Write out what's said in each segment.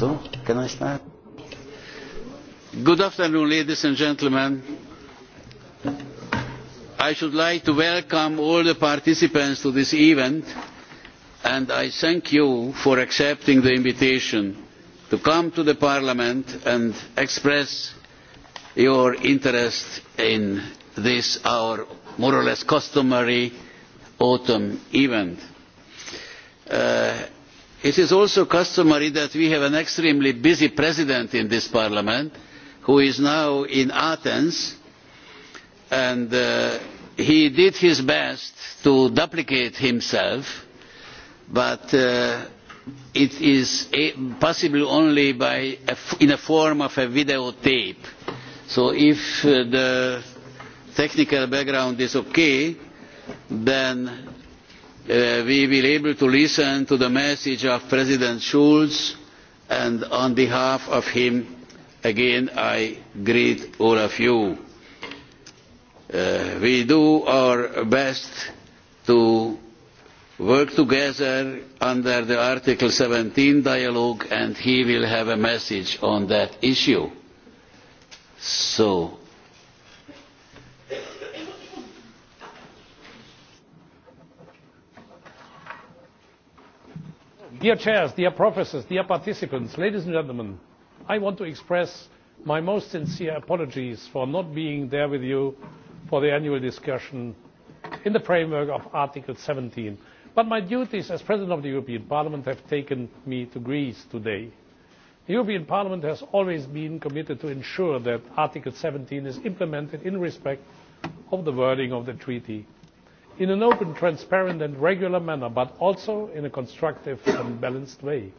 So, can I start? Good afternoon, ladies and gentlemen. I should like to welcome all the participants to this event, and I thank you for accepting the invitation to come to the Parliament and express your interest in this, our more or less customary autumn event it is also customary that we have an extremely busy president in this parliament who is now in athens and he did his best to duplicate himself but it is possible only in the form of a videotape so if the technical background is okay then we will be able to listen to the message of President Schulz and on behalf of him again I greet all of you. we do our best to work together under the Article seventeen dialogue and he will have a message on that issue. So dear chairs dear professors dear participants ladies and gentlemen i want to express my most sincere apologies for not being there with you for the annual discussion in the framework of article seventeen but my duties as president of the european parliament have taken me to greece today. the european parliament has always been committed to ensuring that article seventeen is implemented in respect of the wording of the treaty in an open transparent and regular manner but also in a constructive and balanced way.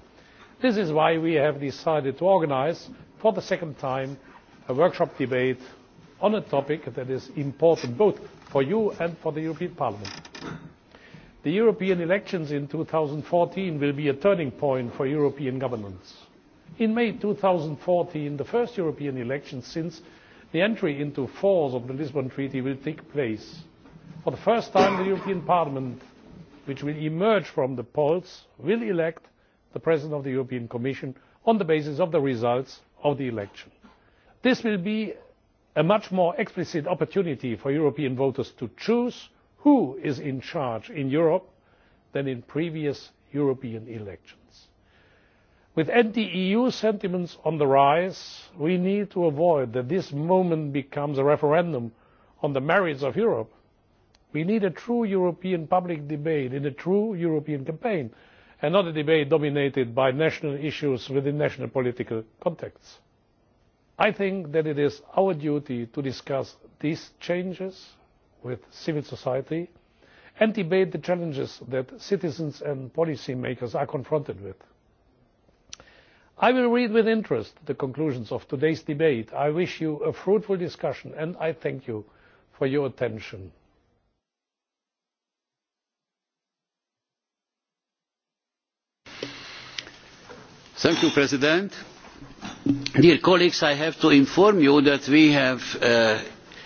this is why we have decided to organise for the second time a workshop debate on a topic that is important both for you and for the european parliament. the european elections in two thousand and fourteen will be a turning point for european governance. in may two thousand and fourteen the first european elections since the entry into force of the lisbon treaty will take place for the first time the european parliament which will emerge from the polls will elect the president of the european commission on the basis of the results of the election. this will be a much more explicit opportunity for european voters to choose who is in charge in europe than in previous european elections. with anti eu sentiments on the rise we need to avoid this moment becoming a referendum on the merits of Europe. We need a true European public debate in a true European campaign, and not a debate dominated by national issues within national political contexts. I think that it is our duty to discuss these changes with civil society and debate the challenges that citizens and policy makers are confronted with. I will read with interest the conclusions of today's debate. I wish you a fruitful discussion and I thank you for your attention. mr president dear colleagues i have to inform you that we have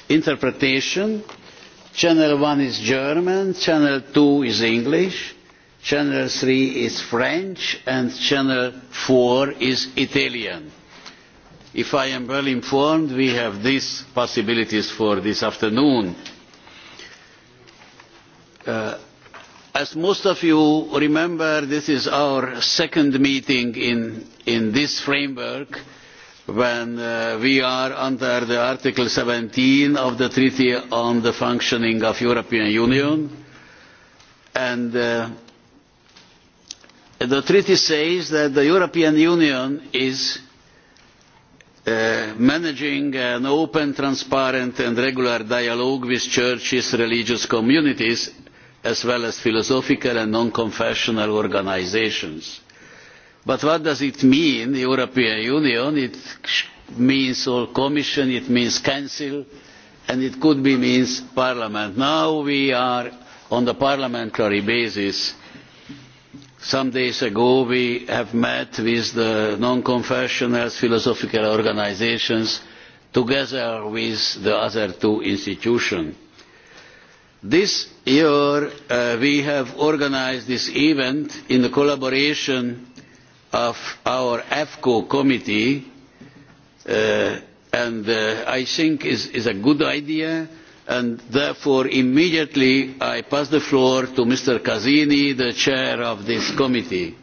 interpretation channel one is german channel two is english channel three is french and channel four is italian. if i am well informed we have these possibilities for this afternoon as most of you remember this is our second meeting in this framework when we are under article seventeen of the treaty on the functioning of the european union and the treaty says that the european union is managing an open transparent and regular dialogue with churches religious communities as well as philosophical and non-confessional organisations. But what does it mean, the European Union? It means all Commission, it means Council, and it could be means Parliament. Now we are on the parliamentary basis. Some days ago we have met with the non-confessional philosophical organisations together with the other two institutions This year we have organised this event in the collaboration of our AFCO committee and I think is, is a good idea and therefore immediately I pass the floor to Mr. Casini, the chair of this committee.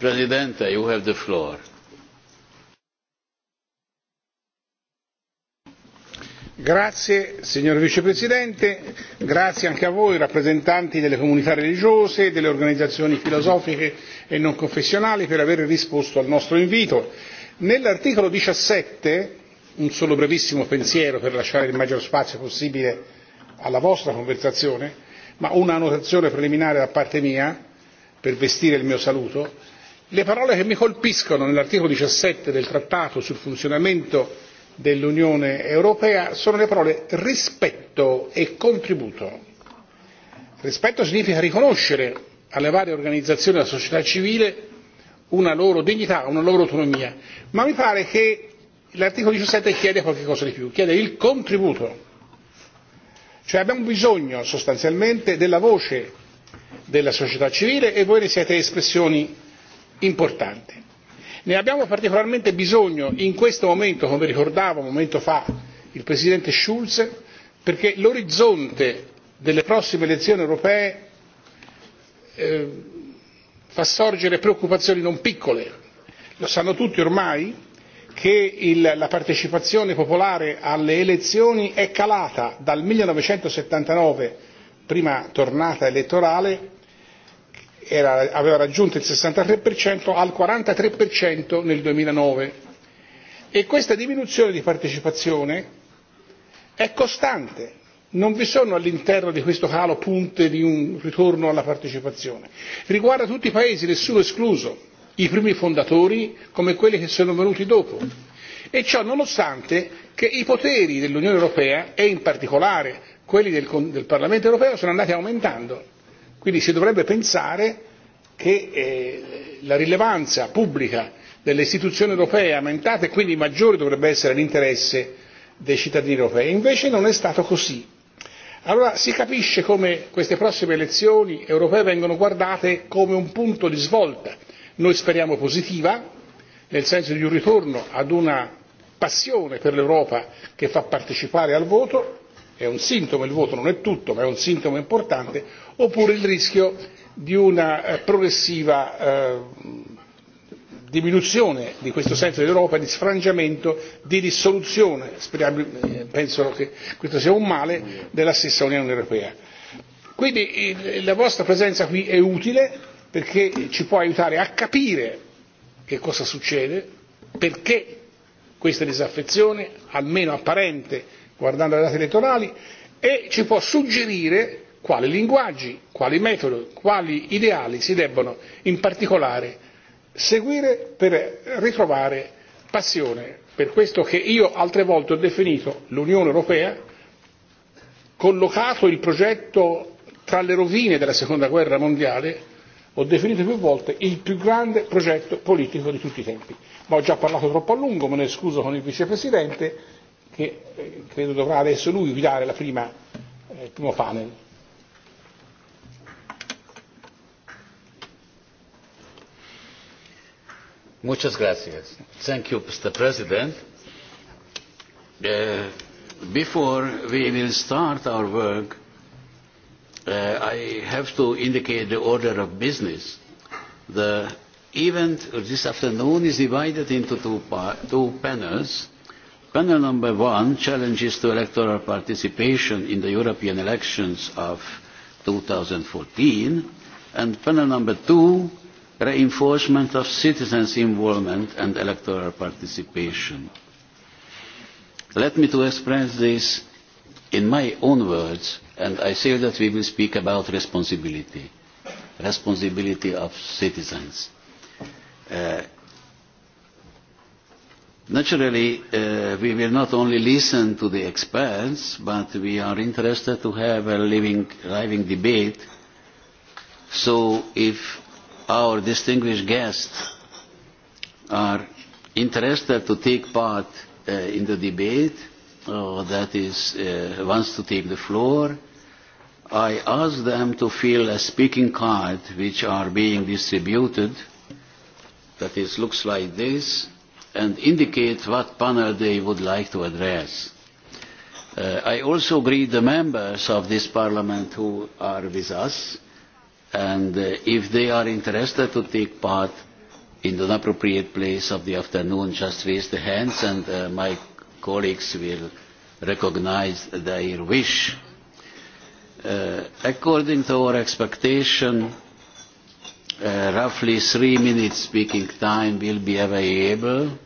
President, you have the floor. Grazie signor Vicepresidente, grazie anche a voi rappresentanti delle comunità religiose, delle organizzazioni filosofiche e non confessionali per aver risposto al nostro invito. Nell'articolo 17, un solo brevissimo pensiero per lasciare il maggior spazio possibile alla vostra conversazione, ma una notazione preliminare da parte mia per vestire il mio saluto, le parole che mi colpiscono nell'articolo 17 del Trattato sul funzionamento dell'Unione Europea sono le parole rispetto e contributo. Rispetto significa riconoscere alle varie organizzazioni della società civile una loro dignità, una loro autonomia, ma mi pare che l'articolo diciassette chiede qualcosa di più, chiede il contributo. Cioè abbiamo bisogno sostanzialmente della voce della società civile e voi ne siete espressioni importanti ne abbiamo particolarmente bisogno in questo momento come ricordava un momento fa il presidente schulz perché l'orizzonte delle prossime elezioni europee fa sorgere preoccupazioni non piccole lo sanno tutti ormai che la partecipazione popolare alle elezioni è calata dal millenovecentosettantanove prima tornata elettorale aveva raggiunto il sessantatré al quarantatré nel duemilanove e questa diminuzione di partecipazione è costante non vi sono all'interno di questo calo punte di un ritorno alla partecipazione riguarda tutti i paesi nessuno escluso i primi fondatori come quelli che sono venuti dopo e ciò nonostante che i poteri dell'unione europea e in particolare quelli del parlamento europeo sono andati aumentando. Quindi si dovrebbe pensare che eh, la rilevanza pubblica delle istituzioni europee è aumentata e quindi maggiore dovrebbe essere l'interesse dei cittadini europei. Invece non è stato così. Allora si capisce come queste prossime elezioni europee vengono guardate come un punto di svolta. Noi speriamo positiva, nel senso di un ritorno ad una passione per l'Europa che fa partecipare al voto, è un sintomo il voto, non è tutto, ma è un sintomo importante, oppure il rischio di una progressiva diminuzione di questo senso dell'Europa, di sfrangiamento, di dissoluzione, penso che questo sia un male, della stessa Unione Europea. Quindi la vostra presenza qui è utile perché ci può aiutare a capire che cosa succede, perché questa disaffezione, almeno apparente guardando le date elettorali, e ci può suggerire quali linguaggi quali metodi quali ideali si debbono in particolare seguire per ritrovare passione per questo che io altre volte ho definito l'unione europea collocato il progetto tra le rovine della seconda guerra mondiale ho definito più volte il più grande progetto politico di tutti i tempi ma ho già parlato troppo a lungo me ne scuso con il vicepresidente che credo dovrà adesso lui guidare la prima il primo panel. mr president before we start our work i have to indicate the order of business. the event this afternoon is divided into two panels. panel number one challenges to electoral participation in the european elections of two thousand and fourteen and panel number two reinforcement of citizens' involvement and electoral participation. Let me to express this in my own words, and I say that we will speak about responsibility, responsibility of citizens. Uh, naturally, uh, we will not only listen to the experts, but we are interested to have a living, living debate. So if our distinguished guests are interested to take part uh, in the debate or that is uh, wants to take the floor, I ask them to fill a speaking card which are being distributed that is looks like this and indicate what panel they would like to address. Uh, I also greet the members of this parliament who are with us and uh, if they are interested to take part in an appropriate place of the afternoon, just raise the hands and uh, my colleagues will recognize their wish. Uh, according to our expectation, uh, roughly three minutes speaking time will be available.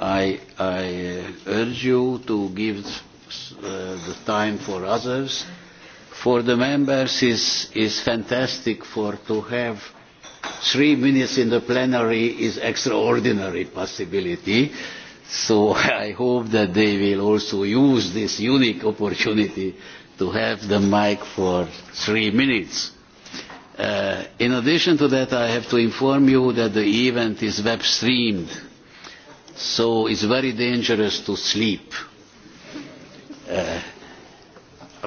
I, I uh, urge you to give uh, the time for others for the members is, is fantastic for to have three minutes in the plenary is extraordinary possibility. So I hope that they will also use this unique opportunity to have the mic for three minutes. Uh, in addition to that, I have to inform you that the event is web streamed, so it's very dangerous to sleep. Uh,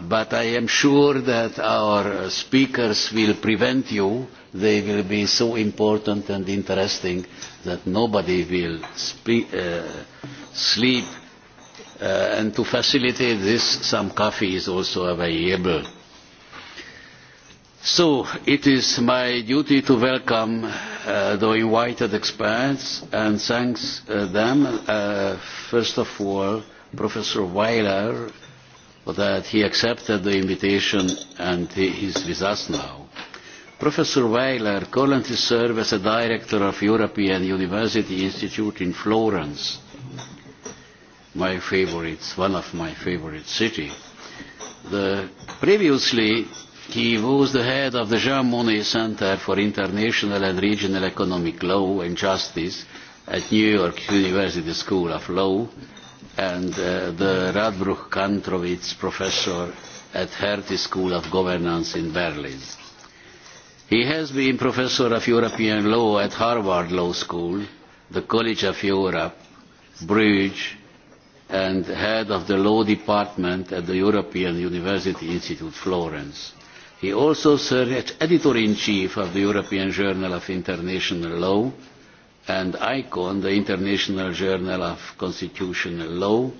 but I am sure that our speakers will prevent you. They will be so important and interesting that nobody will speak, uh, sleep. Uh, and to facilitate this, some coffee is also available. So it is my duty to welcome uh, the invited experts and thanks uh, them. Uh, first of all, Professor Weiler, that he accepted the invitation and he is with us now. Professor Weiler currently serves as a director of European University Institute in Florence, my favorite, one of my favorite cities. The, previously, he was the head of the Jean Monnet Center for International and Regional Economic Law and Justice at New York University School of Law and the Radbruch Kantrowitz professor at Hertie School of Governance in Berlin. He has been professor of European law at Harvard Law School, the College of Europe, Bruges, and head of the law department at the European University Institute Florence. He also served as editor-in-chief of the European Journal of International Law and ICON, the International Journal of Constitutional Law,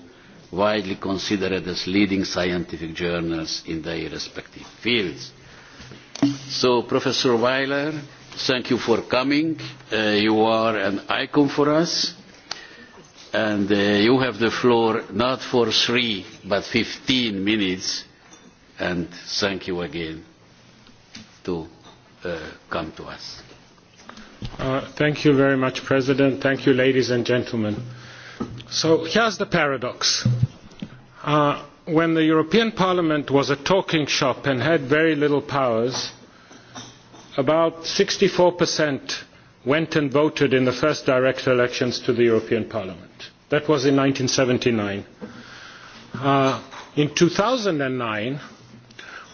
widely considered as leading scientific journals in their respective fields. So, Professor Weiler, thank you for coming. Uh, you are an icon for us. And uh, you have the floor not for three, but 15 minutes. And thank you again to uh, come to us. Thank you very much, President. Thank you, ladies and gentlemen. So here's the paradox. When the European Parliament was a talking shop and had very little powers, about 64% went and voted in the first direct elections to the European Parliament. That was in 1979. In 2009,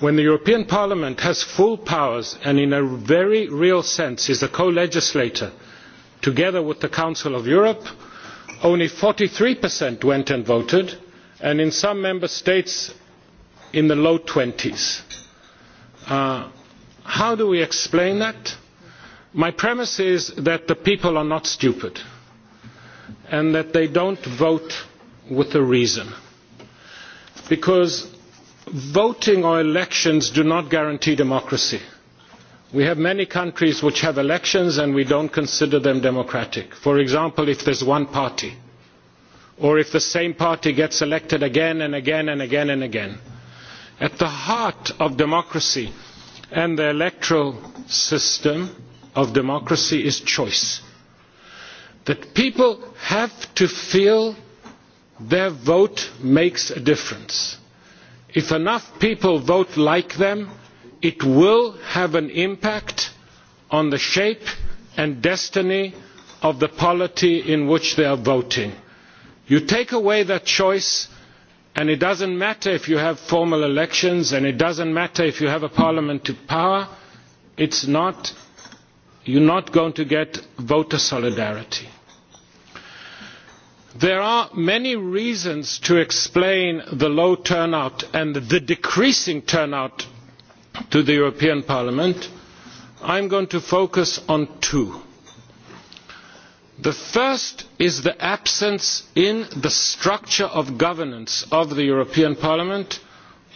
when the european parliament has full powers and in a very real sense is a co legislator together with the council of europe only forty three went and voted and in some member states in the low twenties. how do we explain that? my premise is that the people are not stupid and that they do not vote with a reason because Voting or elections do not guarantee democracy. We have many countries which have elections and we don't consider them democratic. For example, if there's one party, or if the same party gets elected again and again and again and again. At the heart of democracy and the electoral system of democracy is choice. That people have to feel their vote makes a difference if enough people vote like them it will have an impact on the shape and destiny of the polity in which they are voting. you take away that choice and it does not matter if you have formal elections and it does not matter if you have a parliament to power you are not going to get voter solidarity there are many reasons to explain the low turnout and the decreasing turnout to the european parliament. i am going to focus on two. the first is the absence in the structure of governance of the european parliament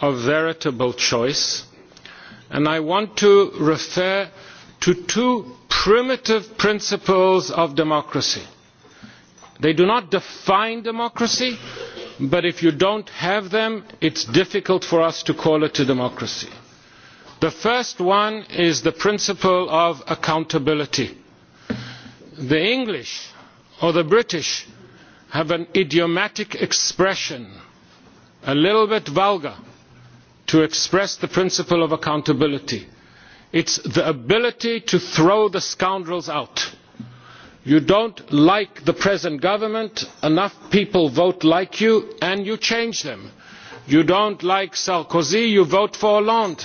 of veritable choice and i want to refer to two primitive principles of democracy they do not define democracy but if you do not have them it is difficult for us to call it a democracy. the first one is the principle of accountability. the english or the british have an idiomatic expression a little bit vulgar to express the principle of accountability it is the ability to throw the scoundrels out you do not like the present government enough people vote like you and you change them you do not like sarkozy you vote for hollande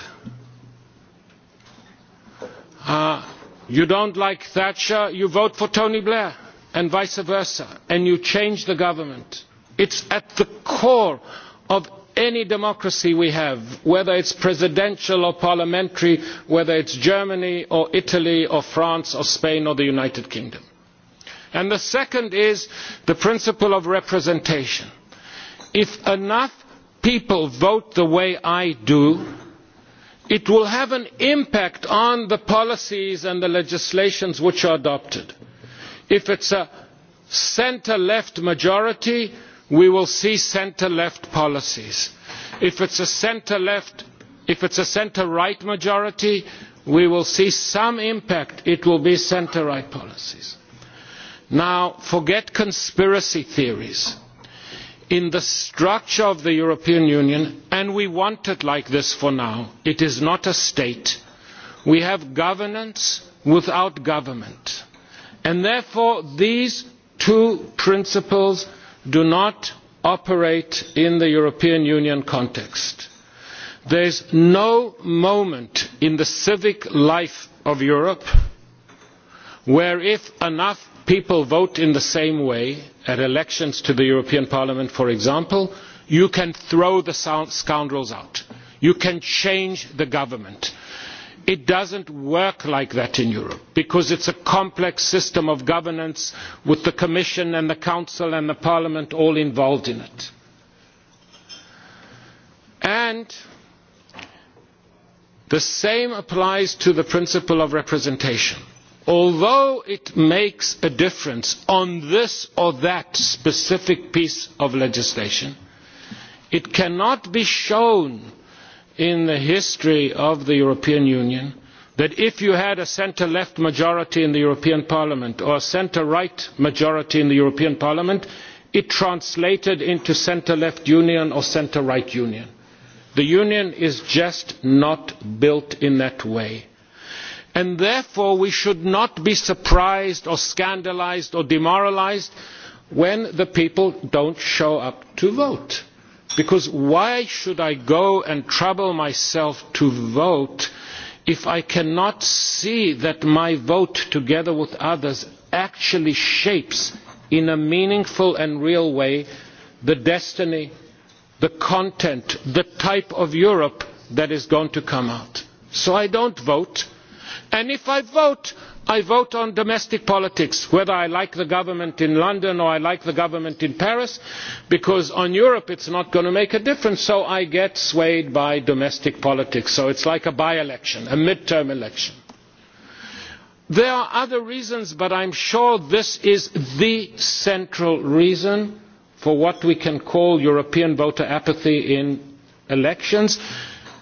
you do not like thatcher you vote for tony blair and vice versa and you change the government. it is at the core of any democracy we have whether it is presidential or parliamentary whether it is germany or italy or france or spain or the united kingdom. And the second is the principle of representation. If enough people vote the way I do, it will have an impact on the policies and the legislations which are adopted. If it is a centre left majority, we will see centre left policies. If a centre left, if it is a centre right majority, we will see some impact. It will be centre right policies Now, forget conspiracy theories. In the structure of the European Union, and we want it like this for now, it is not a state. We have governance without government. And therefore, these two principles do not operate in the European Union context. There is no moment in the civic life of Europe where if enough people vote in the same way at elections to the european parliament for example you can throw the scoundrels out you can change the government. it does not work like that in europe because it is a complex system of governance with the commission and the council and parliament all involved in it. and the same applies to the principle of representation although it makes a difference on this or that specific piece of legislation, it cannot be shown in the history of the European Union that if you had a centre left majority in the European Parliament or a centre right majority in the European Parliament, it translated into centre left union or centre right union. The union is just not built in that way and therefore we should not be surprised or scandalised or demoralised when the people do not show up to vote because why should i go and trouble myself to vote if i cannot see that my vote together with others actually shapes in a meaningful and real way the destiny the content the type of europe that is going to come out so i do not vote and if i vote i vote on domestic politics whether i like the government in london or i like the government in paris because on europe it is not going to make a difference so i get swayed by domestic politics so it is like a by election a mid term election. there are other reasons but i am sure this is the central reason for what we can call european voter apathy in elections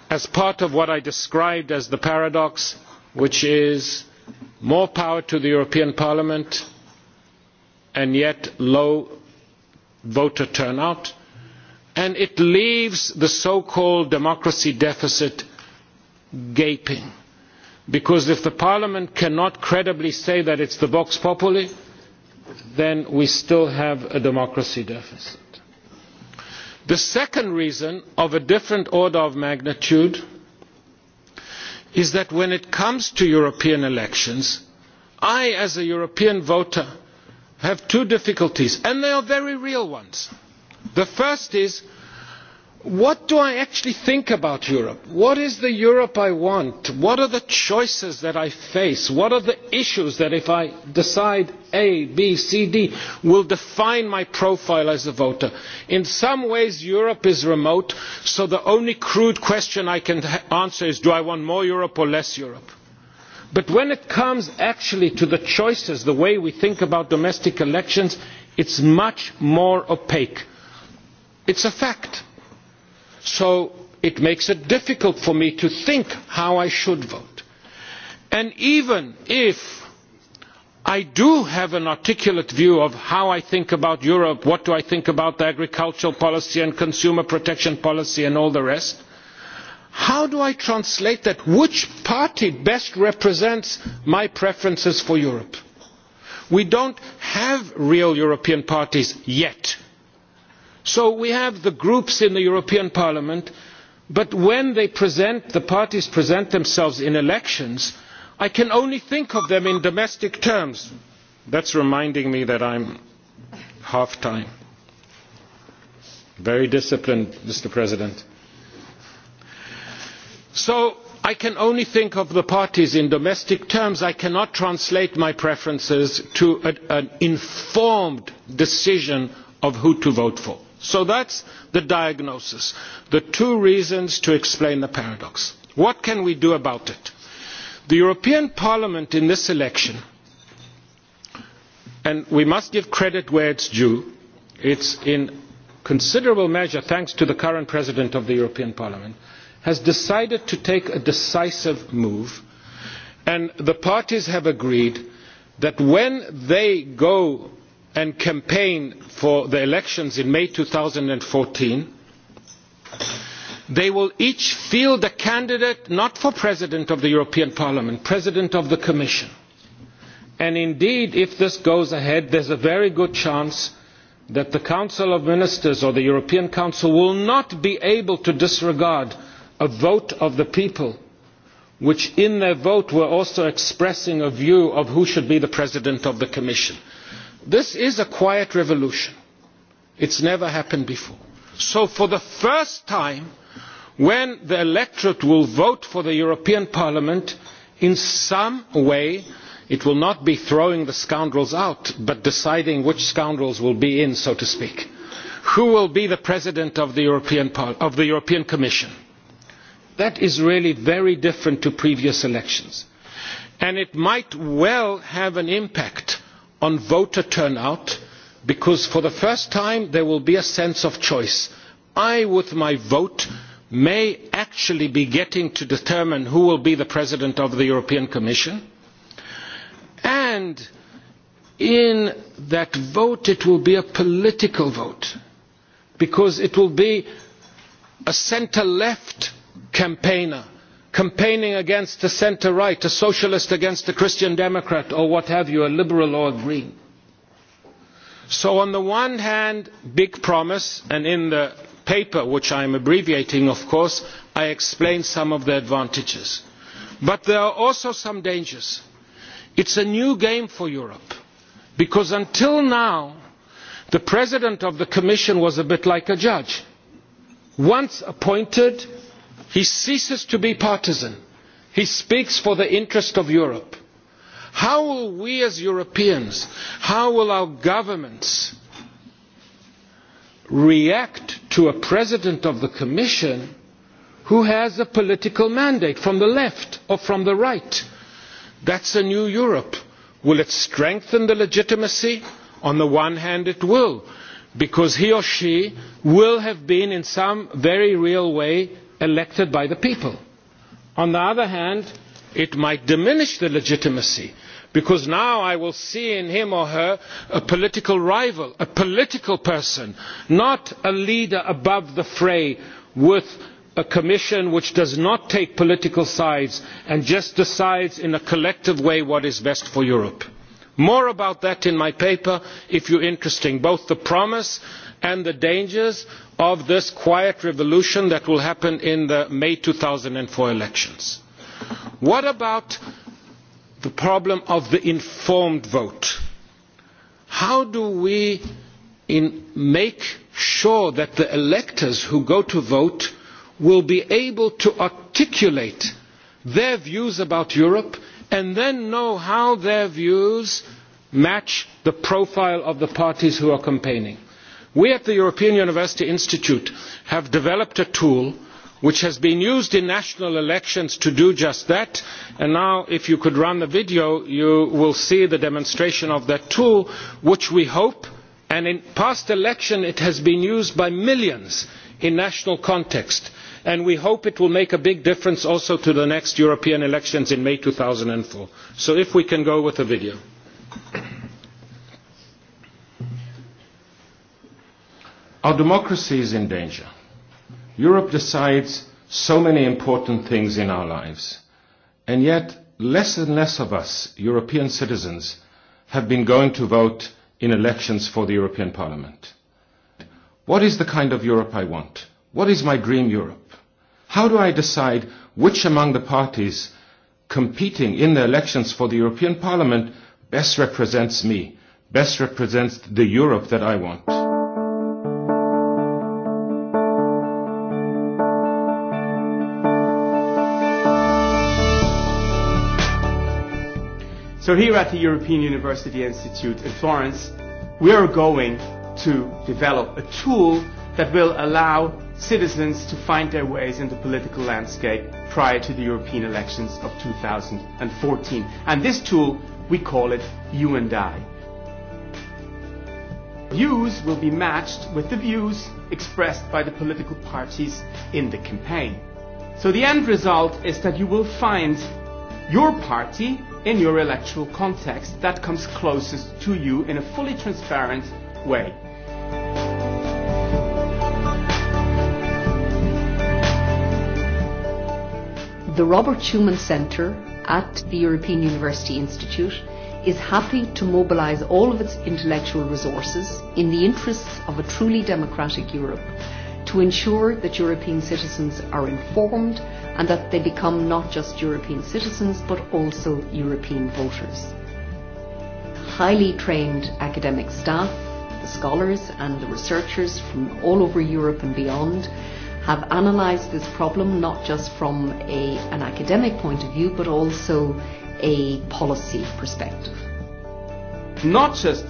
as part of what i described as the paradox which is more power to the European Parliament and yet low voter turnout, and it leaves the so-called democracy deficit gaping. Because if the Parliament cannot credibly say that it is the Vox Populi, then we still have a democracy deficit. The second reason, of a different order of magnitude, is that when it comes to European elections, I, as a European voter, have two difficulties, and they are very real ones. The first is what do I actually think about Europe? What is the Europe I want? What are the choices that I face? What are the issues that if I decide A, B, C, D will define my profile as a voter? In some ways Europe is remote, so the only crude question I can answer is do I want more Europe or less Europe? But when it comes actually to the choices, the way we think about domestic elections, it is much more opaque. It is a fact so it makes it difficult for me to think how I should vote. And even if I do have an articulate view of how I think about Europe, what do I think about the agricultural policy and consumer protection policy and all the rest, how do I translate that? Which party best represents my preferences for Europe? We don't have real European parties yet so we have the groups in the european parliament but when the parties present themselves in elections i can only think of them in domestic terms. that is reminding me that i am half time very disciplined mr president so i can only think of the parties in domestic terms i cannot translate my preferences to an informed decision of who to vote for so that is the diagnosis the two reasons to explain the paradox. what can we do about it? the european parliament in this election and we must give credit where it is due it is in considerable measure thanks to the current president of the european parliament has decided to take a decisive move and the parties have agreed that when they go and campaign for the elections in May fourteen, they will each field a candidate not for President of the European Parliament, President of the Commission. And indeed, if this goes ahead, there is a very good chance that the Council of Ministers or the European Council will not be able to disregard a vote of the people, which in their vote were also expressing a view of who should be the President of the Commission. This is a quiet revolution. It's never happened before. So for the first time, when the electorate will vote for the European Parliament, in some way, it will not be throwing the scoundrels out, but deciding which scoundrels will be in, so to speak. Who will be the president of the European, Commission? That is really very different to previous elections. And it might well have an impact on voter turnout because for the first time there will be a sense of choice. I, with my vote, may actually be getting to determine who will be the President of the European Commission. And in that vote, it will be a political vote because it will be a centre-left campaigner campaigning against the centre right, a socialist against a Christian democrat, or what have you, a liberal or a green. So, on the one hand, big promise, and in the paper, which I am abbreviating, of course, I explain some of the advantages. But there are also some dangers. It is a new game for Europe, because until now, the president of the Commission was a bit like a judge. Once appointed, He ceases to be partisan. He speaks for the interest of Europe. How will we as Europeans, how will our governments react to a president of the Commission who has a political mandate from the left or from the right? That's a new Europe. Will it strengthen the legitimacy? On the one hand, it will, because he or she will have been in some very real way elected by the people. On the other hand, it might diminish the legitimacy because now I will see in him or her a political rival, a political person, not a leader above the fray with a commission which does not take political sides and just decides in a collective way what is best for Europe. More about that in my paper if you are interested, both the promise and the dangers of this quiet revolution that will happen in the May two thousand four elections. What about the problem of the informed vote? How do we make sure that the electors who go to vote will be able to articulate their views about Europe and then know how their views match the profile of the parties who are campaigning? we at the european university institute have developed a tool which has been used in national elections to do just that and now if you could run the video you will see the demonstration of that tool which we hope and in past elections it has been used by millions in national context and we hope it will make a big difference also to the next european elections in may two thousand and four so if we can go with the video. Our democracy is in danger. Europe decides so many important things in our lives, and yet less and less of us, European citizens, have been going to vote in elections for the European Parliament. What is the kind of Europe I want? What is my dream Europe? How do I decide which among the parties competing in the elections for the European Parliament best represents me, best represents the Europe that I want? So here at the European University Institute in Florence, we are going to develop a tool that will allow citizens to find their ways in the political landscape prior to the European elections of 2014. And this tool, we call it You and I. Views will be matched with the views expressed by the political parties in the campaign. So the end result is that you will find your party in your electoral context that comes closest to you in a fully transparent way. The Robert Schuman Centre at the European University Institute is happy to mobilise all of its intellectual resources in the interests of a truly democratic Europe to ensure that European citizens are informed and that they become not just European citizens but also European voters. Highly trained academic staff, the scholars and the researchers from all over Europe and beyond, have analysed this problem not just from a, an academic point of view but also a policy perspective. Not just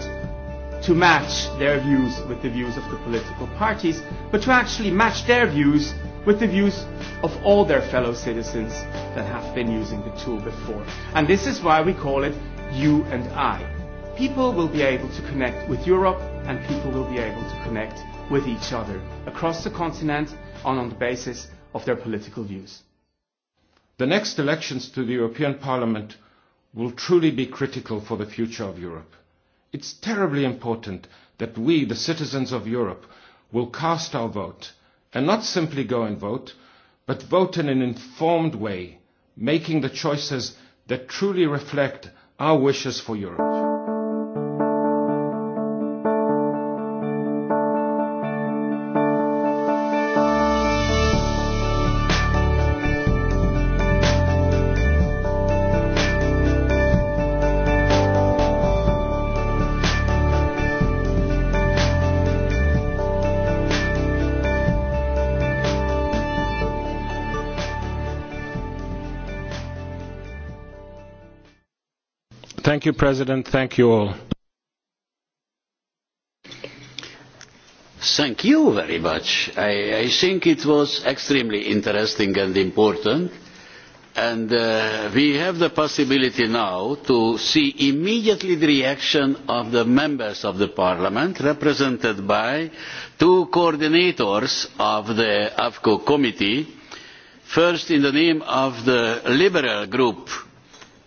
to match their views with the views of the political parties, but to actually match their views with the views of all their fellow citizens that have been using the tool before. And this is why we call it you and I. People will be able to connect with Europe and people will be able to connect with each other across the continent and on the basis of their political views. The next elections to the European Parliament will truly be critical for the future of Europe. It's terribly important that we, the citizens of Europe, will cast our vote and not simply go and vote, but vote in an informed way, making the choices that truly reflect our wishes for Europe. Thank you, President. Thank you all. Thank you very much. I, I think it was extremely interesting and important. And uh, we have the possibility now to see immediately the reaction of the members of the parliament represented by two coordinators of the AFCO committee. First, in the name of the Liberal group,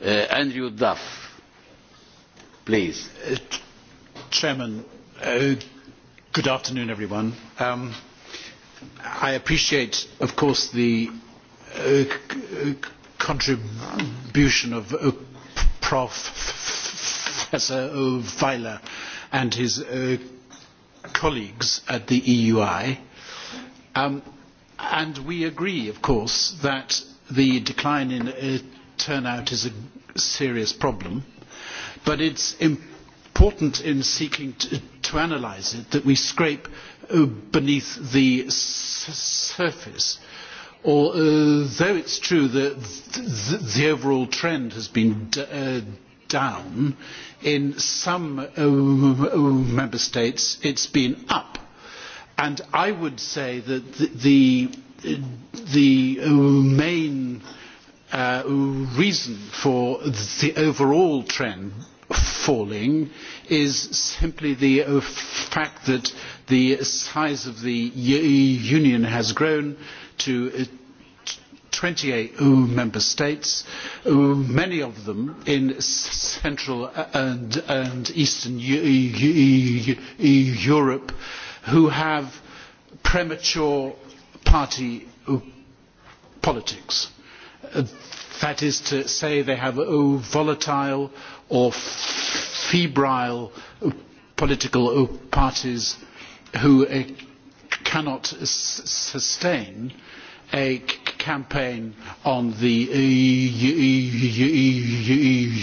uh, Andrew Duff Mr President, good afternoon, everyone. I appreciate, of course, the contribution of Professor Weiler and his colleagues at the EUI. and we agree, of course, that the decline in turnout is a serious problem but it is important in seeking to analyse it that we scrape beneath the surface. Although it is true that the overall trend has been down, in some member states it has been up. And I would say that the, the main reason for the overall trend falling is simply the fact that the size of the union has grown to twenty eight member states, many of them in Central and Eastern Europe, who have premature party politics. That is to say, they have volatile or febrile political parties who cannot sustain a campaign on the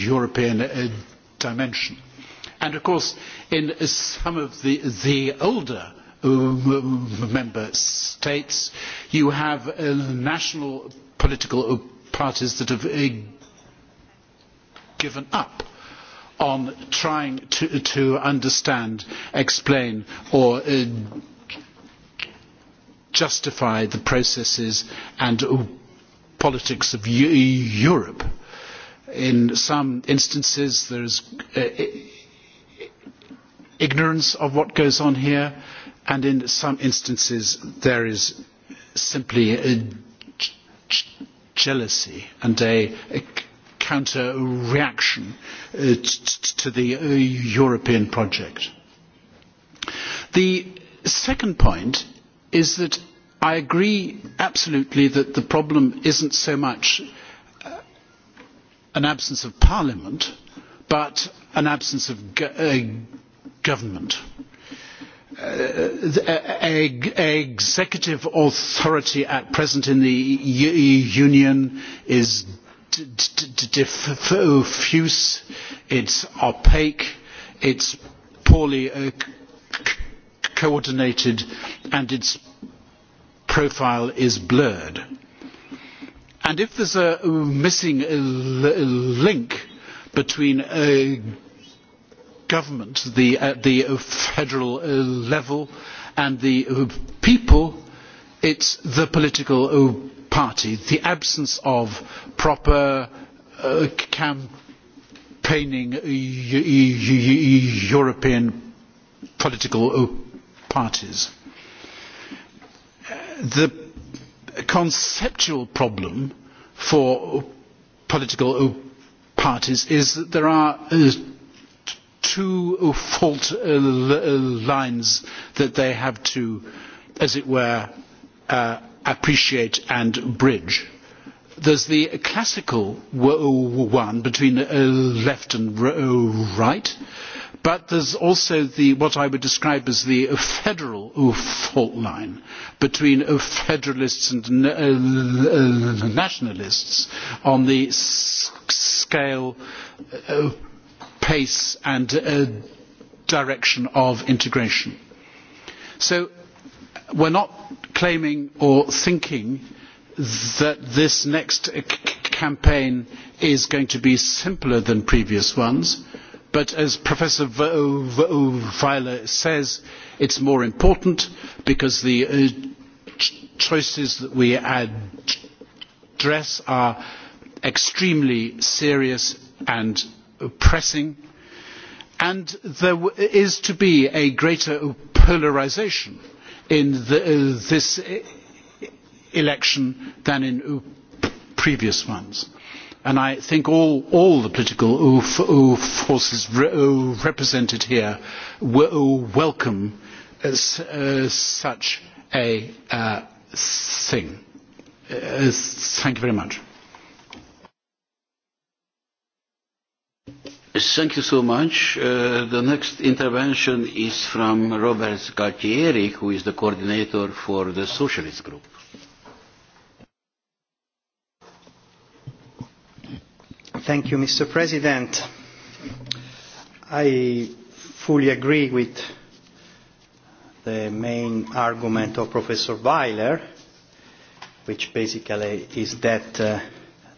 European dimension. And of course, in some of the, older member states, you have national political parties that have given up on trying to, understand, explain or justify the processes and politics of Europe. In some instances there is ignorance of what goes on here and in some instances there is simply jealousy and a counter reaction to the European project. The second point is that I agree absolutely that the problem isn't so much an absence of parliament, but an absence of government. executive authority at present in the union is diffuse, it's opaque, it's poorly coordinated, and its profile is blurred. And if there's a missing link between government at the federal level and the people, it is the political party the absence of proper campaigning european political parties. the conceptual problem for political parties is that there are two fault lines that they have to as it were appreciate and bridge. There is the classical one between left and right, but there is also what I would describe as the federal fault line between federalists and nationalists on the scale, pace and direction of integration. So we are not claiming or thinking that this next campaign is going to be simpler than previous ones but as professor weiler says it is more important because the choices that we address are extremely serious and pressing and there is to be a greater polarisation in this election than in previous ones. And I think all, the political forces represented here welcome such a thing. thank you very much. Yes, thank you so much. Uh, the next intervention is from Robert Galtieri, who is the coordinator for the Socialist Group. Thank you, Mr. President. I fully agree with the main argument of Professor Weiler, which basically is that uh,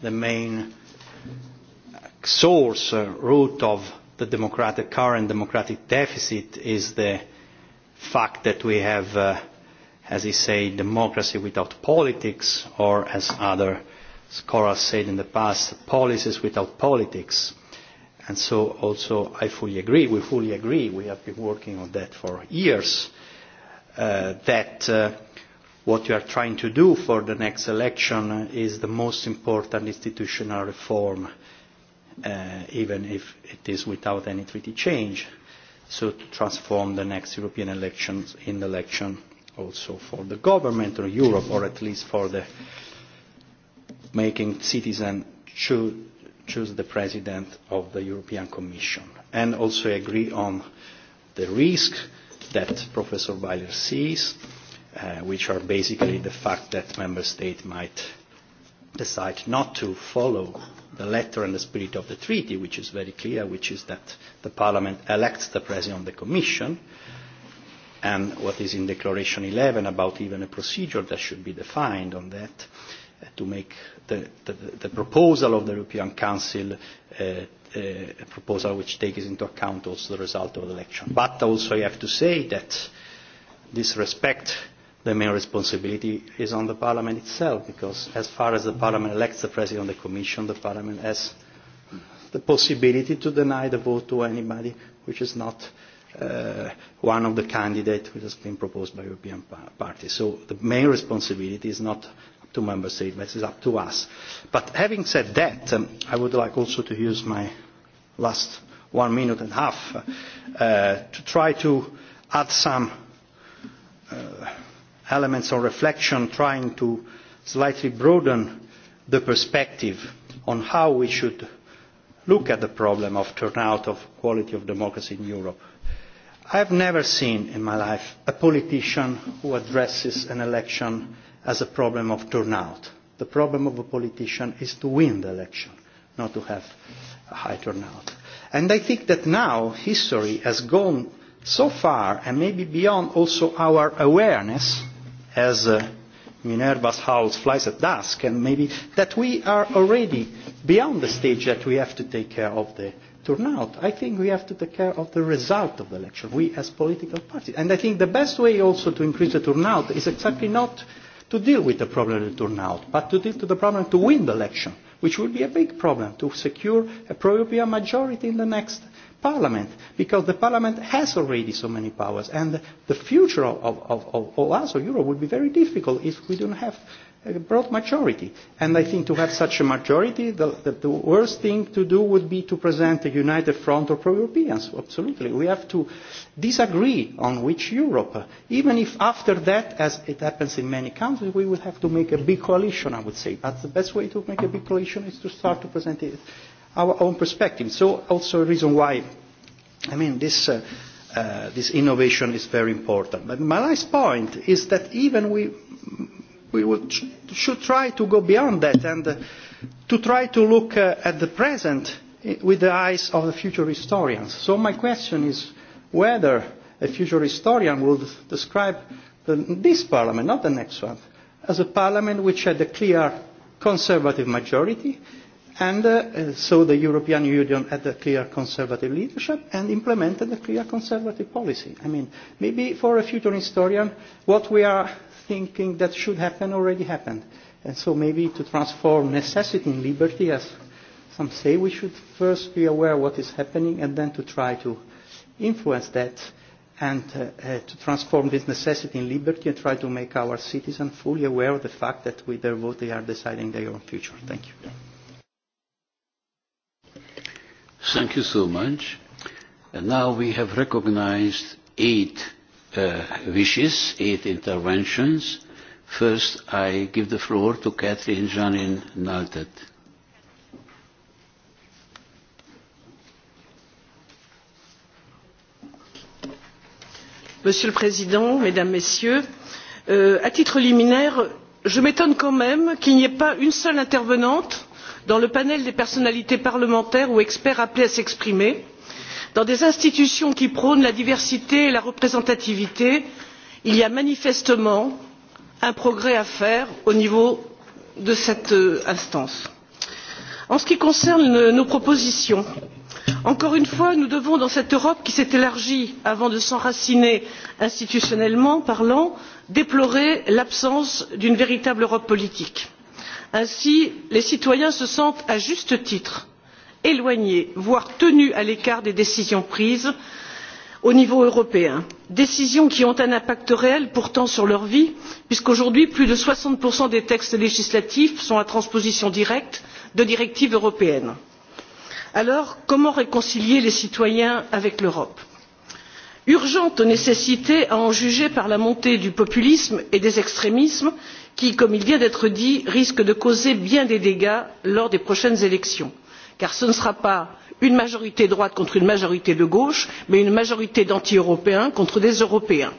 the main source, uh, root of the democratic, current democratic deficit is the fact that we have, uh, as he said, democracy without politics, or as other scholars said in the past, policies without politics. And so also I fully agree, we fully agree, we have been working on that for years, uh, that uh, what you are trying to do for the next election is the most important institutional reform uh, even if it is without any treaty change, so to transform the next European elections in the election also for the government of Europe, or at least for the making citizens choose, choose the president of the European Commission. And also agree on the risk that Professor Weiler sees, uh, which are basically the fact that member states might decide not to follow the letter and the spirit of the treaty, which is very clear, which is that the Parliament elects the President of the Commission, and what is in Declaration 11 about even a procedure that should be defined on that to make the, the, the proposal of the European Council uh, a proposal which takes into account also the result of the election. But also I have to say that this respect the main responsibility is on the Parliament itself, because as far as the Parliament elects the President of the Commission, the Parliament has the possibility to deny the vote to anybody which is not uh, one of the candidates which has been proposed by European parties. So the main responsibility is not up to member states, but it's up to us. But having said that, um, I would like also to use my last one minute and a half uh, to try to add some uh, elements of reflection trying to slightly broaden the perspective on how we should look at the problem of turnout of quality of democracy in Europe. I have never seen in my life a politician who addresses an election as a problem of turnout. The problem of a politician is to win the election, not to have a high turnout. And I think that now history has gone so far and maybe beyond also our awareness as uh Minerva's house flies at dusk, and maybe that we are already beyond the stage that we have to take care of the turnout. I think we have to take care of the result of the election, we as political parties. And I think the best way also to increase the turnout is exactly not to deal with the problem of the turnout, but to deal with the problem to win the election, which would be a big problem to secure a pro-European majority in the next Parliament, because the Parliament has already so many powers, and the future of, of, of, of us, of Europe, would be very difficult if we don't have a broad majority. And I think to have such a majority, the, the, the worst thing to do would be to present a united front of pro-Europeans. Absolutely. We have to disagree on which Europe, even if after that, as it happens in many countries, we would have to make a big coalition, I would say. But the best way to make a big coalition is to start to present it our own perspective. So also a reason why, I mean, this, uh, uh, this innovation is very important. But my last point is that even we, we would sh should try to go beyond that and uh, to try to look uh, at the present with the eyes of the future historians. So my question is whether a future historian will describe the, this parliament, not the next one, as a parliament which had a clear conservative majority, And uh, so the European Union had a clear conservative leadership and implemented a clear conservative policy. I mean, maybe for a future historian, what we are thinking that should happen already happened. And so maybe to transform necessity in liberty, as some say, we should first be aware of what is happening and then to try to influence that and uh, uh, to transform this necessity in liberty and try to make our citizens fully aware of the fact that with their vote they are deciding their own future. Thank you. Thank you so much. And now we have recognized eight uh, wishes, eight interventions. First, I give the floor to Catherine Janin Naltet. Monsieur le Président, Mesdames, Messieurs, euh, à titre liminaire, je m'étonne quand même qu'il n'y ait pas une seule intervenante dans le panel des personnalités parlementaires ou experts appelés à s'exprimer dans des institutions qui prônent la diversité et la représentativité il y a manifestement un progrès à faire au niveau de cette instance. en ce qui concerne nos propositions encore une fois nous devons dans cette europe qui s'est élargie avant de s'enraciner institutionnellement parlant déplorer l'absence d'une véritable europe politique ainsi les citoyens se sentent à juste titre éloignés voire tenus à l'écart des décisions prises au niveau européen décisions qui ont un impact réel pourtant sur leur vie puisqu'aujourd'hui plus de soixante des textes législatifs sont la transposition directe de directives européennes. alors comment réconcilier les citoyens avec l'europe? urgente nécessité à en juger par la montée du populisme et des extrémismes qui comme il vient d'être dit risque de causer bien des dégâts lors des prochaines élections car ce ne sera pas une majorité de droite contre une majorité de gauche mais une majorité d'anti européens contre des européens.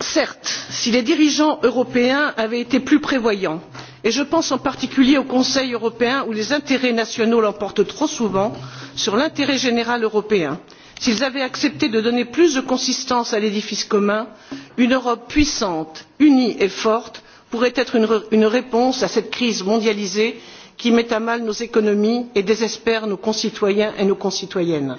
certes si les dirigeants européens avaient été plus prévoyants et je pense en particulier au conseil européen où les intérêts nationaux l'emportent trop souvent sur l'intérêt général européen s'ils avaient accepté de donner plus de consistance à l'édifice commun une europe puissante unie et forte pourrait être une réponse à cette crise mondialisée qui met à mal nos économies et désespère nos concitoyens et nos concitoyennes.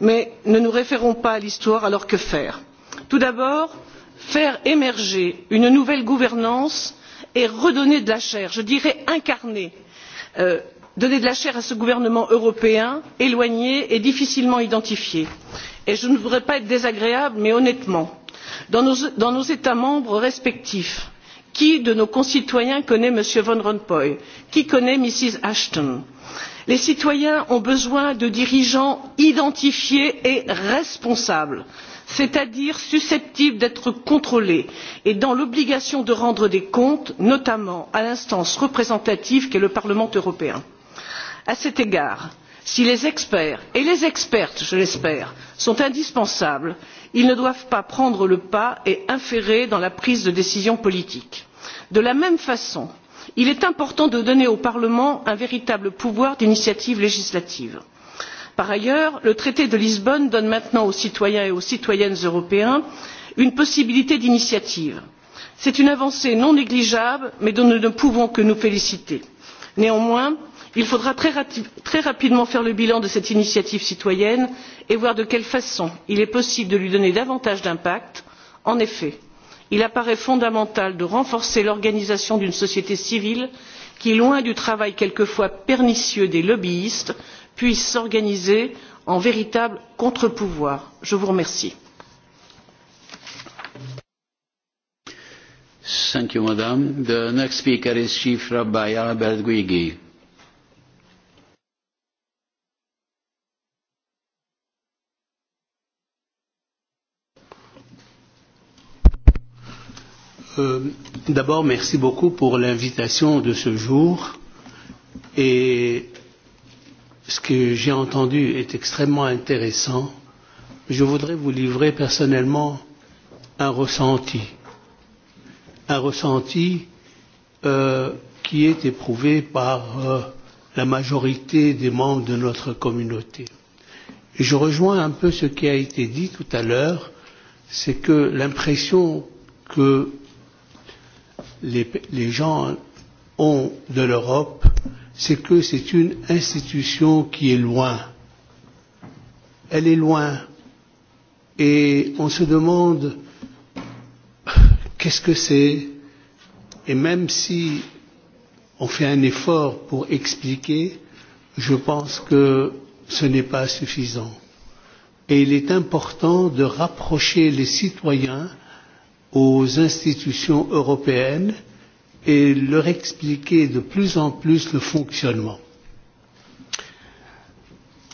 mais ne nous référons pas à l'histoire alors que faire? tout d'abord faire émerger une nouvelle gouvernance et redonner de la chair je dirais incarner donner de la chair à ce gouvernement européen éloigné et difficilement identifié. et je ne voudrais pas être désagréable mais honnêtement dans nos états membres respectifs qui de nos concitoyens connaît m. van rompuy? qui connaît mrs ashton? les citoyens ont besoin de dirigeants identifiés et responsables c'est à dire susceptibles d'être contrôlés et dans l'obligation de rendre des comptes notamment à l'instance représentative qu'est le parlement européen à cet égard si les experts et les expertes je l'espère sont indispensables ils ne doivent pas prendre le pas et inférer dans la prise de décision politique. de la même façon il est important de donner au parlement un véritable pouvoir d'initiative législative. par ailleurs le traité de lisbonne donne maintenant aux citoyens et aux citoyennes européens une possibilité d'initiative. c'est une avancée non négligeable mais dont nous ne pouvons que nous féliciter. néanmoins il faudra très rapidement faire le bilan de cette initiative citoyenne et voir de quelle façon il est possible de lui donner davantage d'impact. en effet il apparaît fondamental de renforcer l'organisation d'une société civile qui loin du travail quelquefois pernicieux des lobbyistes puisse s'organiser en véritable contre pouvoir. je vous remercie. D'abord, merci beaucoup pour l'invitation de ce jour. Et ce que j'ai entendu est extrêmement intéressant. Je voudrais vous livrer personnellement un ressenti. Un ressenti euh, qui est éprouvé par euh, la majorité des membres de notre communauté. Et je rejoins un peu ce qui a été dit tout à l'heure, c'est que l'impression que les, les gens ont de l'Europe, c'est que c'est une institution qui est loin. Elle est loin. Et on se demande qu'est-ce que c'est. Et même si on fait un effort pour expliquer, je pense que ce n'est pas suffisant. Et il est important de rapprocher les citoyens aux institutions européennes et leur expliquer de plus en plus le fonctionnement.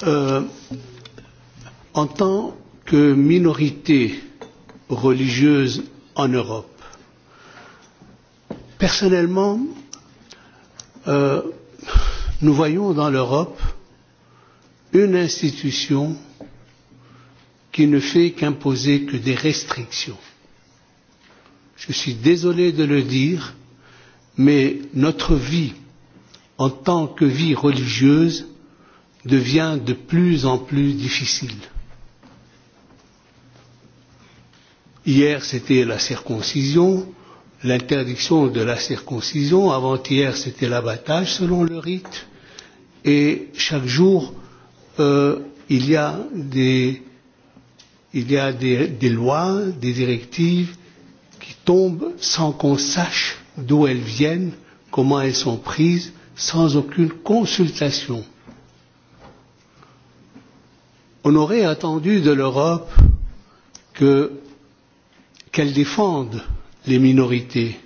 Euh, en tant que minorité religieuse en Europe, personnellement, euh, nous voyons dans l'Europe une institution qui ne fait qu'imposer que des restrictions Je suis désolé de le dire, mais notre vie en tant que vie religieuse devient de plus en plus difficile. Hier, c'était la circoncision, l'interdiction de la circoncision. Avant-hier, c'était l'abattage selon le rite. Et chaque jour, euh, il y a des, il y a des, des lois, des directives tombent sans qu'on sache d'où elles viennent, comment elles sont prises, sans aucune consultation. On aurait attendu de l'Europe qu'elle qu'elle défende les minorités.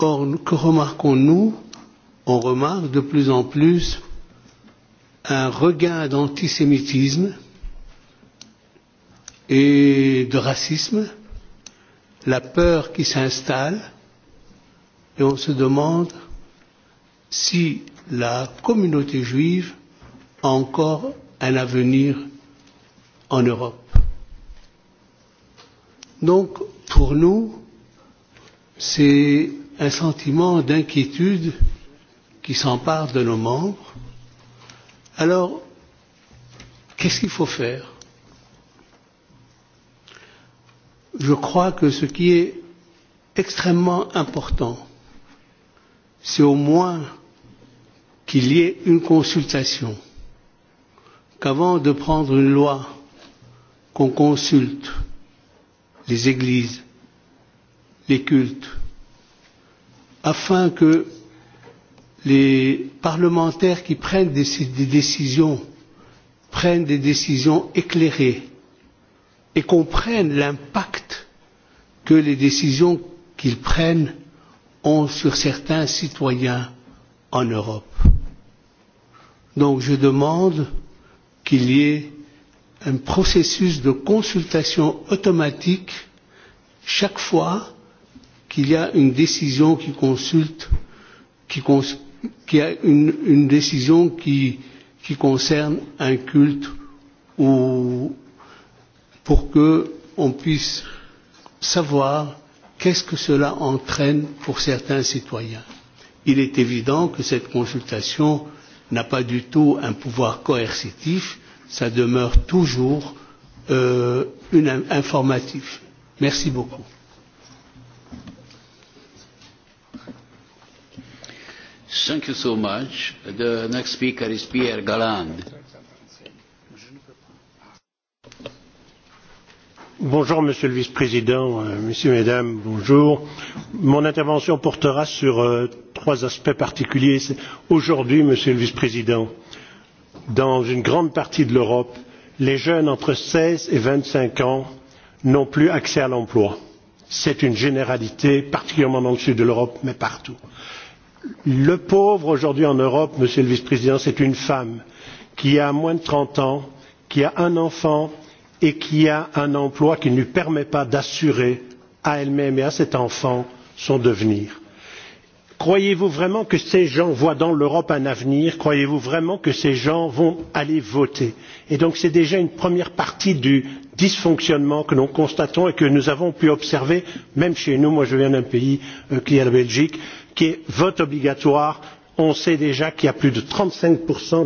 Or, que remarquons-nous On remarque de plus en plus un regain d'antisémitisme et de racisme la peur qui s'installe et on se demande si la communauté juive a encore un avenir en Europe. Donc, pour nous, c'est un sentiment d'inquiétude qui s'empare de nos membres. Alors, qu'est-ce qu'il faut faire je crois que ce qui est extrêmement important, c'est au moins qu'il y ait une consultation, qu'avant de prendre une loi, qu'on consulte les églises, les cultes, afin que les parlementaires qui prennent des, décisions prennent des décisions éclairées et comprennent l'impact que les décisions qu'ils prennent ont sur certains citoyens en Europe. Donc je demande qu'il y ait un processus de consultation automatique chaque fois qu'il y a une décision qui consulte, qui, cons qui a une, une décision qui, qui concerne un culte ou pour que on puisse savoir qu'est-ce que cela entraîne pour certains citoyens. Il est évident que cette consultation n'a pas du tout un pouvoir coercitif, ça demeure toujours euh, une, informatif. Merci beaucoup. Thank you so much. The next speaker is Pierre Galland Bonjour Monsieur le Vice-président, Messieurs, et Mesdames, bonjour. Mon intervention portera sur trois aspects particuliers. Aujourd'hui, Monsieur le Vice-président, dans une grande partie de l'Europe, les jeunes entre seize et vingt cinq ans n'ont plus accès à l'emploi. C'est une généralité, particulièrement dans le sud de l'Europe, mais partout. Le pauvre aujourd'hui en Europe, Monsieur le Vice-président, c'est une femme qui a moins de trente ans, qui a un enfant, et qui a un emploi qui ne lui permet pas d'assurer à elle même et à cet enfant son devenir. Croyez vous vraiment que ces gens voient dans l'Europe un avenir? Croyez vous vraiment que ces gens vont aller voter? Et donc c'est déjà une première partie du dysfonctionnement que nous constatons et que nous avons pu observer même chez nous moi je viens d'un pays qui est la Belgique qui est vote obligatoire on sait déjà qu'il y a plus de trente cinq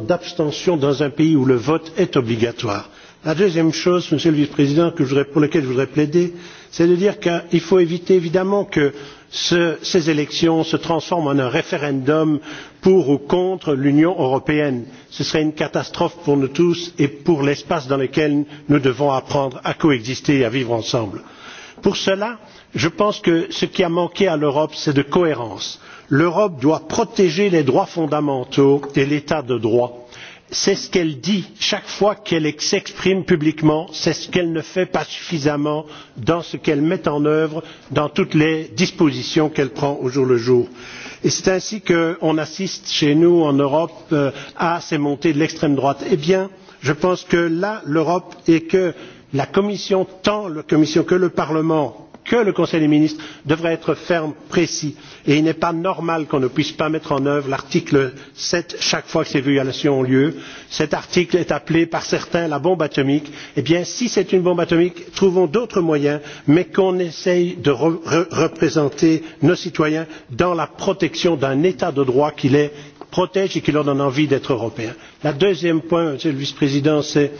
d'abstention dans un pays où le vote est obligatoire La deuxième chose, Monsieur le Vice-président, pour laquelle je voudrais plaider, c'est de dire qu'il faut éviter évidemment que ces élections se transforment en un référendum pour ou contre l'union européenne. ce serait une catastrophe pour nous tous et pour l'espace dans lequel nous devons apprendre à coexister et à vivre ensemble. pour cela je pense que ce qui a manqué à l'europe c'est de cohérence. l'europe doit protéger les droits fondamentaux et l'état de droit c'est ce qu'elle dit chaque fois qu'elle s'exprime publiquement c'est ce qu'elle ne fait pas suffisamment dans ce qu'elle met en œuvre dans toutes les dispositions qu'elle prend au jour le jour. c'est ainsi qu'on assiste chez nous en europe à ces montées de l'extrême droite. eh bien je pense que là l'europe et que la commission tant la commission que le parlement que le conseil des ministres devrait être ferme et précis et il n'est pas normal qu'on ne puisse pas mettre en œuvre l'article sept chaque fois que ces violations ont lieu. cet article est appelé par certains la bombe atomique. eh bien si c'est une bombe atomique trouvons d'autres moyens mais qu'on essaie de représenter nos citoyens dans la protection d'un état de droit qui les protège et qui leur donne envie d'être européens. le deuxième point monsieur le vice président c'est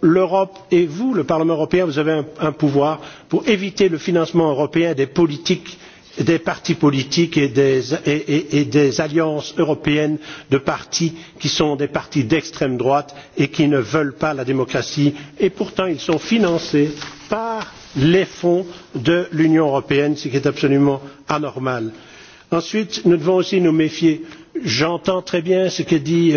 l'europe et vous le parlement européen vous avez un pouvoir pour éviter le financement européen des politiques des partis politiques et des alliances européennes de partis qui sont des partis d'extrême droite et qui ne veulent pas la démocratie et pourtant ils sont financés par les fonds de l'union européenne ce qui est absolument anormal. ensuite nous devons aussi nous méfier j'entends très bien ce que dit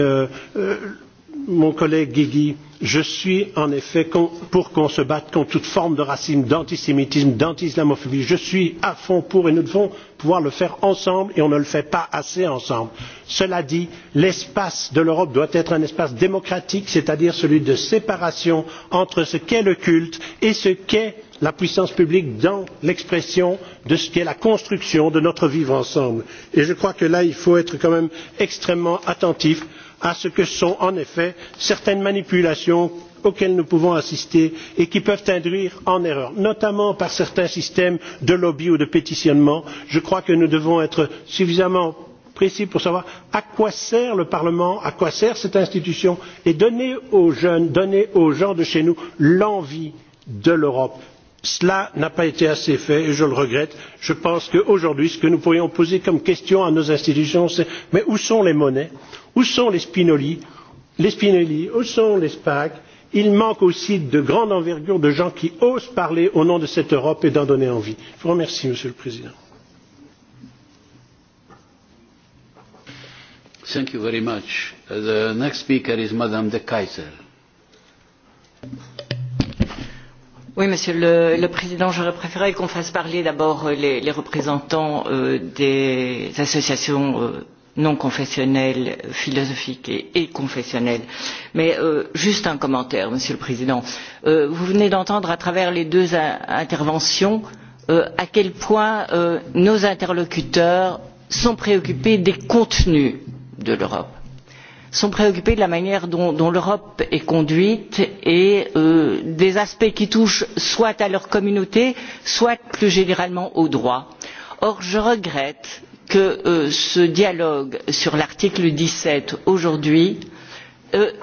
mon collègue guigui je suis en effet pour qu'on se batte contre toute forme de racisme d'antisémitisme d'anti islamophobie je suis à fond pour et nous devons pouvoir le faire ensemble et on ne le fait pas assez ensemble. cela dit l'espace de l'europe doit être un espace démocratique c'est à dire celui de séparation entre ce qu'est le culte et ce qu'est la puissance publique dans l'expression de ce qu'est la construction de notre vivre ensemble et je crois que là il faut être quand même extrêmement attentif à ce que sont en effet certaines manipulations auxquelles nous pouvons assister et qui peuvent induire en erreur notamment par certains systèmes de lobby ou de pétitionnement. je crois que nous devons être suffisamment précis pour savoir à quoi sert le parlement à quoi sert cette institution et donner aux jeunes donner aux gens de chez nous l'envie de l'europe. cela n'a pas été assez fait et je le regrette. je pense qu'aujourd'hui ce que nous pourrions poser comme question à nos institutions c'est mais où sont les monnaies? Où sont les Spinelli Les Spinelli, où sont les SPAC Il manque aussi de grande envergure de gens qui osent parler au nom de cette Europe et d'en donner envie. Je vous remercie, Monsieur le Président. Thank you very much. The next speaker is Madame de Kaiser. Oui, Monsieur le, le Président, j'aurais préféré qu'on fasse parler d'abord les, les représentants euh, des associations euh, non confessionnelle, philosophique et, et confessionnelle. Mais euh, juste un commentaire, Monsieur le Président. Euh, vous venez d'entendre à travers les deux interventions euh, à quel point euh, nos interlocuteurs sont préoccupés des contenus de l'Europe sont préoccupés de la manière dont, l'Europe est conduite et des aspects qui touchent soit à leur communauté, soit plus généralement au droit. Or, je regrette que ce dialogue sur l'article dix sept aujourd'hui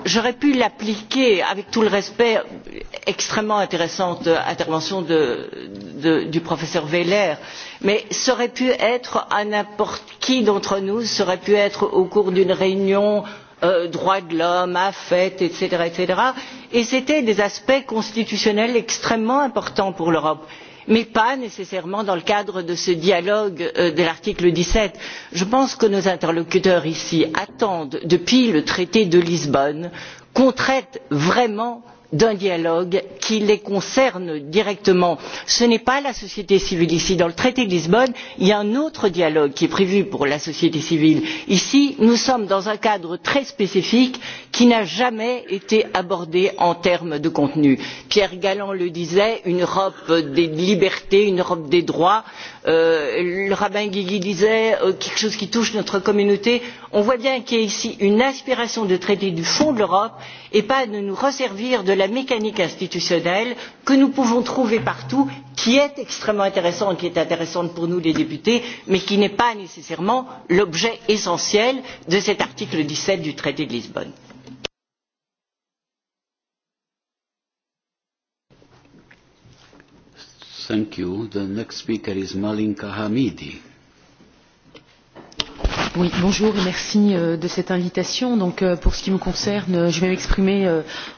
j'aurais pu l'appliquer avec tout le respect extrêmement intéressante intervention du professeur Weller mais ça aurait pu être à n'importe qui d'entre nous, ça aurait pu être au cours d'une réunion droits de l'homme, AFET, etc. etc. Et c'était des aspects constitutionnels extrêmement importants pour l'Europe mais pas nécessairement dans le cadre de ce dialogue de l'article. dix sept je pense que nos interlocuteurs ici attendent depuis le traité de lisbonne qu'on traite vraiment d'un dialogue qui les concerne directement. ce n'est pas la société civile ici. dans le traité de lisbonne il y a un autre dialogue qui est prévu pour la société civile. ici nous sommes dans un cadre très spécifique qui n'a jamais été abordé en termes de contenu. pierre galland le disait une europe des libertés une europe des droits le rabbin guigui disait quelque chose qui touche notre communauté on voit bien qu'il y a ici une aspiration de traiter du fond de l'europe et pas de nous resservir de la mécanique institutionnelle que nous pouvons trouver partout qui est extrêmement intéressante qui est intéressante pour nous les députés mais qui n'est pas nécessairement l'objet essentiel de cet article dix sept du traité de lisbonne. Thank you. The next speaker is Malinka Hamidi. Oui, bonjour et merci de cette invitation. Donc, pour ce qui me concerne, je vais m'exprimer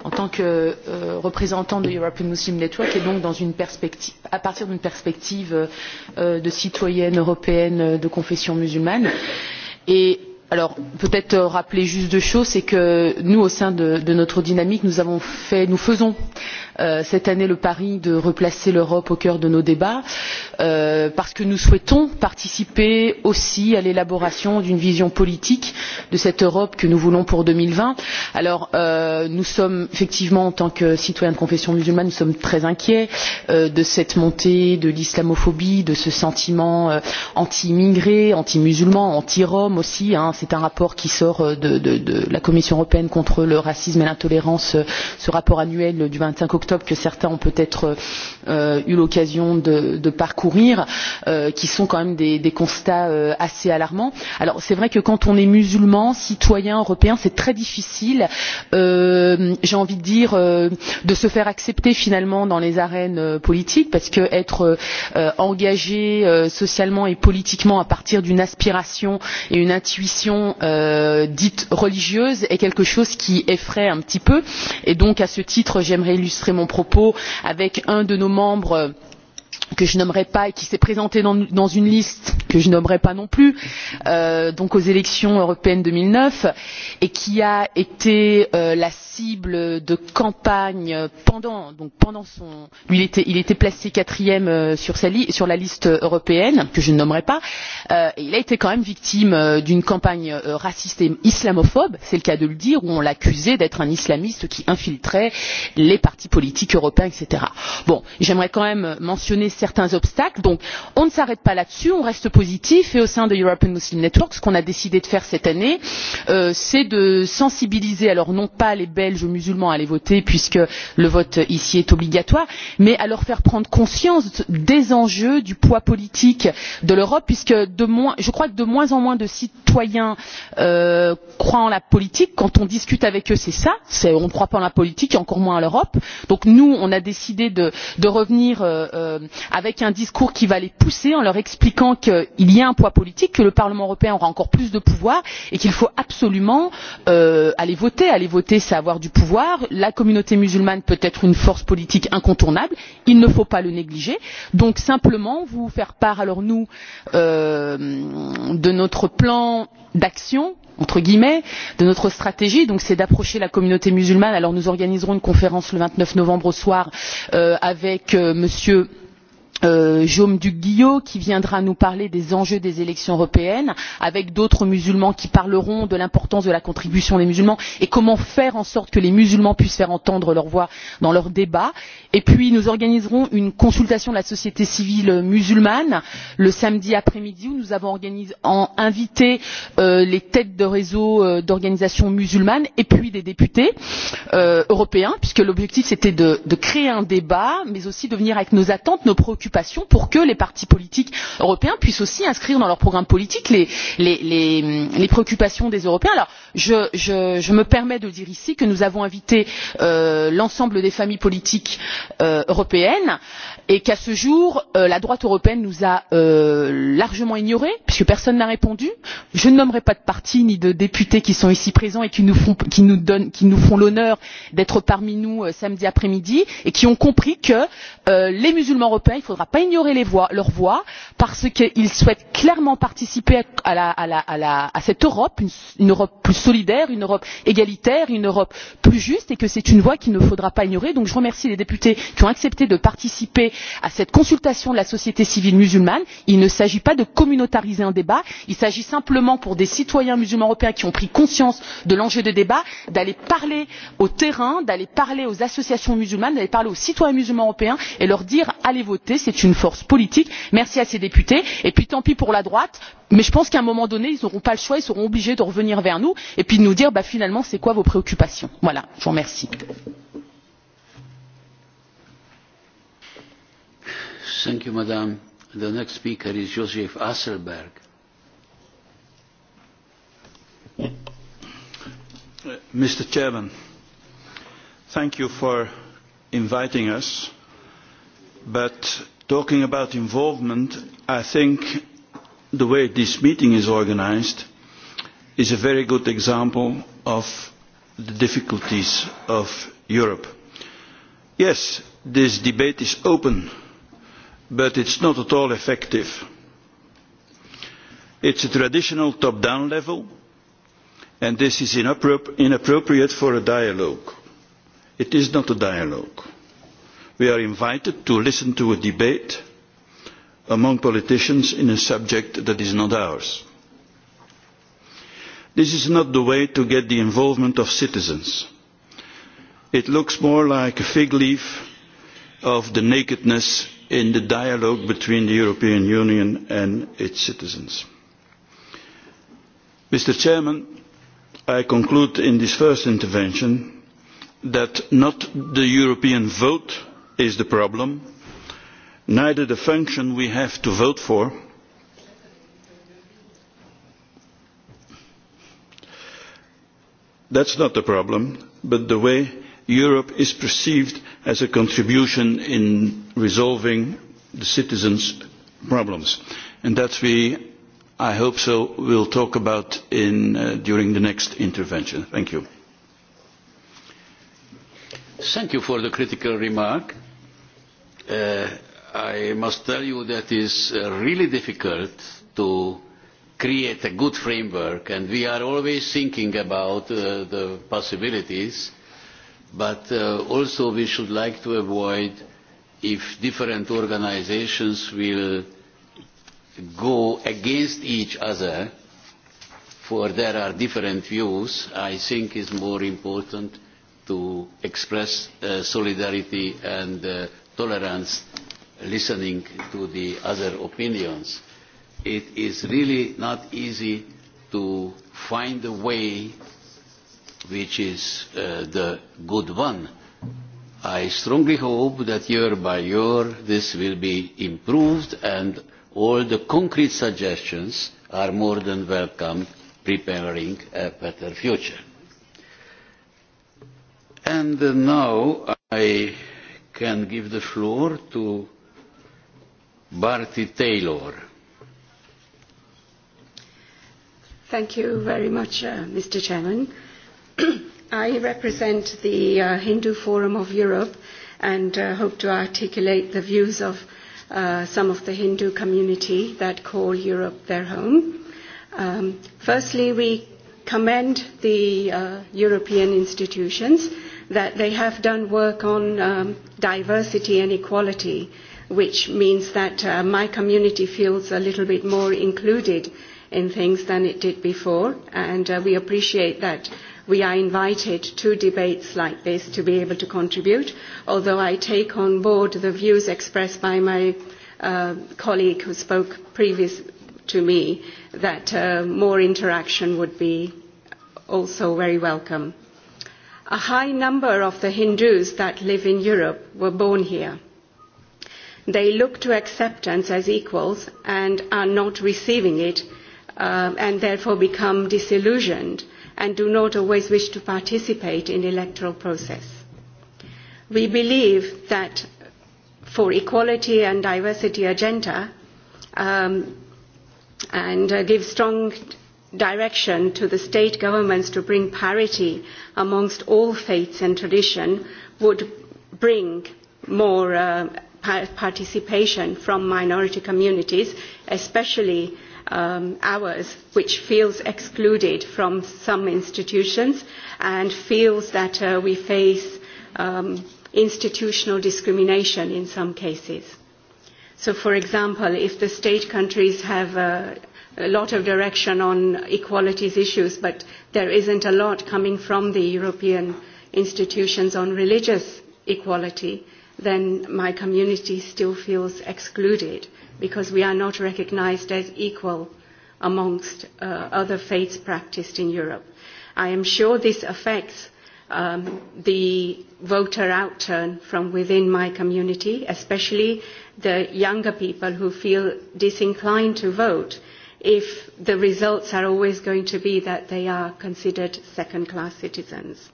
en tant que représentant de European Muslim Network et donc dans une perspective, à partir d'une perspective de citoyenne européenne de confession musulmane. Et alors peut être rappeler juste deux choses c'est que nous au sein de notre dynamique nous avons fait nous faisons cette année le pari de replacer l'europe au cœur de nos débats parce que nous souhaitons participer aussi à l'élaboration d'une vision politique de cette europe que nous voulons pour. deux mille vingt Alors nous sommes effectivement en tant que citoyens de confession musulmane très inquiets de cette montée de l'islamophobie de ce sentiment anti immigré anti musulman anti rom aussi c'est un rapport qui sort de la commission européenne contre le racisme et l'intolérance ce rapport annuel du vingt cinq octobre que certains ont peut être eu l'occasion de parcourir qui sont quand même des constats assez alarmants. alors c'est vrai que quand on est musulman citoyen européen c'est très difficile j'ai envie de dire de se faire accepter finalement dans les arènes politiques parce que être engagé socialement et politiquement à partir d'une aspiration et une intuition dite religieuse est quelque chose qui effraie un petit peu et donc à ce titre j'aimerais illustrer mon propos avec un de nos membres que je nommerai pas et qui s'est présenté dans une liste que je nommerai pas non plus donc aux élections européennes deux mille neuf et qui a été la cible de campagne pendant son il était placé quatrième sur la liste européenne que je ne nommerai pas et il a été quand même victime d'une campagne raciste et islamophobe c'est le cas de le dire où on l'accusait d'être un islamiste qui infiltrait les partis politiques européens etc. j'aimerais quand même mentionner certains obstacles donc on ne s'arrête pas là dessus on reste positif et au sein de european muslim network ce qu'on a décidé de faire cette année c'est de sensibiliser alors non pas les belges musulmans à aller voter puisque le vote ici est obligatoire mais à leur faire prendre conscience des enjeux du poids politique de l'europe puisque je crois que de moins en moins de sites citoyens croient en la politique quand on discute avec eux c'est ça on ne croit pas en la politique et encore moins en l'europe. donc nous on a décidé de revenir avec un discours qui va les pousser en leur expliquant qu'il y a un poids politique que le parlement européen aura encore plus de pouvoir et qu'il faut absolument aller voter. aller voter c'est avoir du pouvoir la communauté musulmane peut être une force politique incontournable il ne faut pas le négliger. donc simplement vous faire part alors nous de notre plan plan d'action entre guillemets de notre stratégie donc c'est d'approcher la communauté musulmane alors nous organiserons une conférence le vingt neuf novembre au soir avec m jaume duguillot qui viendra nous parler des enjeux des élections européennes avec d'autres musulmans qui parleront de l'importance de la contribution des musulmans et de comment faire en sorte que les musulmans puissent faire entendre leur voix dans leurs débats et puis nous organiserons une consultation de la société civile musulmane le samedi après midi où nous avons invité les têtes de réseau d'organisations musulmanes et puis des députés européens puisque l'objectif était de créer un débat mais aussi de venir avec nos attentes nos préoccupations préoccupation pour que les partis politiques européens puissent aussi inscrire dans leur programme politique les préoccupations des européens. je me permets de dire ici que nous avons invité l'ensemble des familles politiques européennes et qu'à ce jour la droite européenne nous a largement ignorés puisque personne n'a répondu. je ne nommerai pas de parti ni de députés qui sont ici présents et qui nous font l'honneur d'être parmi nous samedi après midi et qui ont compris que les musulmans européens faudra pas ignorer leur voix parce qu'ils souhaitent clairement participer à cette europe une europe plus solidaire une europe égalitaire une europe plus juste et que c'est une voix qu'il ne faudra pas ignorer. donc je remercie les députés qui ont accepté de participer à cette consultation de la société civile musulmane. il ne s'agit pas de communautariser un débat il s'agit simplement pour des citoyens musulmans européens qui ont pris conscience de l'enjeu du débat, d'aller parler au terrain d'aller parler aux associations musulmanes d'aller parler aux citoyens musulmans européens et leur dire allez voter c'est une force politique merci à ces députés et puis tant pis pour la droite mais je pense qu'à un moment donné ils n'auront pas le choix ils seront obligés de revenir vers nous et de nous dire finalement c'est quoi vos préoccupations? voilà je vous remercie. mr thank you for inviting us but Talking about involvement, I think the way this meeting is organised is a very good example of the difficulties of Europe. Yes, this debate is open, but it's not at all effective. It's a traditional top-down level, and this is inappropriate for a dialogue. It is not a dialogue we are invited to listen to a debate among politicians on a subject that is not ours. This is not the way to get the involvement of citizens. It looks more like a fig leaf of the nakedness in the dialogue between the European Union and its citizens. Mr Chairman, I conclude in this first intervention that not the European vote is the problem, neither the function we have to vote for, that's not the problem, but the way Europe is perceived as a contribution in resolving the citizens' problems. And that we, I hope so, will talk about in, uh, during the next intervention. Thank you. Thank you for the critical remark. I must tell you that it is really difficult to create a good framework, and we are always thinking about the possibilities, but also we should like to avoid if different organisations will go against each other, for there are different views, I think it is more important to express solidarity and tolerance, listening to the other opinions. It is really not easy to find a way which is uh, the good one. I strongly hope that year by year this will be improved and all the concrete suggestions are more than welcome preparing a better future. And now I can give the floor to Barty Taylor. Thank you very much, uh, Mr. Chairman. I represent the uh, Hindu Forum of Europe and uh, hope to articulate the views of uh, some of the Hindu community that call Europe their home. Um, firstly, we commend the uh, European institutions that they have done work on um, diversity and equality, which means that uh, my community feels a little bit more included in things than it did before, and uh, we appreciate that we are invited to debates like this to be able to contribute, although I take on board the views expressed by my uh, colleague who spoke previous to me that uh, more interaction would be also very welcome. A high number of the Hindus that live in Europe were born here. They look to acceptance as equals and are not receiving it and therefore become disillusioned and do not always wish to participate in the electoral process. We believe that for equality and diversity agenda um, and uh, give strong direction to the state governments to bring parity amongst all faiths and tradition would bring more participation from minority communities, especially ours, which feels excluded from some institutions and feels that we face institutional discrimination in some cases. So, for example, if the state countries have a lot of direction on equalities issues, but there isn't a lot coming from the European institutions on religious equality, then my community still feels excluded because we are not recognized as equal amongst uh, other faiths practiced in Europe. I am sure this affects um, the voter outturn from within my community, especially the younger people who feel disinclined to vote if the results are always going to be that they are considered second-class citizens.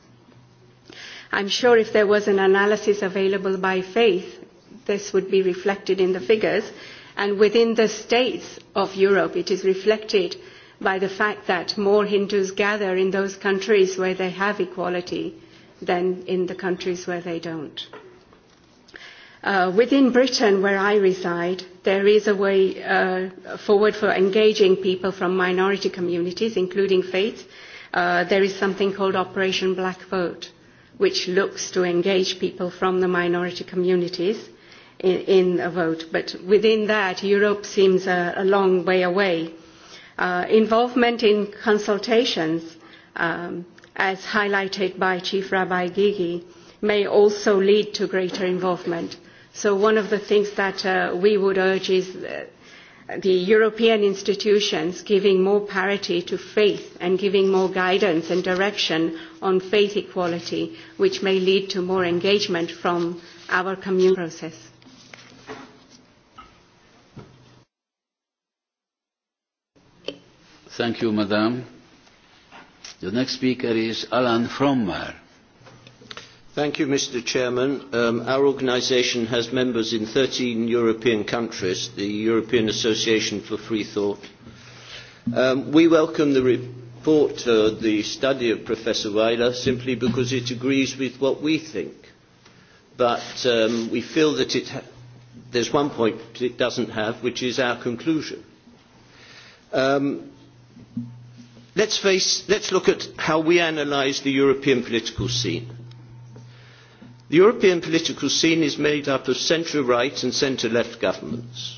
I'm sure if there was an analysis available by faith, this would be reflected in the figures. And within the states of Europe, it is reflected by the fact that more Hindus gather in those countries where they have equality than in the countries where they don't. not Uh, within Britain, where I reside, there is a way uh, forward for engaging people from minority communities, including faith. Uh, there is something called Operation Black Vote, which looks to engage people from the minority communities in, in a vote. But within that, Europe seems a, a long way away. Uh, involvement in consultations, um, as highlighted by Chief Rabbi Gigi, may also lead to greater involvement. So one of the things that uh, we would urge is the European institutions giving more parity to faith and giving more guidance and direction on faith equality, which may lead to more engagement from our community process. Thank you, Madam. The next speaker is Alan Frommer. Mr President. our organisation has members in thirteen European countries, the European Association for Free Thought. we welcome the report, the study of Professor Weiler, simply because it agrees with what we think. But we feel that it ha- there's one point it doesn't have, which is our conclusion. Um, let's, face, let's look at how we analyse the European political scene The European political scene is made up of centre right and centre left governments.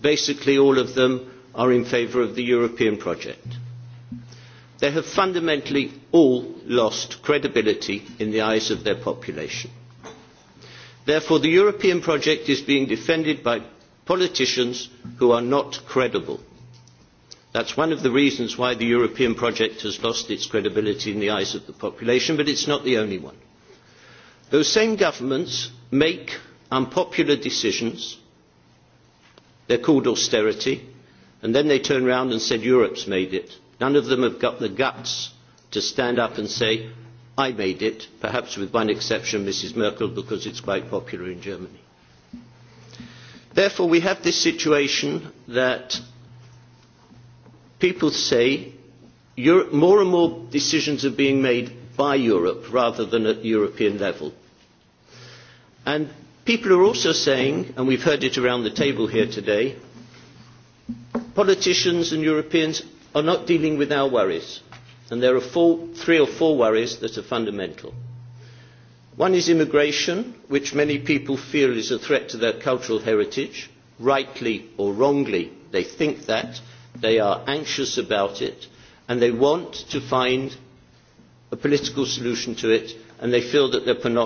Basically, all of them are in favour of the European project. They have fundamentally all lost credibility in the eyes of their population. Therefore, the European project is being defended by politicians who are not credible. That is one of the reasons why the European project has lost its credibility in the eyes of the population, but it is not the only one. Those same governments make unpopular decisions. They're called austerity. And then they turn around and said, Europe's made it. None of them have got the guts to stand up and say, I made it, perhaps with one exception, Mrs. Merkel, because it's quite popular in Germany. Therefore, we have this situation that people say Europe, more and more decisions are being made by Europe rather than at European level. And people are also saying, and we've heard it around the table here today, politicians and Europeans are not dealing with our worries. And there are four, three or four worries that are fundamental. One is immigration, which many people feel is a threat to their cultural heritage. Rightly or wrongly, they think that. They are anxious about it. And they want to find a political solution to it, and they feel that their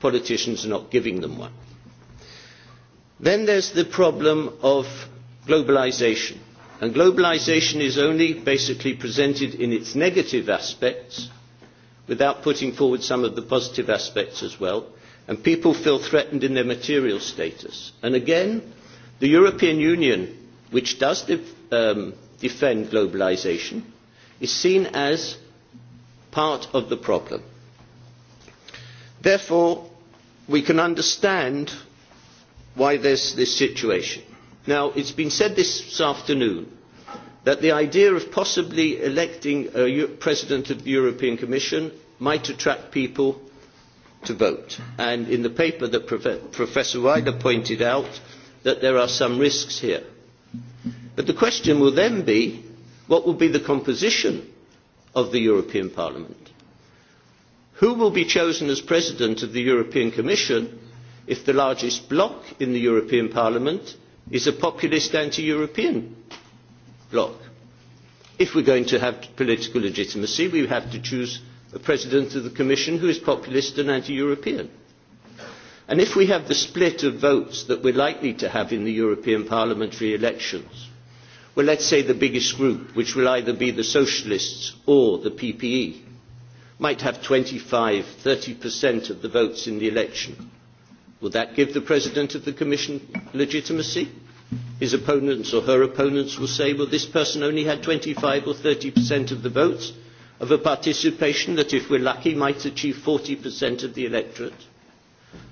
politicians are not giving them one. Then there is the problem of globalisation. And globalisation is only basically presented in its negative aspects without putting forward some of the positive aspects as well. And people feel threatened in their material status. And again, the European Union, which does defend globalisation, is seen as part of the problem. Therefore, we can understand why there is this situation. Now, it has been said this afternoon that the idea of possibly electing a president of the European Commission might attract people to vote. And in the paper that Professor Weiler pointed out, that there are some risks here. But the question will then be, what will be the composition of the European Parliament. Who will be chosen as President of the European Commission if the largest bloc in the European Parliament is a populist anti-European bloc? If we are going to have political legitimacy, we have to choose a President of the Commission who is populist and anti-European. And if we have the split of votes that we are likely to have in the European parliamentary elections, well, let's say the biggest group, which will either be the Socialists or the PPE, might have 25, 30% of the votes in the election. Would that give the President of the Commission legitimacy? His opponents or her opponents will say, well, this person only had 25 or 30% of the votes of a participation that, if we're lucky, might achieve 40% of the electorate.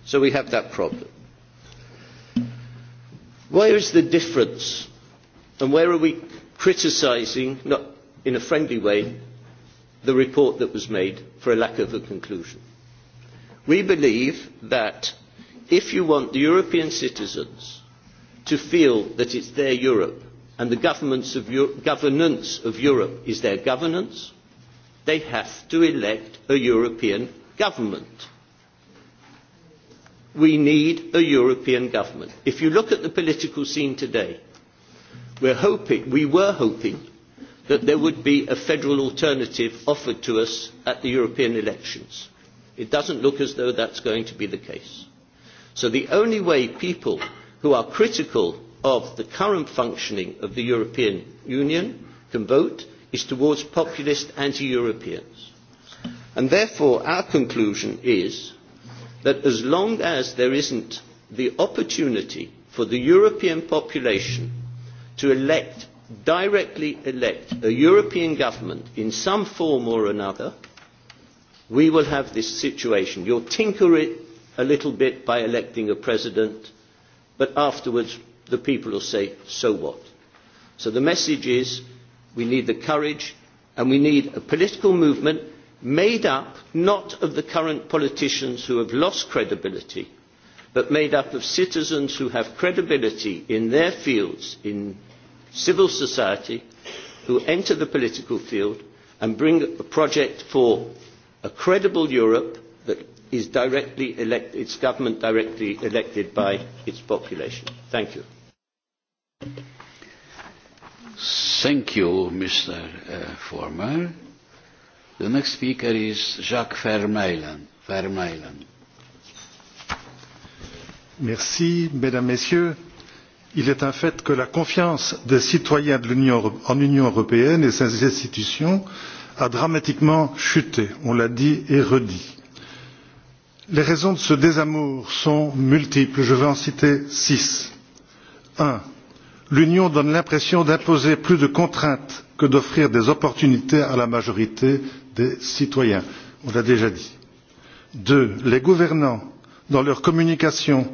So we have that problem. Where is the difference And where are we criticising, not in a friendly way, the report that was made for a lack of a conclusion? We believe that if you want the European citizens to feel that it's their Europe and the governments of Euro- governance of Europe is their governance, they have to elect a European government. We need a European government. If you look at the political scene today, We're hoping, we were hoping that there would be a federal alternative offered to us at the European elections. It doesn't look as though that's going to be the case. So the only way people who are critical of the current functioning of the European Union can vote is towards populist anti-Europeans. And therefore our conclusion is that as long as there isn't the opportunity for the European population to elect, directly elect a European government in some form or another, we will have this situation. You'll tinker it a little bit by electing a president, but afterwards the people will say, so what? So the message is we need the courage and we need a political movement made up not of the current politicians who have lost credibility, but made up of citizens who have credibility in their fields, in civil society who enter the political field and bring a project for a credible Europe that is directly elect, its government directly elected by its population. Thank you. Thank you, Mr. Uh, Former. The next speaker is Jacques Vermeulen. Vermeulen. Merci, Mesdames, Messieurs il est un fait que la confiance des citoyens en l'union européenne et ses institutions a dramatiquement chuté on l'a dit et redit. les raisons de ce désamour sont multiples je vais en citer six. premièrement l'union donne l'impression d'imposer plus de contraintes que d'offrir des opportunités à la majorité des citoyens on l'a déjà dit. deuxièmement les gouvernants dans leur communication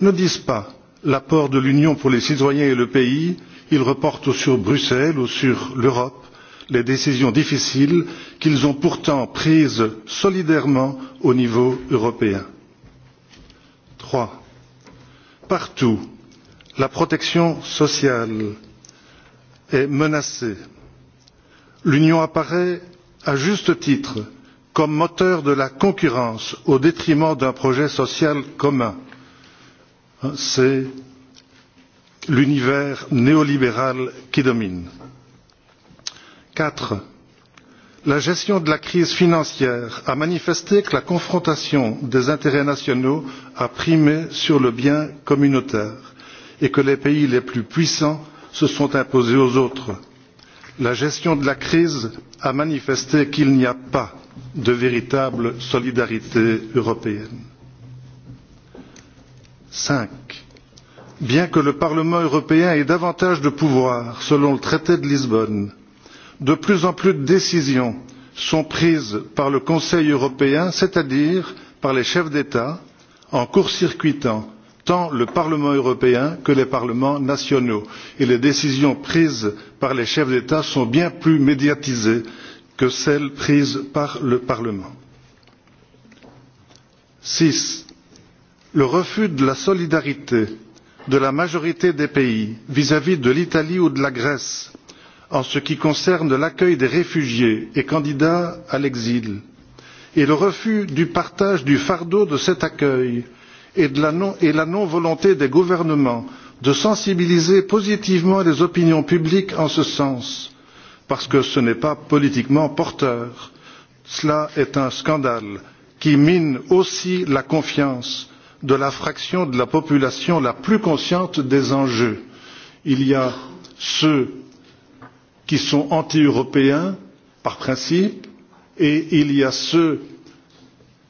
ne disent pas l'apport de l'union pour les citoyens et le pays ils reportent sur bruxelles ou sur l'europe les décisions difficiles qu'ils ont pourtant prises solidairement au niveau européen. troisièmement partout la protection sociale est menacée. l'union apparaît à juste titre comme moteur de la concurrence au détriment d'un projet social commun c'est l'univers néolibéral qui domine. Quatre, la gestion de la crise financière a manifesté que la confrontation des intérêts nationaux a primé sur le bien communautaire et que les pays les plus puissants se sont imposés aux autres. La gestion de la crise a manifesté qu'il n'y a pas de véritable solidarité européenne cinq bien que le parlement européen ait davantage de pouvoirs selon le traité de lisbonne de plus en plus de décisions sont prises par le conseil européen c'est à dire par les chefs d'état en court circuitant tant le parlement européen que les parlements nationaux et les décisions prises par les chefs d'état sont bien plus médiatisées que celles prises par le parlement. sixièmement le refus de la solidarité de la majorité des pays vis à vis de l'italie ou de la grèce en ce qui concerne l'accueil des réfugiés et candidats à l'exil et le refus du partage du fardeau de cet accueil et la non volonté des gouvernements de sensibiliser positivement les opinions publiques en ce sens parce que ce n'est pas politiquement porteur cela est un scandale qui mine aussi la confiance de la fraction de la population la plus consciente des enjeux. Il y a ceux qui sont anti européens par principe et il y a ceux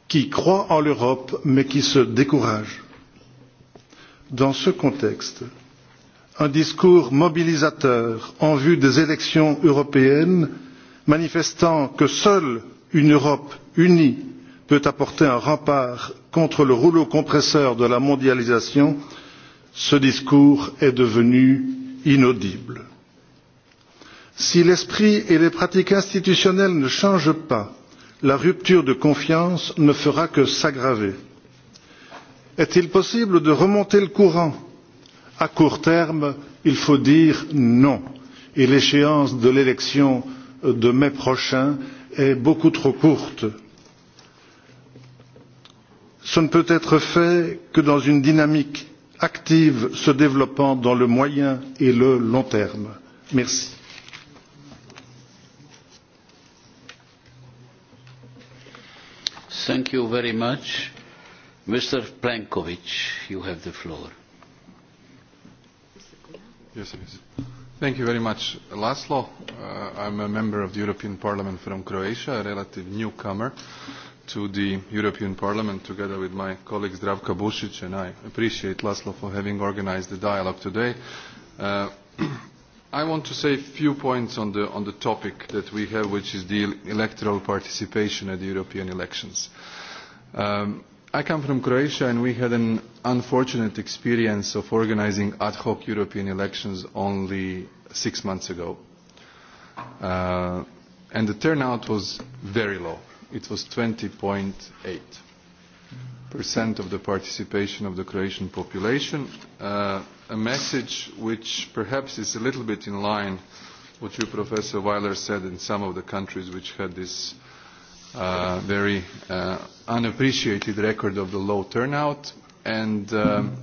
qui croient en l'Europe mais qui se découragent. Dans ce contexte, un discours mobilisateur en vue des élections européennes manifestant que seule une Europe unie peut apporter un rempart contre le rouleau compresseur de la mondialisation ce discours est devenu inaudible. si l'esprit et les pratiques institutionnelles ne changent pas la rupture de confiance ne fera que s'aggraver. est il possible de remonter le courant? à court terme il faut dire non et l'échéance de l'élection de mai prochain est beaucoup trop courte ce ne peut être fait que dans une dynamique active se développant dans le moyen et le long terme. merci. Thank you very much. Mr. Plankovic, you have the floor. Yes, yes. Thank you very much, Laszlo. Uh, I'm a member of the European Parliament from Croatia, a relative newcomer to the European Parliament together with my colleagues Dravka Busic and I appreciate Laszlo for having organized the dialogue today. Uh, I want to say a few points on the, on the topic that we have, which is the electoral participation at the European elections. Um, I come from Croatia and we had an unfortunate experience of organizing ad hoc European elections only six months ago. Uh, and the turnout was very low it was 20.8% of the participation of the Croatian population. Uh, a message which perhaps is a little bit in line what you, Professor Weiler, said in some of the countries which had this uh, very uh, unappreciated record of the low turnout. And um,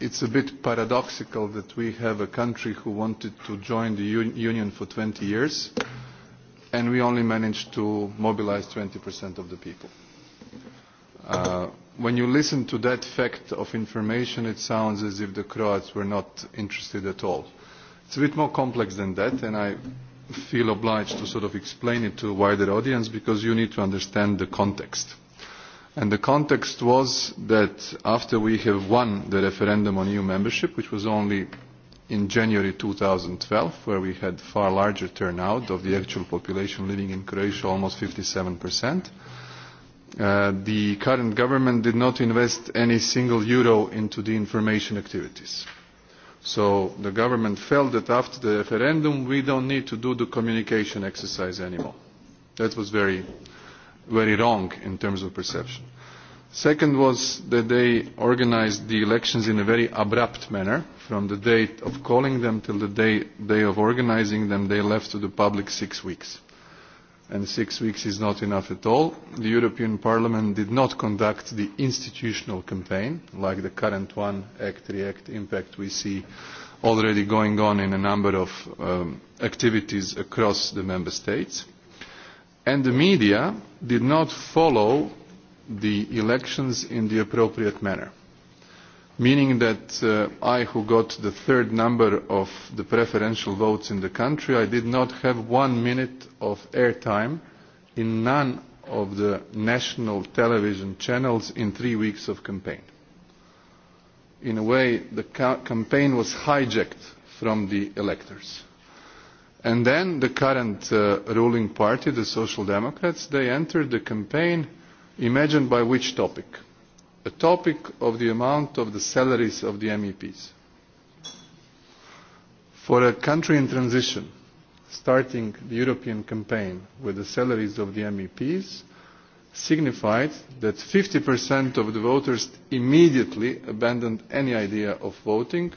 it's a bit paradoxical that we have a country who wanted to join the un union for 20 years, uh, and we only managed to twenty percent of the people. Uh, when you listen to that fact of information, it sounds as if the Croats were not interested at all. It's a bit more complex than that, and I feel obliged to sort of explain it to a wider audience because you need to understand the context. And the context was that after we have won the referendum on EU membership, which was only in January 2012, where we had far larger turnout of the actual population living in Croatia, almost 57%. Uh, the current government did not invest any single euro into the information activities. So the government felt that after the referendum, we don't need to do the communication exercise anymore. That was very, very wrong in terms of perception. Second was that they organized the elections in a very abrupt manner, from the date of calling them till the day, day of organizing them, they left to the public six weeks. And six weeks is not enough at all. The European Parliament did not conduct the institutional campaign, like the current one, Act, React, Impact, we see already going on in a number of um, activities across the member states. And the media did not follow the elections in the appropriate manner meaning that I, who got the third number of the preferential votes in the country, I did not have one minute of airtime in none of the national television channels in three weeks of campaign. In a way, the campaign was hijacked from the electors. And then the current ruling party, the Social Democrats, they entered the campaign, imagine by which topic – a topic of the amount of the salaries of the MEPs. For a country in transition, starting the European campaign with the salaries of the MEPs, signified that fifty of the voters immediately abandoned any idea of voting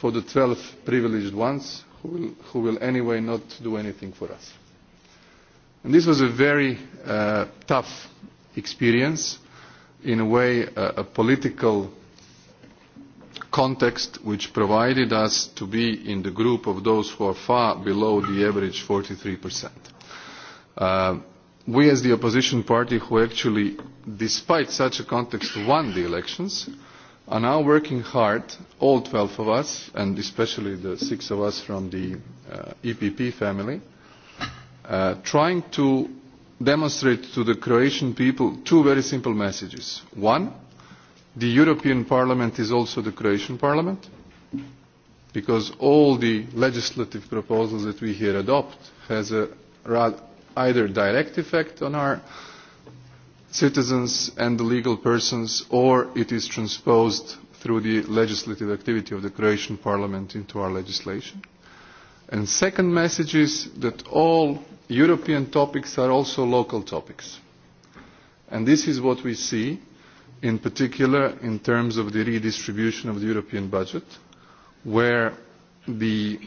for the twelve privileged ones who will, anyway not do anything for us. this was a very tough experience in a way, a, a political context which provided us to be in the group of those who are far below the average 43%. Uh, we as the opposition party who actually, despite such a context, won the elections, are now working hard, all 12 of us, and especially the six of us from the uh, EPP family, uh, trying to demonstrate to the Croatian people two very simple messages. One, the European Parliament is also the Croatian Parliament, because all the legislative proposals that we here adopt either a either direct effect on our citizens and the legal persons, or it is transposed through the legislative activity of the Croatian Parliament into our legislation. And second message is that all European topics are also local topics. And this is what we see, in particular, in terms of the redistribution of the European budget, where the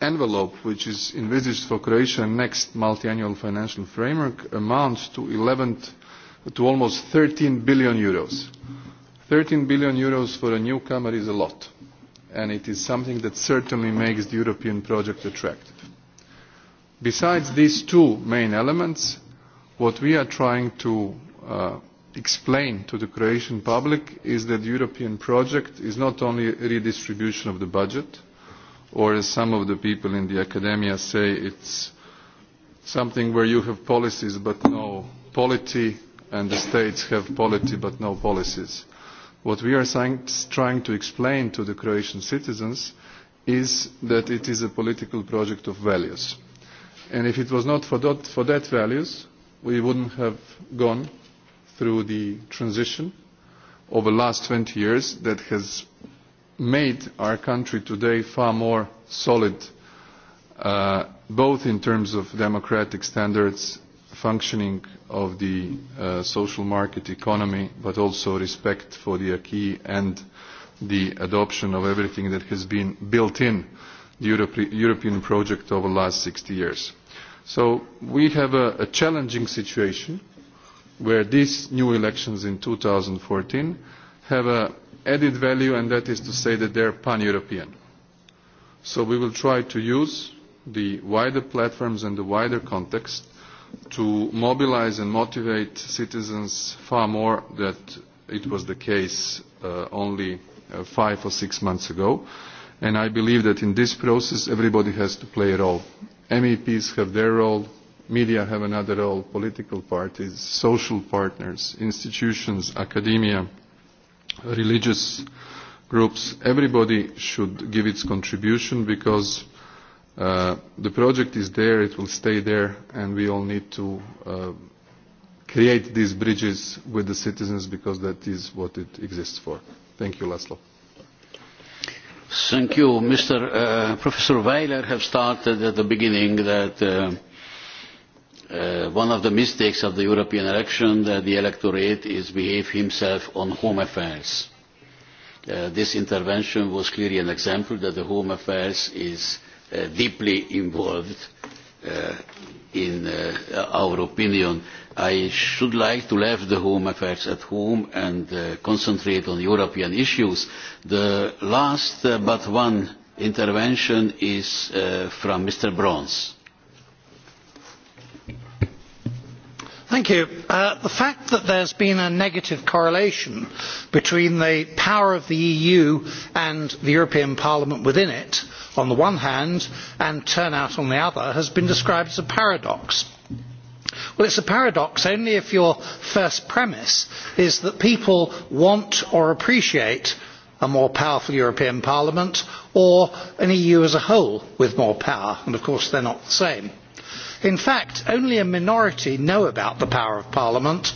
envelope which is envisaged for Croatia next multiannual financial framework amounts to almost to almost billion eur thirteen billion for a newcomer is a lot, and it is something that certainly makes the European project attractive Besides these two main elements, what we are trying to explain to the Croatian public is that the European project is not only a redistribution of the budget, or as some of the people in the academia say, it is something where you have policies but no polity, and the states have polity but no policies. What we are trying to explain to the Croatian citizens is that it is a political project of values And if it was not for that, for that values, we wouldn't have gone through the transition over the last 20 years that has made our country today far more solid, uh, both in terms of democratic standards, functioning of the uh, social market economy, but also respect for the acquis and the adoption of everything that has been built in uh, the European project over the last 60 years. So we have a, a challenging situation where these new elections in 2014 have an added value, and that is to say that they are pan-European. So we will try to use the wider platforms and the wider context to mobilise and motivate citizens far more than it was the case only five or six months ago and I believe that in this process everybody has to play a role. MEPs have their role, media have another role, political parties, social partners, institutions, academia, religious groups. Everybody should give its contribution because uh, the project is there, it will stay there, and we all need to uh, create these bridges with the citizens because that is what it exists for. Thank you, Laszlo. Thank you. Mr. Uh, Professor Weiler have started at the beginning that uh, uh, one of the mistakes of the European election that the electorate is behave himself on home affairs. Uh, this intervention was clearly an example that the home affairs is uh, deeply involved uh, in uh, our opinion. I should like to leave the home affairs at home and uh, concentrate on European issues. The last uh, but one intervention is uh, from Mr. Bronze. President, the fact that there has been a negative correlation between the power of the eu and the european parliament within it on the one hand and turnout on the other has been described as a paradox. well it is a paradox only if your first premise is that people want or appreciate a more powerful european parliament or an eu as a whole with more power and of course they are not the same. In fact, only a minority know about the power of Parliament,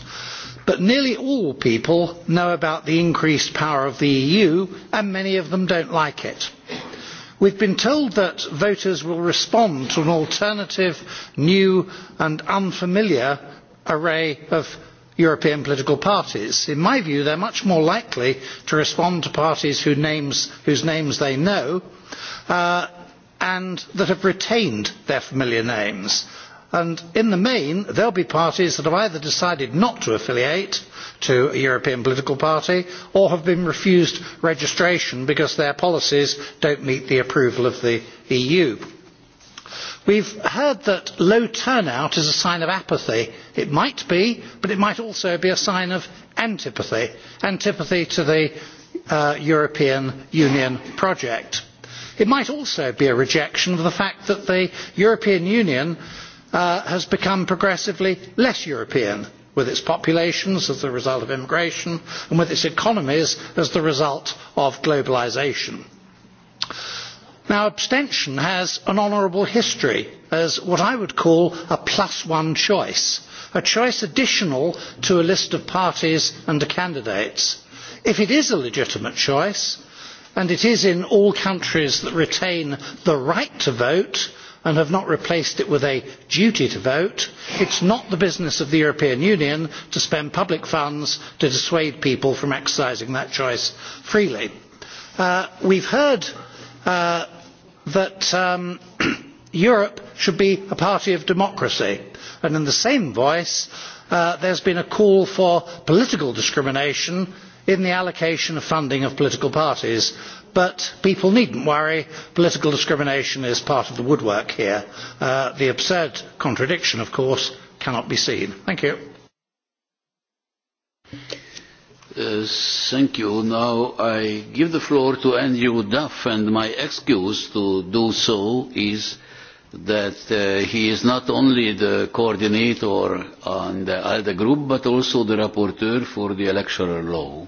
but nearly all people know about the increased power of the EU, and many of them do not like it. We have been told that voters will respond to an alternative, new and unfamiliar array of European political parties. In my view, they are much more likely to respond to parties whose names they know and that have retained their familiar names. And in the main, there will be parties that have either decided not to affiliate to a European political party or have been refused registration because their policies do not meet the approval of the EU. We have heard that low turnout is a sign of apathy. It might be, but it might also be a sign of antipathy, antipathy to the European Union project it might also be a rejection of the fact that the european union has become progressively less european with its populations as the result of immigration and with its economies as the result of globalisation. abstention has an honourable history as what i would call a plus one choice a choice additional to a list of parties and candidates. if it is a legitimate choice and it is in all countries that retain the right to vote and have not replaced it with a duty to vote it is not the business of the european union to spend public funds to dissuade people from exercising that choice freely. we have heard that europe should be a party of democracy and in the same voice there has been a call for political discrimination in the allocation of funding of political parties but people need not worry political discrimination is part of the woodwork here. the absurd contradiction of course cannot be seen. thank you. thank you. Now I give the floor to Andrew Duff, and my excuse to do so is that he is not only the coordinator on the ALDE group, but also the rapporteur for the electoral law.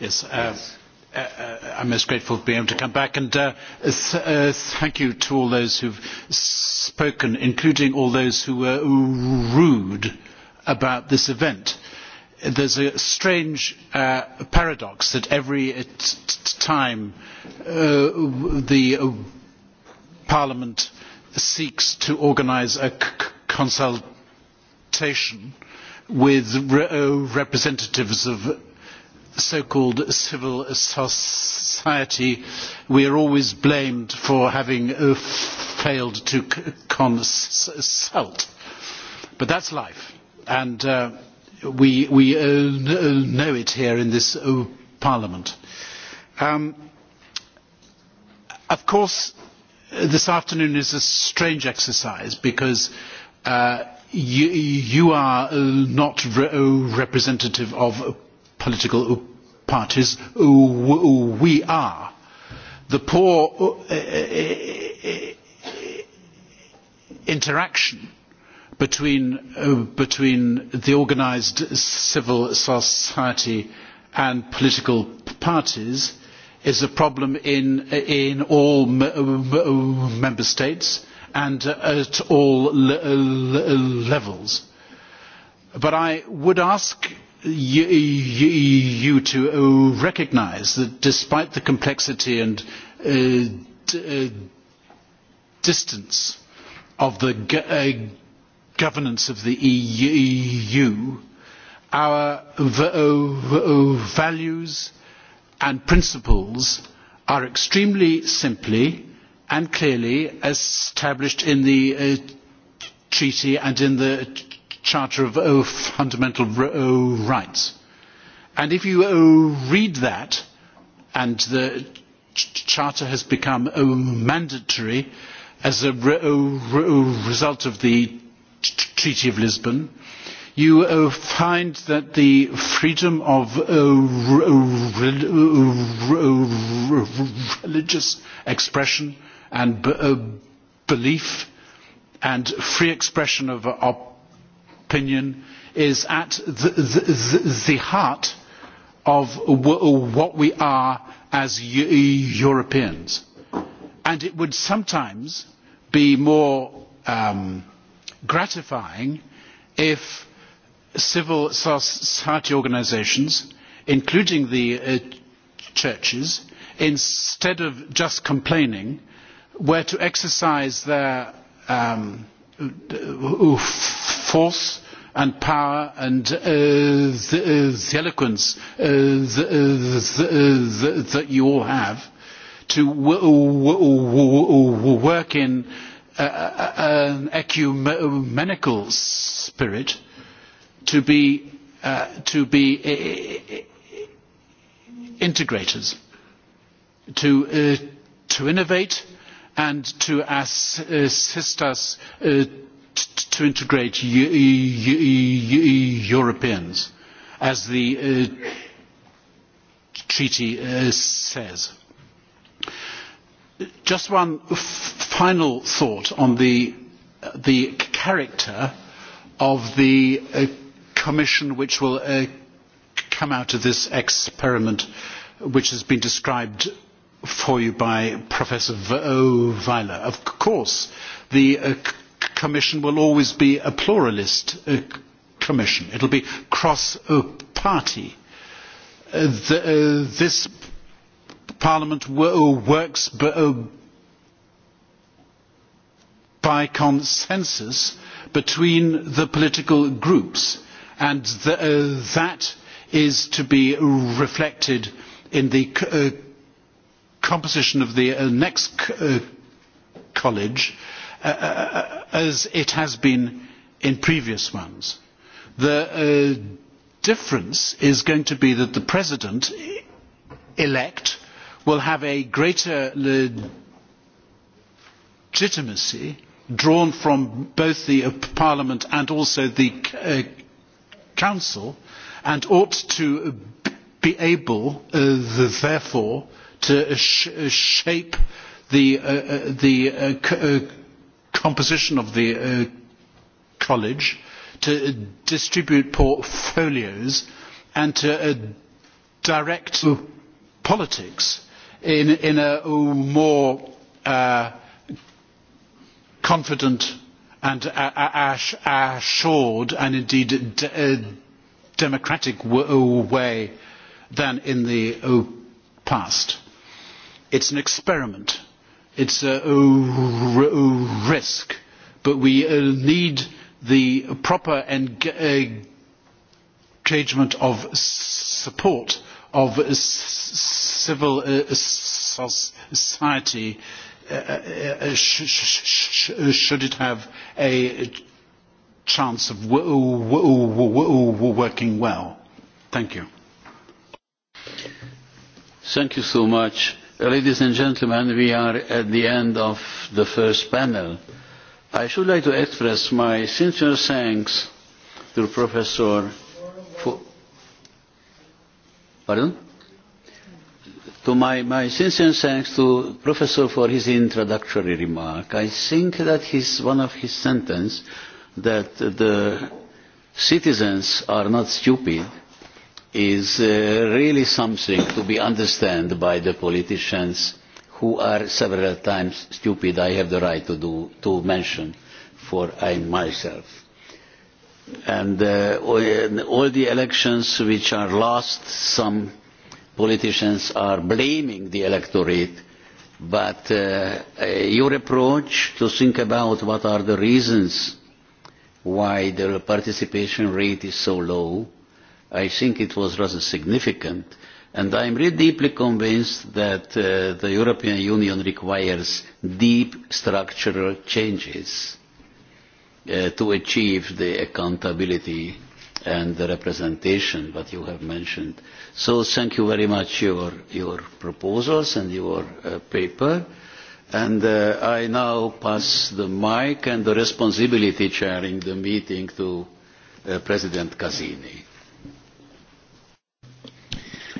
Yes, uh, uh, I'm most grateful for being able to come back, and uh, th- uh, thank you to all those who've spoken, including all those who were rude about this event. There's a strange uh, paradox that every t- time uh, the Parliament seeks to organise a consultation with representatives of so-called civil society, we are always blamed for having failed to consult. But that is life, and we, know it here in this Parliament. of course, this afternoon is a strange exercise because you, you are not re- representative of political parties. We are. The poor interaction between, between the organised civil society and political parties is a problem in all member states and at all levels. But I would ask you to recognise that despite the complexity and distance of the governance of the EU, our values and principles are extremely simply and clearly established in the treaty and in the charter of fundamental rights and if you read that and the charter has become mandatory as a result of the treaty of lisbon you find that the freedom of religious expression and belief and free expression of opinion is at the heart of what we are as Europeans. And it would sometimes be more gratifying if civil society organisations, including the churches, instead of just complaining, were to exercise their force and power and the eloquence that you all have to work in an ecumenical spirit to be, integrators, to, innovate and to assist us to integrate Europeans, as the treaty says. Just one final thought on the, character of the commission which will come out of this experiment which has been described for you by Professor Weiler. Of course, the Commission will always be a pluralist Commission. It will be cross-party. This Parliament works by consensus between the political groups and that is to be reflected in the composition of the next college as it has been in previous ones. The difference is going to be that the president elect will have a greater legitimacy drawn from both the parliament and also the Council and ought to be able, therefore, to shape the composition of the college, to distribute portfolios, and to direct politics in a more confident and assured and indeed democratic way than in the past. It's an experiment. It's a risk. But we need the proper engagement of support of civil society should it have a chance of working well. Thank you. Thank you so much. Ladies and gentlemen, we are at the end of the first panel. I should like to express my sincere thanks to Professor. Pardon? to my, my sincere thanks to Professor for his introductory remark. I think that his, one of his sentences that the citizens are not stupid is uh, really something to be understood by the politicians who are several times stupid I have the right to, do, to mention for I myself. And uh, all the elections which are lost, some politicians are blaming the electorate, but your approach to think about what are the reasons why the participation rate is so low, I think it was rather significant. And I am really deeply convinced that the European Union requires deep structural changes to achieve the accountability and the representation that you have mentioned. So thank you very much for your, your proposals and your uh, paper. And uh, I now pass the mic and the responsibility chairing the meeting to uh, President Casini.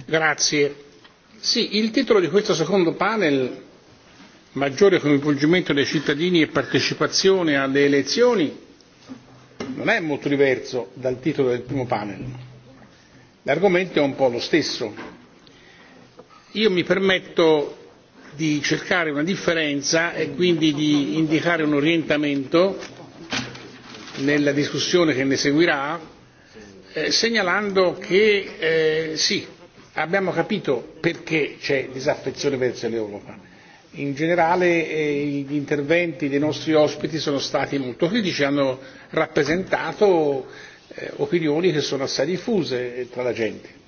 Grazie. Sì, il titolo di questo secondo panel, maggiore coinvolgimento dei cittadini e partecipazione alle elezioni, non è molto diverso dal titolo del primo panel. L'argomento è un po' lo stesso. Io mi permetto di cercare una differenza e quindi di indicare un orientamento nella discussione che ne seguirà, segnalando che sì, abbiamo capito perché c'è disaffezione verso l'Europa in generale eh, gli interventi dei nostri ospiti sono stati molto critici, hanno rappresentato eh, opinioni che sono assai diffuse tra la gente.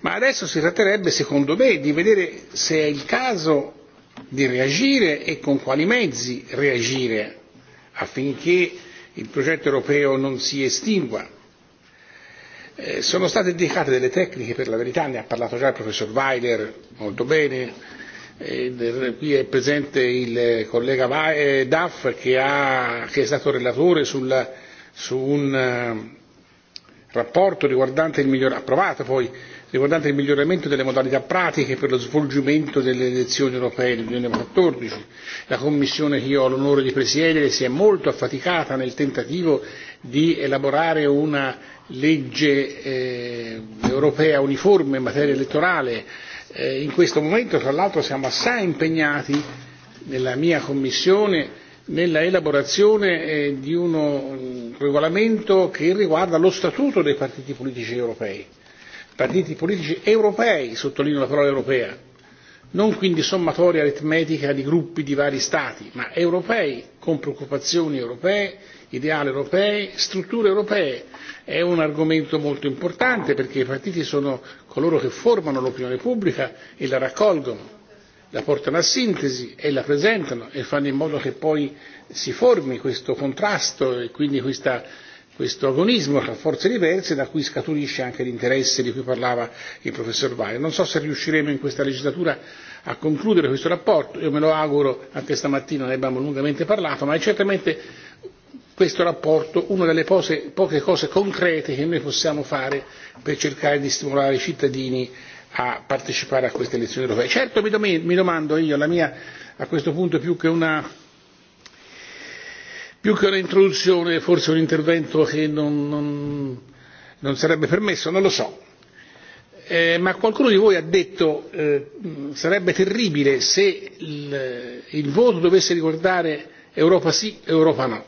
Ma adesso si tratterebbe, secondo me, di vedere se è il caso di reagire e con quali mezzi reagire affinché il progetto europeo non si estingua. Eh, sono state indicate delle tecniche, per la verità ne ha parlato già il professor Weiler molto bene, qui è presente il collega Duff che, ha, che è stato relatore sulla, su un rapporto riguardante il approvato poi riguardante il miglioramento delle modalità pratiche per lo svolgimento delle elezioni europee del 2014. La Commissione che io ho l'onore di presiedere si è molto affaticata nel tentativo di elaborare una legge eh, europea uniforme in materia elettorale Eh, in questo momento, tra l'altro, siamo assai impegnati nella mia Commissione nella elaborazione eh, di un regolamento che riguarda lo statuto dei partiti politici europei. Partiti politici europei, sottolineo la parola europea, non quindi sommatoria aritmetica di gruppi di vari Stati, ma europei con preoccupazioni europee ideali europei, strutture europee. È un argomento molto importante perché i partiti sono coloro che formano l'opinione pubblica e la raccolgono, la portano a sintesi e la presentano e fanno in modo che poi si formi questo contrasto e quindi questa questo agonismo tra forze diverse da cui scaturisce anche l'interesse di cui parlava il professor Weil. Non so se riusciremo in questa legislatura a concludere questo rapporto, io me lo auguro, anche stamattina ne abbiamo lungamente parlato, ma è certamente questa relazione una delle poche cose concrete che noi possiamo fare per cercare di stimolare i cittadini a partecipare a queste elezioni europee. Certo mi domando io, la mia a questo punto più che una più che un'introduzione, forse un intervento che non, non, non sarebbe permesso, non lo so. Eh, ma qualcuno di voi ha detto eh, sarebbe terribile se il, il voto dovesse riguardare Europa sì, Europa no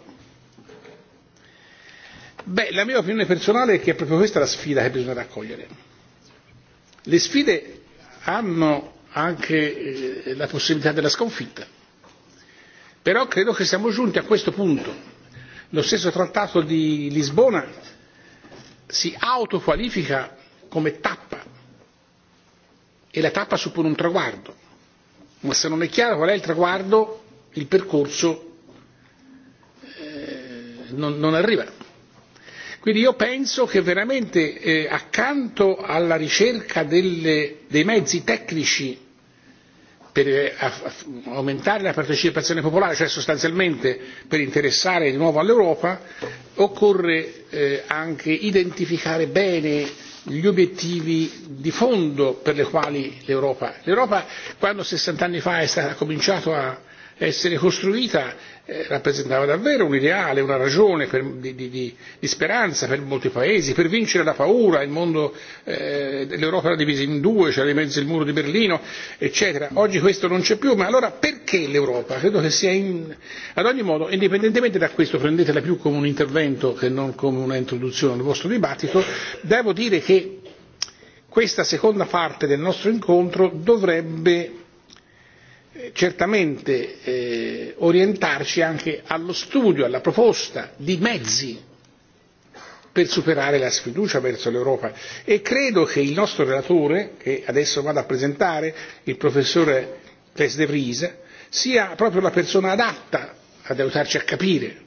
Beh, la mia opinione personale è che è proprio questa la sfida che bisogna raccogliere. Le sfide hanno anche la possibilità della sconfitta. Però credo che siamo giunti a questo punto. Lo stesso trattato di Lisbona si autoqualifica come tappa e la tappa suppone un traguardo. Ma se non è chiaro qual è il traguardo, il percorso eh, non, non arriva. Quindi io penso che veramente eh, accanto alla ricerca delle, dei mezzi tecnici per aumentare la partecipazione popolare, cioè sostanzialmente per interessare di nuovo all'Europa, occorre eh, anche identificare bene gli obiettivi di fondo per le quali l'Europa. L'Europa quando 60 anni fa è stata, ha cominciato a essere costruita rappresentava davvero un ideale, una ragione per, di, di, di speranza per molti paesi, per vincere la paura, il mondo, eh, l'Europa era divisa in due, c'era di mezzo il muro di Berlino, eccetera. Oggi questo non c'è più, ma allora perché l'Europa? Credo che sia in... Ad ogni modo, indipendentemente da questo, prendetela più come un intervento che non come una introduzione al vostro dibattito, devo dire che questa seconda parte del nostro incontro dovrebbe certamente eh, orientarci anche allo studio, alla proposta di mezzi per superare la sfiducia verso l'Europa e credo che il nostro relatore, che adesso vado a presentare, il professore Tess De Vries, sia proprio la persona adatta ad aiutarci a capire.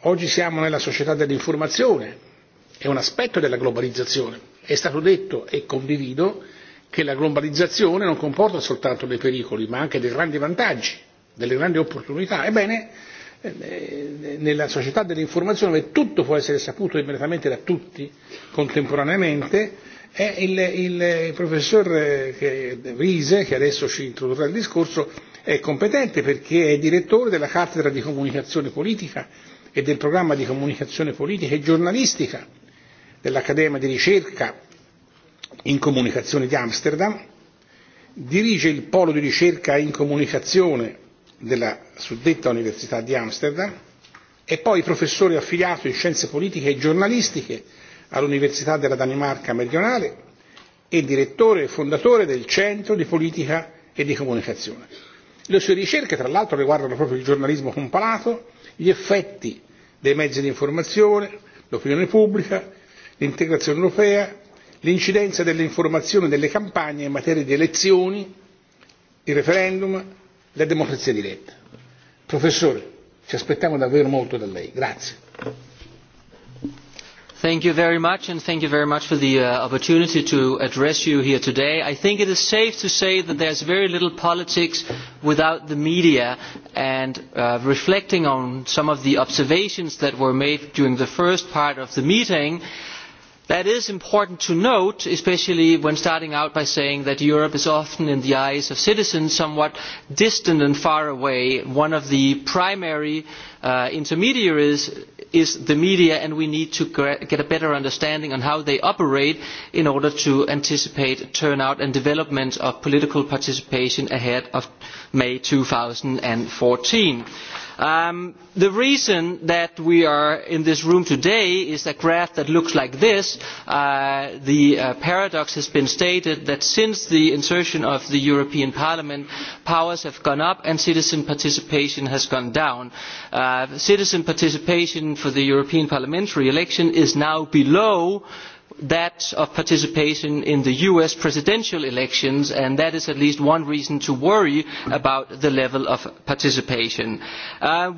Oggi siamo nella società dell'informazione, è un aspetto della globalizzazione, è stato detto e condivido che la globalizzazione non comporta soltanto dei pericoli ma anche dei grandi vantaggi, delle grandi opportunità. Ebbene, nella società dell'informazione dove tutto può essere saputo immediatamente da tutti, contemporaneamente, è il, il professor Riese, che adesso ci introdurrà il discorso, è competente perché è direttore della cattedra di comunicazione politica e del programma di comunicazione politica e giornalistica dell'Accademia di ricerca in comunicazione di Amsterdam, dirige il polo di ricerca in comunicazione della suddetta Università di Amsterdam, è poi professore affiliato in scienze politiche e giornalistiche all'Università della Danimarca Meridionale e direttore e fondatore del Centro di Politica e di Comunicazione. Le sue ricerche, tra l'altro, riguardano proprio il giornalismo comparato, gli effetti dei mezzi di informazione, l'opinione pubblica, l'integrazione europea, l'incidenza dell'informazione nelle campagne in materia di elezioni il referendum la democrazia diretta. professore ci aspettiamo davvero molto da lei grazie. Thank you very much, and thank you very much for the uh, opportunity to address you here today. I think it is safe to say that there's very little politics without the media, and uh, reflecting on some of the observations that were made during the first part of the meeting, that is important to note especially when starting out by saying that europe is often in the eyes of citizens somewhat distant and far away. one of the primary intermediaries is the media and we need to get a better understanding of how they operate in order to anticipate turnout and development of political participation ahead of may. two thousand and fourteen the reason that we are in this room today is a graph that looks like this. the paradox has been stated that since the insertion of the European Parliament, powers have gone up and citizen participation has gone down. citizen participation for the European parliamentary election is now below that of participation in the US presidential elections, and that is at least one reason to worry about the level of participation.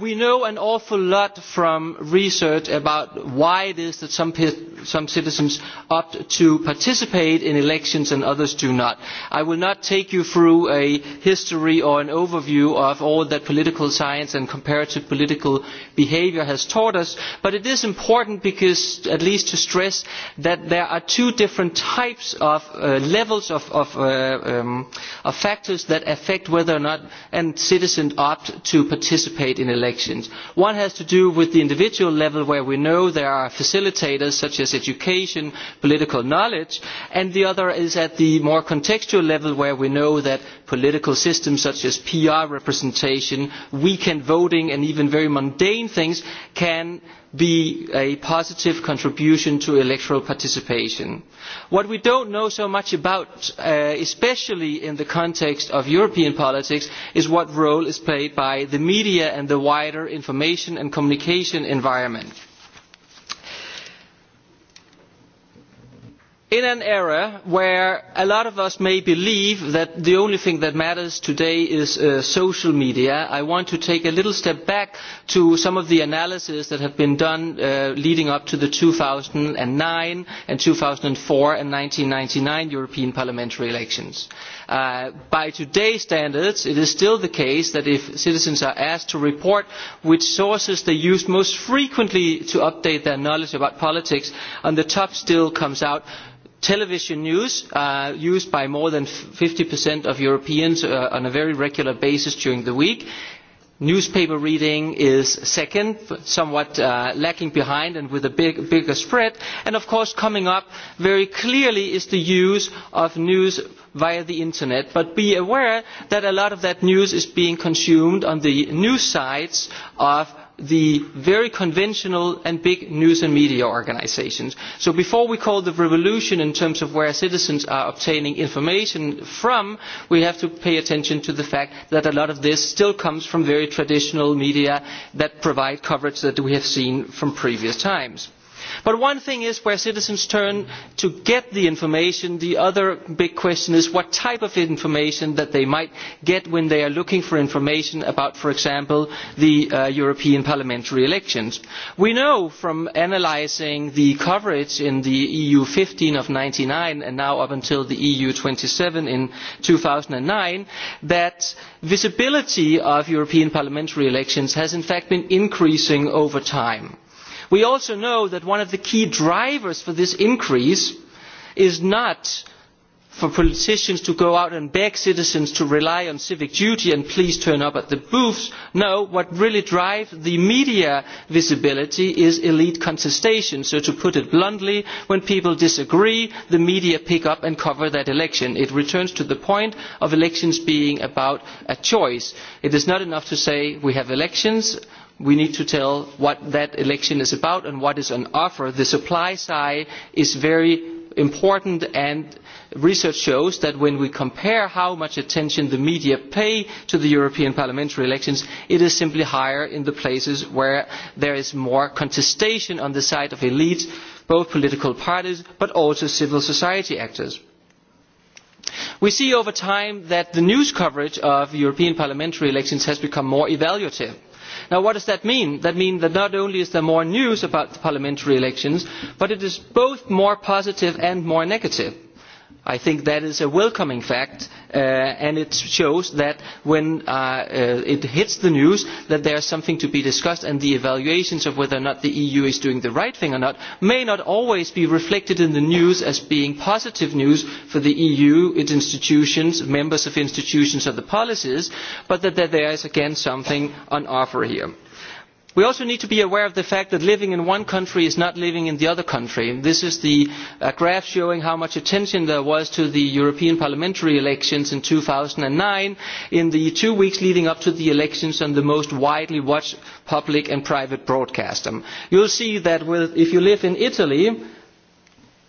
we know an awful lot from research about why it is that some, citizens opt to participate in elections and others do not. I will not take you through a history or an overview of all that political science and comparative political behaviour has taught us, but it is important because, at least to stress that there are two different types of levels of, factors that affect whether or not a citizen opts to participate in elections. One has to do with the individual level where we know there are facilitators such as education, political knowledge, and the other is at the more contextual level where we know that political systems such as PR representation, weekend voting and even very mundane things can be a positive contribution to electoral participation. What we do not know so much about, especially in the context of European politics, is what role is played by the media and the wider information and communication environment in an era where a lot of us may believe that the only thing that matters today is social media i want to take a little step back to some of the analyses that have been done leading up to the two thousand and nine and two thousand and four and one thousand nine hundred and ninety nine european parliamentary elections. by today's standards it is still the case that if citizens are asked to report which sources they used most frequently to update their knowledge about politics on the top still comes out television news used by more than percent of Europeans on a very regular basis during the week. Newspaper reading is second, somewhat lagging behind and with a big, bigger spread. And of course, coming up very clearly is the use of news via the internet. But be aware that a lot of that news is being consumed on the news sites of the very conventional and big news and media organisations. So before we call the revolution in terms of where citizens are obtaining information from, we have to pay attention to the fact that a lot of this still comes from very traditional media that provide coverage that we have seen from previous times but one thing is where citizens turn to get the information the other big question is what type of information that they might get when they are looking for information about for example the european parliamentary elections. we know from analysing the coverage in the eu fifteen of one thousand nine hundred and ninety nine and now up until the eu twenty seven in two thousand and nine that visibility of european parliamentary elections has in fact been increasing over time We also know that one of the key drivers for this increase is not for politicians to go out and beg citizens to rely on civic duty and please turn up at the booths. No, what really drives the media visibility is elite contestation. So to put it bluntly, when people disagree, the media pick up and cover that election. It returns to the point of elections being about a choice. It is not enough to say we have elections we need to tell what that election is about and what is on offer. The supply side is very important and research shows that when we compare how much attention the media pay to the European parliamentary elections, it is simply higher in the places where there is more contestation on the side of elites, both political parties but also civil society actors. We see over time that the news coverage of European parliamentary elections has become more evaluative what does that mean? that means that not only is there more news about the parliamentary elections but it is both more positive and more negative I think that is a welcoming fact, uh, and it shows that when uh, uh, it hits the news that there is something to be discussed, and the evaluations of whether or not the EU is doing the right thing or not may not always be reflected in the news as being positive news for the EU, its institutions, members of institutions, or the policies, but that, that there is again something on offer here we also need to be aware of the fact that living in one country is not living in the other country. this is the graph showing how much attention there was to the european parliamentary elections in two thousand and nine in the two weeks leading up to the elections on the most widely watched public and private broadcaster. you will see that if you live in italy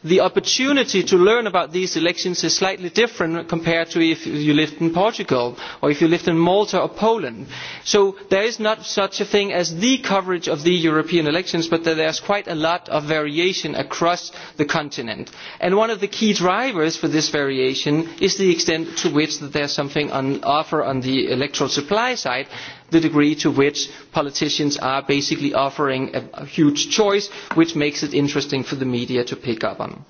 the opportunity to learn about these elections is slightly different compared to if you lived in Portugal or if you lived in Malta or Poland. So there is not such a thing as the coverage of the European elections, but there is quite a lot of variation across the continent. And one of the key drivers for this variation is the extent to which there is something on offer on the electoral supply side the degree to which politicians are basically offering a, a huge choice, which makes it interesting for the media to pick up on.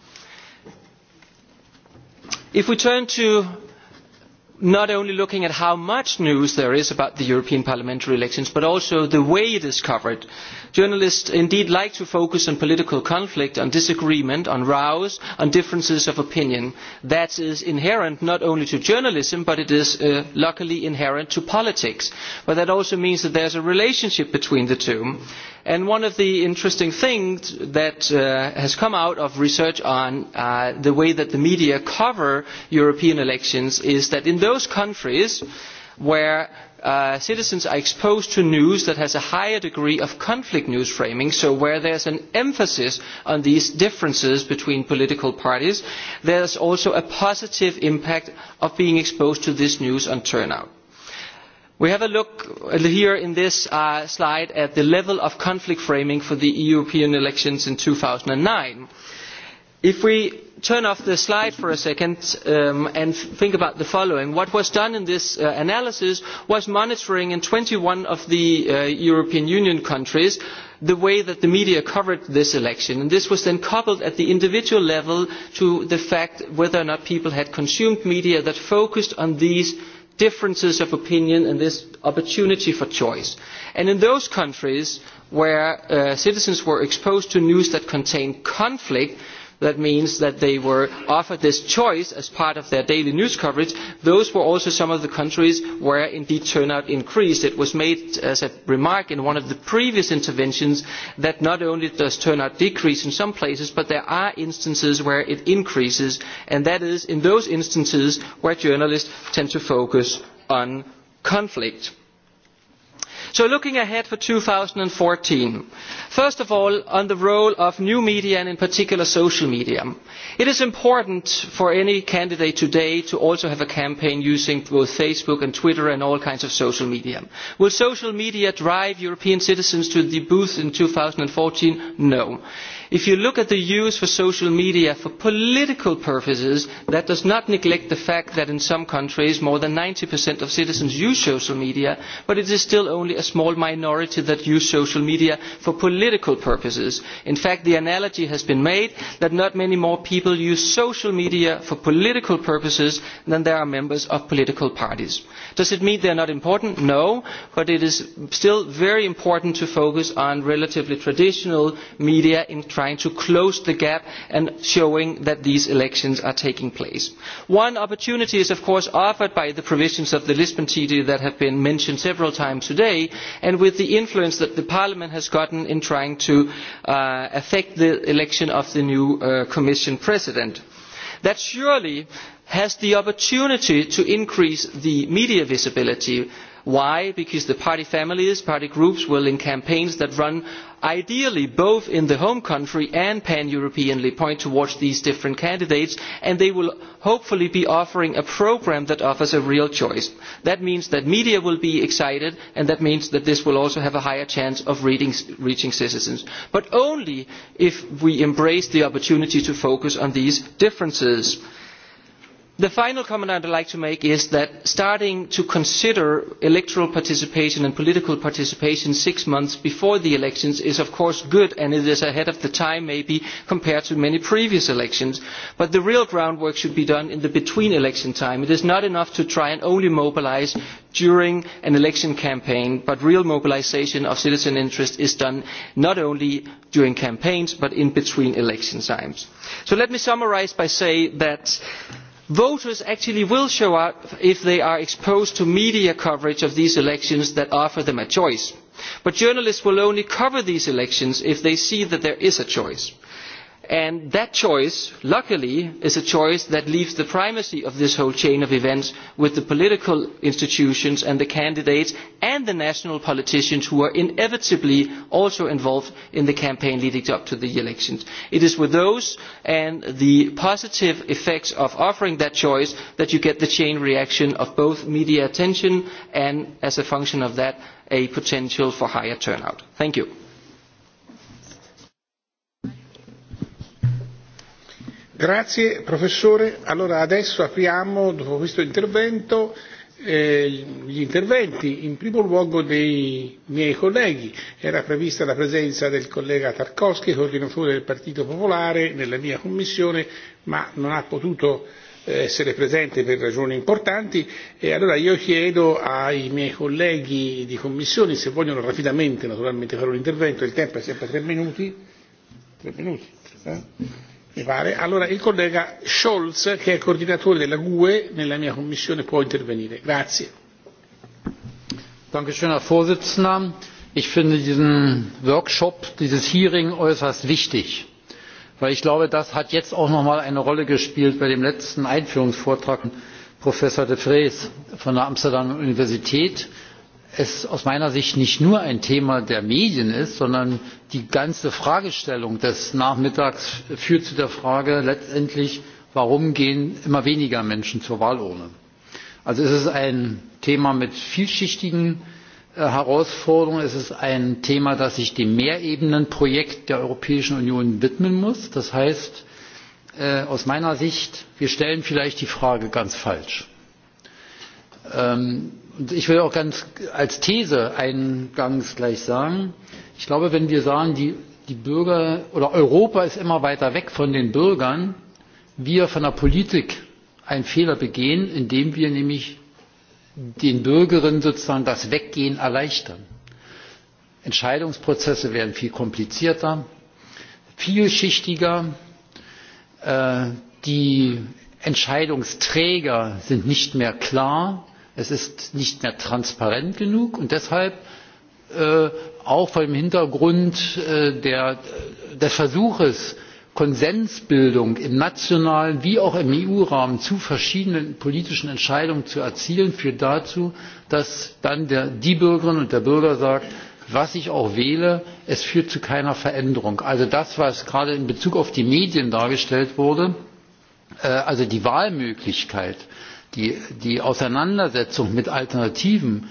If we turn to not only looking at how much news there is about the European parliamentary elections, but also the way it is covered. Journalists indeed like to focus on political conflict, on disagreement, on rows, on differences of opinion. That is inherent not only to journalism, but it is luckily inherent to politics. But that also means that there is a relationship between the two. And one of the interesting things that has come out of research on the way that the media cover European elections is that in those those countries where citizens are exposed to news that has a higher degree of conflict news framing, so where there is an emphasis on these differences between political parties, there is also a positive impact of being exposed to this news on turnout. We have a look here in this slide at the level of conflict framing for the European elections in two thousand nine. If we turn off the slide for a second and think about the following. What was done in this analysis was monitoring in twenty one of the European Union countries the way that the media covered this election. And this was then coupled at the individual level to the fact whether or not people had consumed media that focused on these differences of opinion and this opportunity for choice. And in those countries where citizens were exposed to news that contained conflict, That means that they were offered this choice as part of their daily news coverage. Those were also some of the countries where indeed turnout increased. It was made as a remark in one of the previous interventions that not only does turnout decrease in some places, but there are instances where it increases, and that is in those instances where journalists tend to focus on conflict so looking ahead for two thousand and fourteen first of all on the role of new media and in particular social media it is important for any candidate today to also have a campaign using both facebook and twitter and all kinds of social media. will social media drive european citizens to the booth in two thousand and fourteen? no. If you look at the use for social media for political purposes, that does not neglect the fact that in some countries more than 90% of citizens use social media, but it is still only a small minority that use social media for political purposes. In fact, the analogy has been made that not many more people use social media for political purposes than there are members of political parties. Does it mean they are not important? No, but it is still very important to focus on relatively traditional media in trying trying to close the gap and showing that these elections are taking place. One opportunity is of course offered by the provisions of the Lisbon Treaty that have been mentioned several times today and with the influence that Parliament has gotten in trying to affect the election of the new Commission President. That surely has the opportunity to increase the media visibility Why? Because the party families, party groups will in campaigns that run ideally both in the home country and pan-Europeanly point towards these different candidates and they will hopefully be offering a programme that offers a real choice. That means that media will be excited and that means that this will also have a higher chance of reaching citizens. But only if we embrace the opportunity to focus on these differences the final comment i would like to make is that starting to consider electoral participation and political participation six months before the elections is of course good and it is ahead of the time maybe compared to many previous elections but the real groundwork should be done in the between election time. it is not enough to try and only mobilise during an election campaign but real mobilisation of citizen interest is done not only during campaigns but in between election times. so let me summarise by saying that voters actually will show up if they are exposed to media coverage of these elections that offer them a choice but journalists will only cover these elections if they see that there is a choice and that choice luckily is a choice that leaves the primacy of this whole chain of events with the political institutions and the candidates and the national politicians who are inevitably also involved in the campaign leading up to the elections. it is with those and the positive effects of offering that choice that you get the chain reaction of both media attention and as a function of that a potential for higher turnout. thank you. Grazie professore. Allora adesso apriamo, dopo questo intervento, eh, gli interventi, in primo luogo dei miei colleghi. Era prevista la presenza del collega Tarkovsky, coordinatore del Partito Popolare, nella mia commissione, ma non ha potuto essere presente per ragioni importanti e allora io chiedo ai miei colleghi di commissione se vogliono rapidamente naturalmente fare un intervento, il tempo è sempre tre minuti, tre minuti eh? Mi pare. Allora il collega Scholz, che è coordinatore della GUE nella mia commissione, può intervenire. Grazie. Dankeschön, Herr Vorsitzender. Ich finde diesen Workshop, dieses Hearing äußerst wichtig, weil ich glaube, das hat jetzt auch noch mal eine Rolle gespielt bei dem letzten Einführungsvortrag von Professor de Vries von der Amsterdamer Universität es aus meiner sicht nicht nur ein thema der medien ist sondern die ganze fragestellung des nachmittags führt zu der frage letztendlich warum gehen immer weniger menschen zur wahlurne? also es ist ein thema mit vielschichtigen herausforderungen es ist ein thema das sich dem mehrebenenprojekt der europäischen union widmen muss. das heißt aus meiner sicht wir stellen vielleicht die frage ganz falsch ich will auch ganz als these eingangs gleich sagen ich glaube wenn wir sagen die bürger oder europa ist immer weiter weg von den bürgern wir von der politik einen fehler begehen indem wir nämlich den bürgerinnen sozusagen das weggehen erleichtern. entscheidungsprozesse werden viel komplizierter vielschichtiger die entscheidungsträger sind nicht mehr klar es ist nicht mehr transparent genug und deshalb auch vor dem hintergrund des versuches konsensbildung im nationalen wie auch im eu rahmen zu verschiedenen politischen entscheidungen zu erzielen führt dazu dass dann die bürgerin und der bürger sagt was ich auch wähle es führt zu keiner veränderung. also das was gerade in bezug auf die medien dargestellt wurde also die wahlmöglichkeit die auseinandersetzung mit alternativen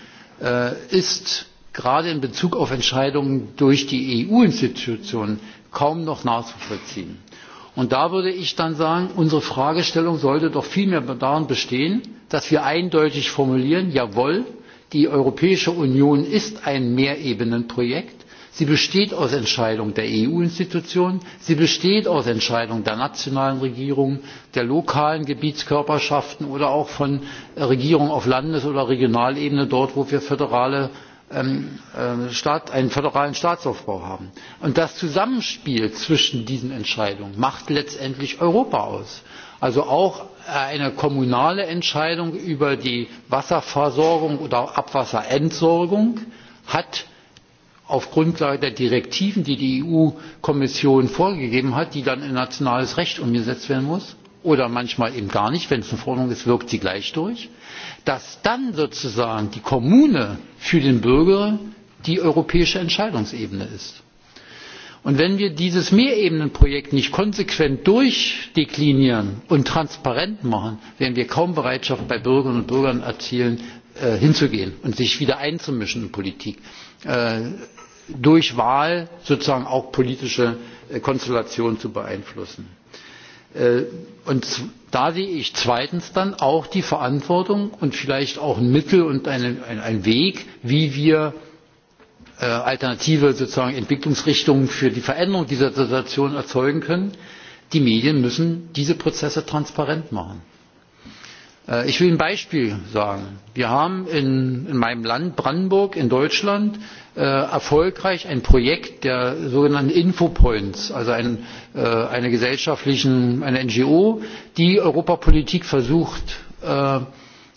ist gerade in bezug auf entscheidungen durch die eu institutionen kaum noch nachzuvollziehen. Und da würde ich dann sagen unsere fragestellung sollte doch vielmehr darin bestehen dass wir eindeutig formulieren jawohl die europäische union ist ein mehrebenenprojekt sie besteht aus entscheidungen der eu institutionen sie besteht aus entscheidungen der nationalen regierungen der lokalen gebietskörperschaften oder auch von regierungen auf landes oder regionalebene dort wo wir einen föderalen staatsaufbau haben. Und das zusammenspiel zwischen diesen entscheidungen macht letztendlich europa aus also auch eine kommunale entscheidung über die wasserversorgung oder abwasserentsorgung hat auf Grundlage der Direktiven, die die EU-Kommission vorgegeben hat, die dann in nationales Recht umgesetzt werden muss, oder manchmal eben gar nicht, wenn es eine Verordnung ist, wirkt sie gleich durch, dass dann sozusagen die Kommune für den Bürger die europäische Entscheidungsebene ist. Und wenn wir dieses Mehrebenenprojekt nicht konsequent durchdeklinieren und transparent machen, werden wir kaum Bereitschaft bei Bürgerinnen und Bürgern erzielen, hinzugehen und sich wieder einzumischen in Politik durch wahl sozusagen auch politische konstellationen zu beeinflussen. und da sehe ich zweitens dann auch die verantwortung und vielleicht auch ein mittel und einen weg wie wir alternative sozusagen entwicklungsrichtungen für die veränderung dieser situation erzeugen können die medien müssen diese prozesse transparent machen ich will ein beispiel sagen wir haben in meinem land brandenburg in deutschland erfolgreich ein projekt der sogenannten infopoints also einer gesellschaftlichen ngo die europapolitik versucht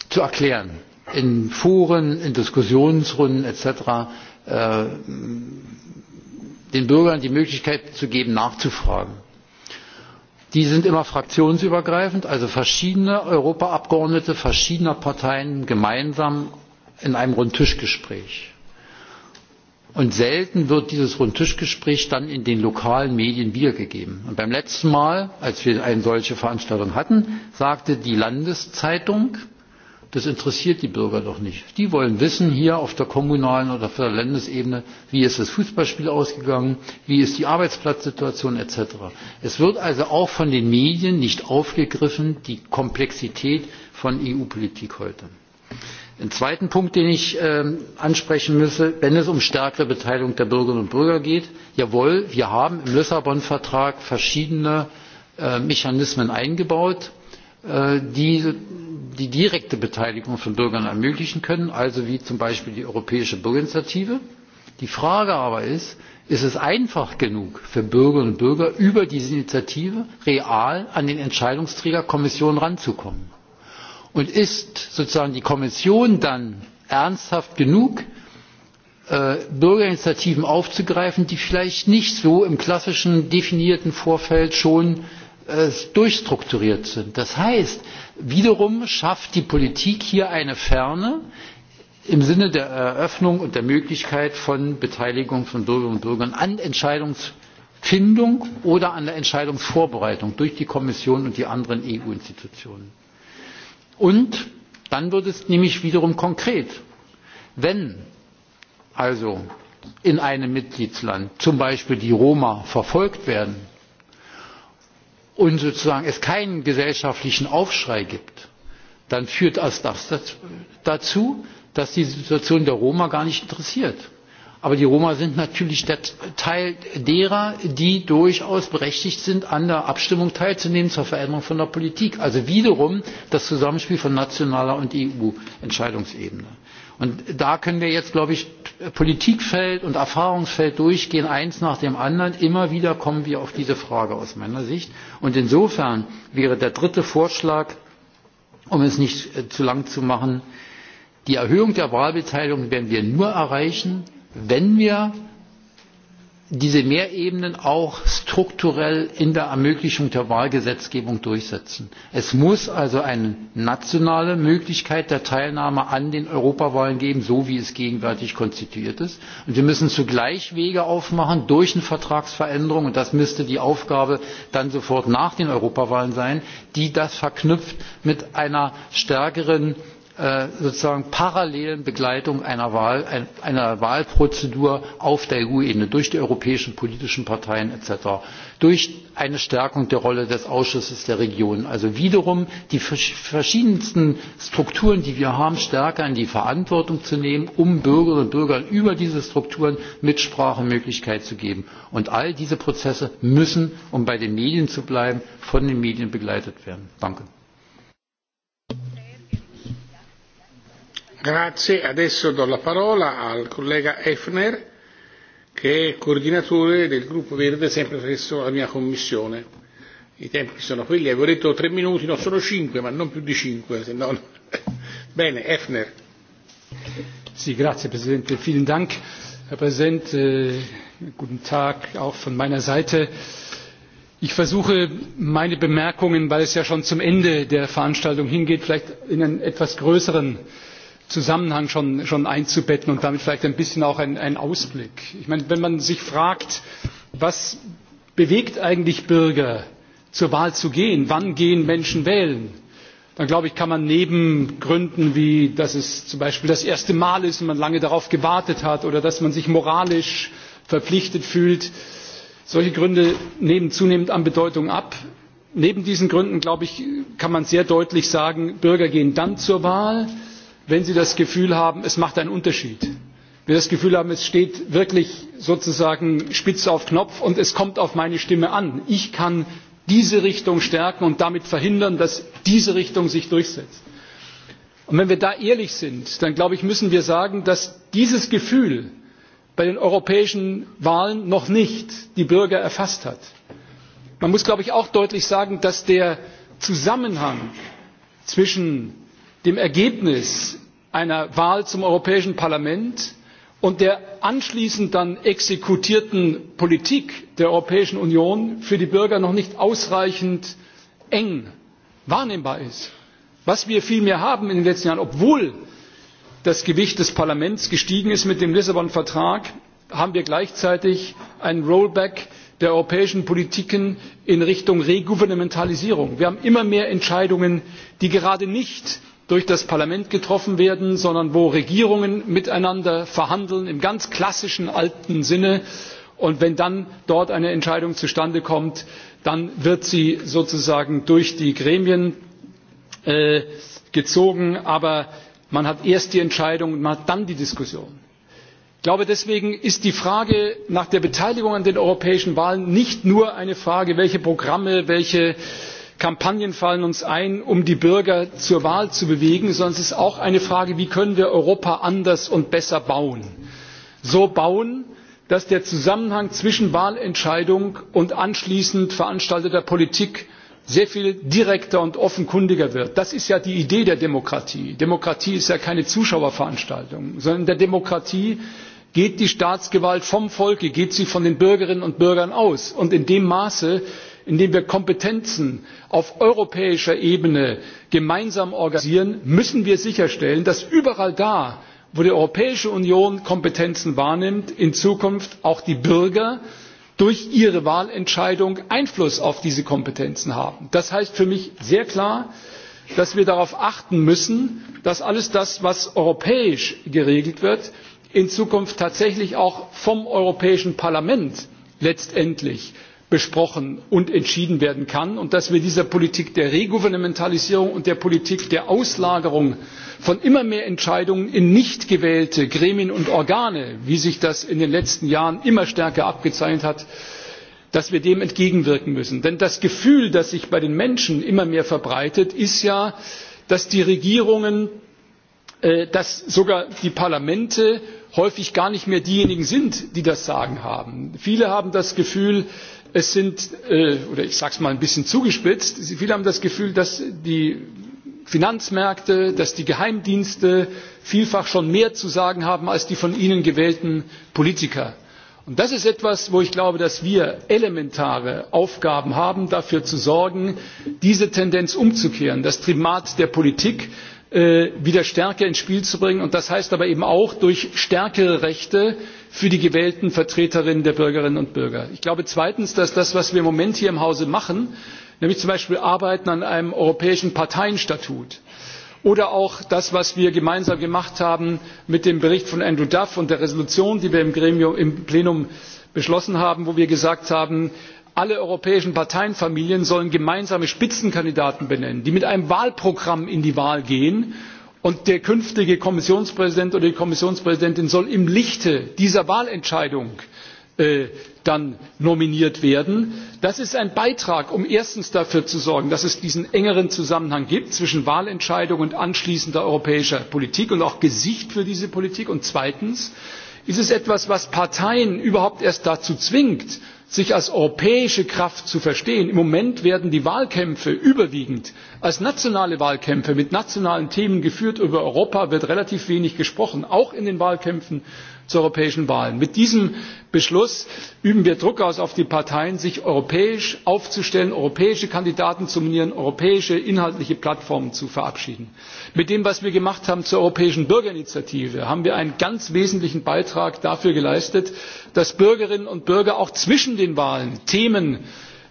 zu erklären in foren in diskussionsrunden etc. den bürgern die möglichkeit zu geben nachzufragen die sind immer fraktionsübergreifend also verschiedene europaabgeordnete verschiedener parteien gemeinsam in einem rundtischgespräch. und selten wird dieses rundtischgespräch dann in den lokalen medien wiedergegeben. beim letzten mal als wir eine solche veranstaltung hatten sagte die landeszeitung das interessiert die Bürger doch nicht. Die wollen wissen, hier auf der kommunalen oder auf der Landesebene, wie ist das Fußballspiel ausgegangen, wie ist die Arbeitsplatzsituation etc. Es wird also auch von den Medien nicht aufgegriffen, die Komplexität von EU-Politik heute. Ein zweiten Punkt, den ich ansprechen müsse, wenn es um stärkere Beteiligung der Bürgerinnen und Bürger geht, jawohl, wir haben im Lissabon-Vertrag verschiedene Mechanismen eingebaut, die die direkte beteiligung von bürgern ermöglichen können also wie zum beispiel die europäische bürgerinitiative. die frage aber ist ist es einfach genug für bürgerinnen und bürger über diese initiative real an den entscheidungsträger kommission heranzukommen? und ist sozusagen die kommission dann ernsthaft genug bürgerinitiativen aufzugreifen die vielleicht nicht so im klassischen definierten vorfeld schon durchstrukturiert sind. Das heißt, wiederum schafft die Politik hier eine Ferne im Sinne der Eröffnung und der Möglichkeit von Beteiligung von Bürgerinnen und Bürgern an Entscheidungsfindung oder an der Entscheidungsvorbereitung durch die Kommission und die anderen EU-Institutionen. Und dann wird es nämlich wiederum konkret. Wenn also in einem Mitgliedsland zum Beispiel die Roma verfolgt werden, und sozusagen es keinen gesellschaftlichen aufschrei gibt dann führt das dazu dass die situation der roma gar nicht interessiert. aber die roma sind natürlich teil derer die durchaus berechtigt sind an der abstimmung teilzunehmen zur veränderung von der politik also wiederum das zusammenspiel von nationaler und eu entscheidungsebene und da können wir jetzt glaube ich politikfeld und erfahrungsfeld durchgehen eins nach dem anderen immer wieder kommen wir auf diese frage aus meiner sicht und insofern wäre der dritte vorschlag um es nicht zu lang zu machen die erhöhung der wahlbeteiligung werden wir nur erreichen wenn wir diese mehrebenen auch strukturell in der ermöglichung der wahlgesetzgebung durchsetzen. es muss also eine nationale möglichkeit der teilnahme an den europawahlen geben so wie es gegenwärtig konstituiert ist und wir müssen zugleich wege aufmachen durch eine vertragsveränderung und das müsste die aufgabe dann sofort nach den europawahlen sein die das verknüpft mit einer stärkeren sozusagen parallelen begleitung einer wahlprozedur auf der eu ebene durch die europäischen politischen parteien etc. durch eine stärkung der rolle des ausschusses der regionen also wiederum die verschiedensten strukturen die wir haben stärker in die verantwortung zu nehmen um bürgerinnen und bürgern über diese strukturen mitsprachemöglichkeit zu geben. und all diese prozesse müssen um bei den medien zu bleiben von den medien begleitet werden. Grazie, adesso do la parola al collega Efner che è coordinatore del gruppo Verde sempre presso la mia commissione. I tempi sono quelli, avevo detto tre minuti, no sono cinque, ma non più di cinque, se no. Bene, Efner. Sì, grazie Presidente, vielen Dank. Herr Präsident, guten Tag auch von meiner Seite. Ich versuche meine Bemerkungen, weil es ja schon zum Ende der Veranstaltung hingeht, vielleicht in einen etwas größeren äh, Zusammenhang schon, schon einzubetten und damit vielleicht ein bisschen auch einen Ausblick. Ich meine, wenn man sich fragt, was bewegt eigentlich Bürger, zur Wahl zu gehen, wann gehen Menschen wählen, dann glaube ich, kann man neben Gründen wie, dass es zum Beispiel das erste Mal ist und man lange darauf gewartet hat oder dass man sich moralisch verpflichtet fühlt, solche Gründe nehmen zunehmend an Bedeutung ab. Neben diesen Gründen, glaube ich, kann man sehr deutlich sagen, Bürger gehen dann zur Wahl, wenn sie das gefühl haben es macht einen unterschied wenn sie das gefühl haben es steht wirklich sozusagen spitz auf knopf und es kommt auf meine stimme an ich kann diese richtung stärken und damit verhindern dass diese richtung sich durchsetzt. und wenn wir da ehrlich sind dann müssen wir sagen dass dieses gefühl bei den europäischen wahlen noch nicht die bürger erfasst hat. man muss auch deutlich sagen dass der zusammenhang zwischen dem ergebnis einer wahl zum europäischen parlament und der anschließend dann exekutierten politik der europäischen union für die bürger noch nicht ausreichend eng wahrnehmbar ist. was wir vielmehr haben in den letzten jahren obwohl das gewicht des parlaments gestiegen ist mit dem lissabon vertrag haben wir gleichzeitig ein rollback der europäischen politiken in richtung regouvernementalisierung. wir haben immer mehr entscheidungen die gerade nicht durch das parlament getroffen werden sondern wo regierungen miteinander verhandeln im ganz klassischen alten sinne und wenn dann dort eine entscheidung zustande kommt dann wird sie sozusagen durch die gremien gezogen aber man hat erst die entscheidung und man hat dann die diskussion. ich glaube deswegen ist die frage nach der beteiligung an den europäischen wahlen nicht nur eine frage welche programme welche kampagnen fallen uns ein um die bürger zur wahl zu bewegen sondern es ist auch eine frage wie können wir europa anders und besser bauen so bauen dass der zusammenhang zwischen wahlentscheidung und anschließend veranstalteter politik sehr viel direkter und offenkundiger wird. das ist ja die idee der demokratie. demokratie ist ja keine zuschauerveranstaltung sondern in der demokratie geht die staatsgewalt vom volke geht sie von den bürgerinnen und bürgern aus und in dem maße indem wir kompetenzen auf europäischer ebene gemeinsam organisieren müssen wir sicherstellen dass überall da wo die europäische union kompetenzen wahrnimmt in zukunft auch die bürger durch ihre wahlentscheidung einfluss auf diese kompetenzen haben. das heißt für mich sehr klar dass wir darauf achten müssen dass alles das was europäisch geregelt wird in zukunft tatsächlich auch vom europäischen parlament letztendlich besprochen und entschieden werden kann und dass wir dieser politik der regouvernementalisierung und der politik der auslagerung von immer mehr entscheidungen in nicht gewählte gremien und organe wie sich das in den letzten jahren immer stärker abgezeichnet hat entgegenwirken müssen. denn das gefühl das sich bei den menschen immer mehr verbreitet ist ja dass die regierungen dass sogar die parlamente häufig gar nicht mehr diejenigen sind die das sagen haben. viele haben das gefühl es sind, oder ich sage es mal ein bisschen zugespitzt, viele haben das Gefühl, dass die Finanzmärkte, dass die Geheimdienste vielfach schon mehr zu sagen haben als die von ihnen gewählten Politiker. Und das ist etwas, wo ich glaube, dass wir elementare Aufgaben haben, dafür zu sorgen, diese Tendenz umzukehren, das Primat der Politik wieder stärker ins Spiel zu bringen. Und das heißt aber eben auch durch stärkere Rechte für die gewählten vertreterinnen der bürgerinnen und bürger. ich glaube zweitens dass das was wir im moment hier im hause machen nämlich zum beispiel arbeiten an einem europäischen parteienstatut oder auch das was wir gemeinsam gemacht haben mit dem bericht von andrew duff und der entschließung die wir im plenum beschlossen haben wo wir gesagt haben alle europäischen parteienfamilien sollen gemeinsame spitzenkandidaten benennen die mit einem wahlprogramm in die wahl gehen und der künftige kommissionspräsident oder die kommissionspräsidentin soll im lichte dieser wahlentscheidung dann nominiert werden. das ist ein beitrag um erstens dafür zu sorgen dass es diesen engeren zusammenhang gibt zwischen wahlentscheidung und anschließender europäischer politik und auch gesicht für diese politik und zweitens ist es etwas was parteien überhaupt erst dazu zwingt sich als europäische Kraft zu verstehen. Im Moment werden die Wahlkämpfe überwiegend als nationale Wahlkämpfe mit nationalen Themen geführt. Über Europa wird relativ wenig gesprochen, auch in den Wahlkämpfen zu europäischen Wahlen. Mit diesem Beschluss üben wir Druck aus auf die Parteien, sich europäisch aufzustellen, europäische Kandidaten zu nominieren, europäische inhaltliche Plattformen zu verabschieden. Mit dem, was wir gemacht haben zur Europäischen Bürgerinitiative, haben wir einen ganz wesentlichen Beitrag dafür geleistet, dass Bürgerinnen und Bürger auch zwischen den Wahlen Themen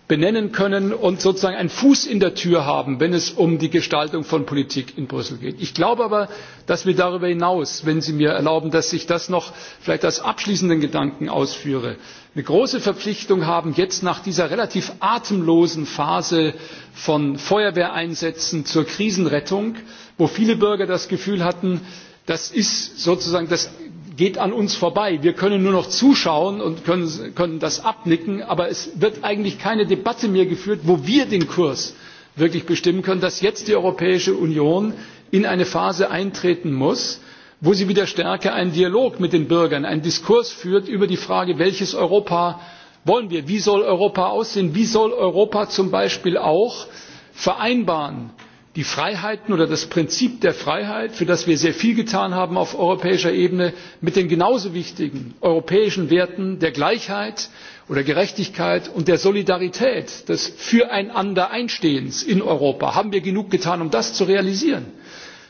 benennen können und sozusagen einen Fuß in der Tür haben, wenn es um die Gestaltung von Politik in Brüssel geht. Ich glaube aber, dass wir darüber hinaus, wenn Sie mir erlauben, dass ich das noch vielleicht als abschließenden Gedanken ausführe, eine große Verpflichtung haben, jetzt nach dieser relativ atemlosen Phase von Feuerwehreinsätzen zur Krisenrettung, wo viele Bürger das Gefühl hatten, das ist sozusagen das geht an uns vorbei. Wir können nur noch zuschauen und können, das abnicken, aber es wird eigentlich keine Debatte mehr geführt, wo wir den Kurs wirklich bestimmen können, dass jetzt die Europäische Union in eine Phase eintreten muss, wo sie wieder stärker einen Dialog mit den Bürgern, einen Diskurs führt über die Frage, welches Europa wollen wir, wie soll Europa aussehen, wie soll Europa zum Beispiel auch vereinbaren die freiheiten oder das prinzip der freiheit für das wir sehr viel getan haben auf europäischer ebene mit den genauso wichtigen europäischen werten der gleichheit oder gerechtigkeit und der solidarität des füreinandereinstehens in europa haben wir genug getan um das zu realisieren?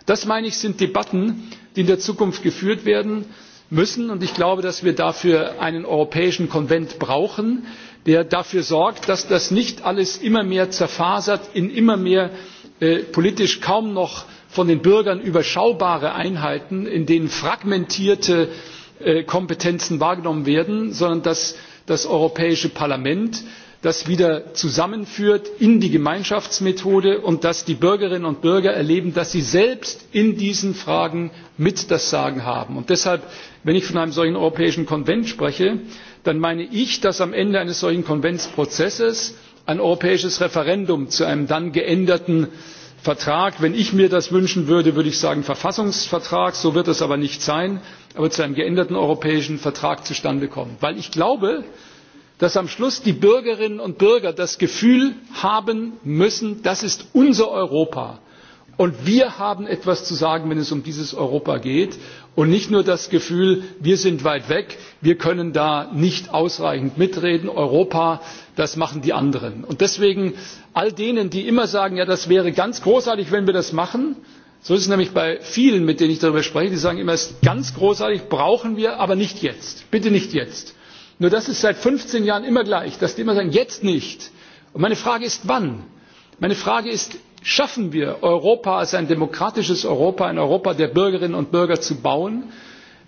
das meine ich sind debatten die in der zukunft geführt werden müssen und ich glaube dass wir dafür einen europäischen konvent brauchen der dafür sorgt dass das nicht alles immer mehr zerfasert in immer mehr politisch kaum noch von den bürgern überschaubare einheiten in denen fragmentierte kompetenzen wahrgenommen werden sondern dass das europäische parlament das wieder zusammenführt in die gemeinschaftsmethode und dass die bürgerinnen und bürger erleben dass sie selbst in diesen fragen mit das sagen haben. deshalb wenn ich von einem solchen europäischen konvent spreche dann meine ich dass am ende eines solchen konventsprozesses ein europäisches referendum zu einem dann geänderten vertrag wenn ich mir das wünschen würde würde ich sagen verfassungsvertrag so wird es aber nicht sein aber zu einem geänderten europäischen vertrag zustande kommen weil ich glaube dass am schluss die bürgerinnen und bürger das gefühl haben müssen das ist unser europa. Und wir haben etwas zu sagen, wenn es um dieses Europa geht und nicht nur das Gefühl, wir sind weit weg, wir können da nicht ausreichend mitreden. Europa, das machen die anderen. Und deswegen all denen, die immer sagen, ja, das wäre ganz großartig, wenn wir das machen, so ist es nämlich bei vielen, mit denen ich darüber spreche, die sagen immer, es ist ganz großartig, brauchen wir, aber nicht jetzt. Bitte nicht jetzt. Nur das ist seit fünfzehn Jahren immer gleich, dass die immer sagen, jetzt nicht. Und meine Frage ist, wann? Meine Frage ist, schaffen wir europa als ein demokratisches europa ein europa der bürgerinnen und bürger zu bauen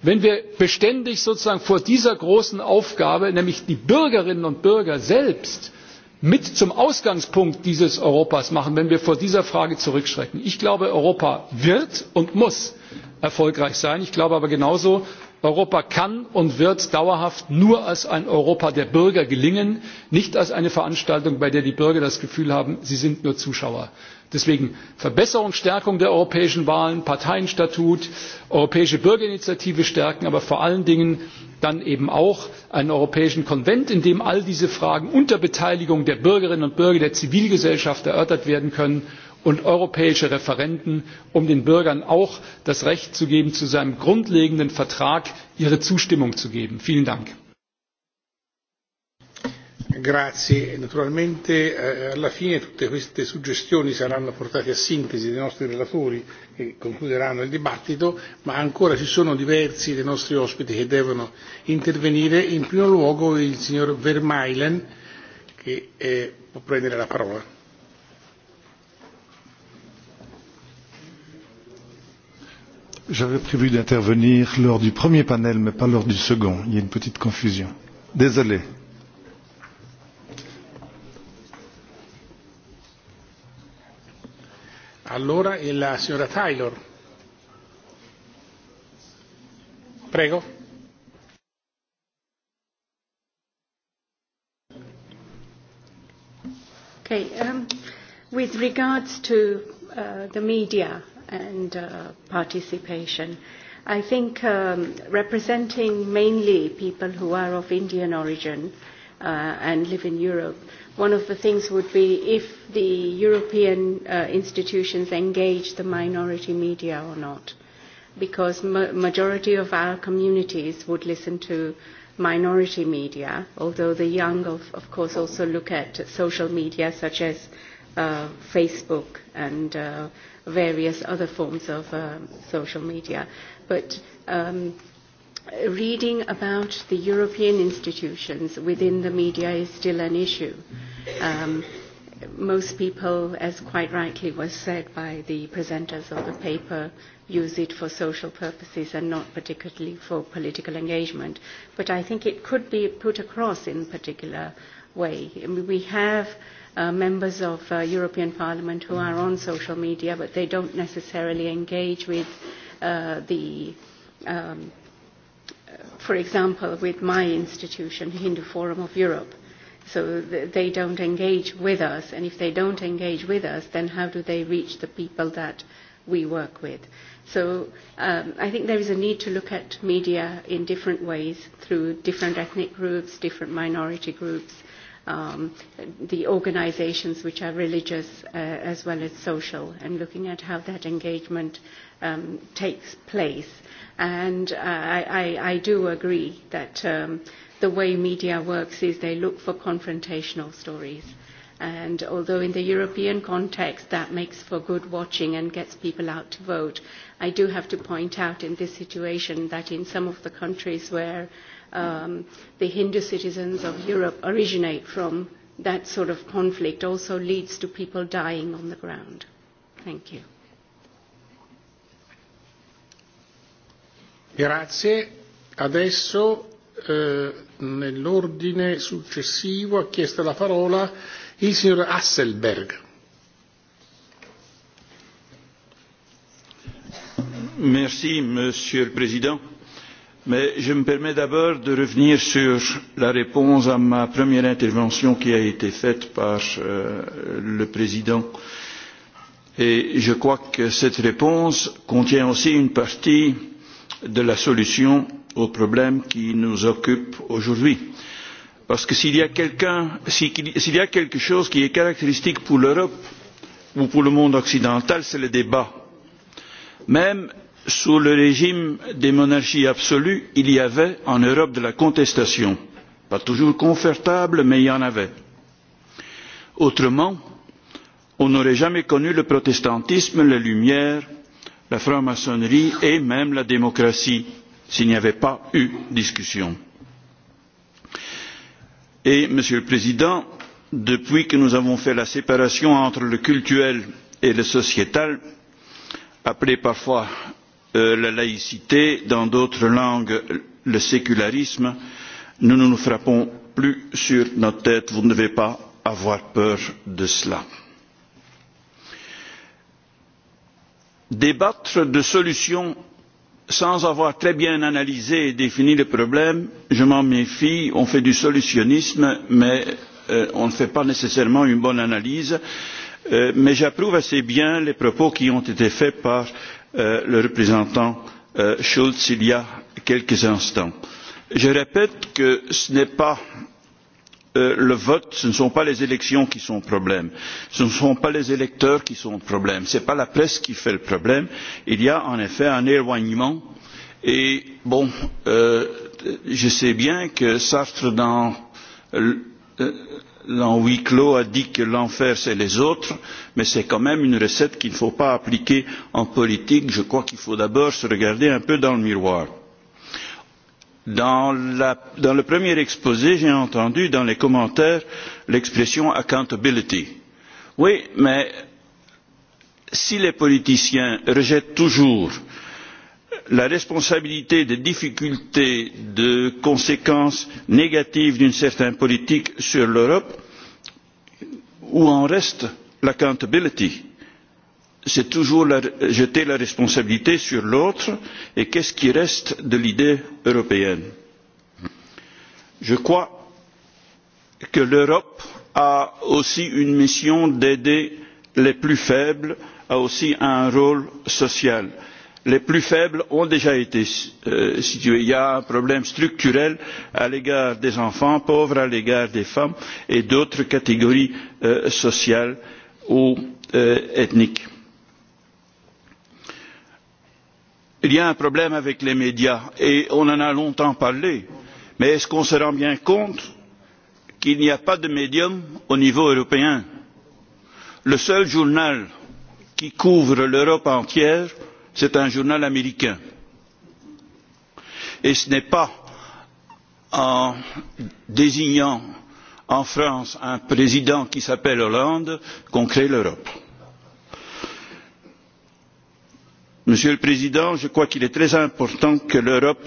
wenn wir beständig sozusagen vor dieser großen aufgabe nämlich die bürgerinnen und bürger selbst mit zum ausgangspunkt dieses europas machen wenn wir vor dieser frage zurückschrecken? ich glaube europa wird und muss erfolgreich sein. ich glaube aber genauso europa kann und wird dauerhaft nur als ein europa der bürger gelingen nicht als eine veranstaltung bei der die bürger das gefühl haben sie sind nur zuschauer deswegen verbesserung stärkung der europäischen wahlen parteienstatut europäische bürgerinitiative stärken aber vor allen dingen dann eben auch einen europäischen konvent in dem all diese fragen unter beteiligung der bürgerinnen und bürger der zivilgesellschaft erörtert werden können und europäische referenden um den bürgern auch das recht zu geben zu seinem grundlegenden vertrag ihre zustimmung zu geben. vielen dank! Grazie. Naturalmente alla fine tutte queste suggestioni saranno portate a sintesi dai nostri relatori che concluderanno il dibattito, ma ancora ci sono diversi dei nostri ospiti che devono intervenire. In primo luogo il signor Vermeilen che può prendere la parola. J'avais prévu d'intervenir lors du premier panel, mais pas lors du second. Il y a une petite confusion. Désolé. Allora la signora Taylor. Prego. Okay, um, with regards to uh, the media and uh, participation, I think um, representing mainly people who are of Indian origin uh, uh, and live in Europe. One of the things would be if the European uh, institutions engage the minority media or not, because ma- majority of our communities would listen to minority media, although the young, of, of course, also look at social media such as uh, Facebook and uh, various other forms of um, social media. But um, reading about the European institutions within the media is still an issue. Um, most people, as quite rightly was said by the presenters of the paper, use it for social purposes and not particularly for political engagement. But I think it could be put across in a particular way. I mean, we have uh, members of uh, European Parliament who are on social media, but they don't necessarily engage with uh, the um, for example, with my institution, Hindu Forum of Europe. So they don't engage with us, and if they don't engage with us, then how do they reach the people that we work with? So um, I think there is a need to look at media in different ways through different ethnic groups, different minority groups, um, the organizations which are religious uh, as well as social, and looking at how that engagement um, takes place And I, I, I do agree that um, the way media works is they look for confrontational stories. And although in the European context that makes for good watching and gets people out to vote, I do have to point out in this situation that in some of the countries where um, the Hindu citizens of Europe originate from, that sort of conflict also leads to people dying on the ground. Thank you. Grazie. Adesso nell'ordine successivo ha chiesto la parola il signor Hasselberg. Merci, Monsieur le Président. Mais je me permets d'abord de revenir sur la réponse à ma première intervention qui a été faite par le Président. Et je crois que cette réponse contient aussi une partie euh, de la solution au problème qui nous occupe aujourd'hui. Parce que s'il y a quelque chose qui est caractéristique pour l'Europe ou pour le monde occidental, c'est le débat. Même sous le régime des monarchies absolues, il y avait en Europe de la contestation. Pas toujours confortable, mais il y en avait. Autrement, on n'aurait jamais connu le protestantisme, les Lumières, la franc maçonnerie et même la démocratie s'il n'y avait pas eu discussion. Monsieur le Président, depuis que nous avons fait la séparation entre le cultuel et le sociétal, appelée parfois la laïcité, dans d'autres langues le sécularisme, nous ne nous frappons plus sur notre tête. Vous ne devez pas avoir peur de cela. débattre de solutions sans avoir très bien analysé et défini le problème je m'en méfie on fait du solutionnisme mais on ne fait pas nécessairement une bonne analyse mais j'approuve assez bien les propos qui ont été faits par le représentant schulz il y a quelques instants. je répète que ce n'est pas le vote ce ne sont pas les élections qui sont le problème ce ne sont pas les électeurs qui sont le problème ce n'est pas la presse qui fait le problème il y a en effet un éloignement et bon je sais bien que Sartre dans dans huis clos a dit que l'enfer c'est les autres mais c'est quand même une recette qu'il ne faut pas appliquer en politique je crois qu'il faut d'abord se regarder un peu dans le miroir dans le premier exposé j'ai entendu dans les commentaires l'expression accountability. oui mais si les politiciens rejettent toujours la responsabilité des difficultés des conséquences négatives d'une certaine politique sur l'europe où en reste l'accountability? c'est toujours jeter la responsabilité sur l'autre et qu'est ce qui reste de l'idée européenne? je crois que l'europe a aussi une mission d'aider les plus faibles a aussi un rôle social. les plus faibles ont déjà été situés. il y a un problème structurel à l'égard des enfants pauvres à l'égard des femmes et d'autres catégories sociales ou ethniques il y a un problème avec les médias et on en a longtemps parlé mais est ce qu'on se rend bien compte qu'il n'y a pas de médium au niveau européen? le seul journal qui couvre l'europe entière c'est un journal américain et ce n'est pas en désignant en france un président qui s'appelle hollande qu'on crée l'europe. monsieur le président je crois qu'il est très important que l'europe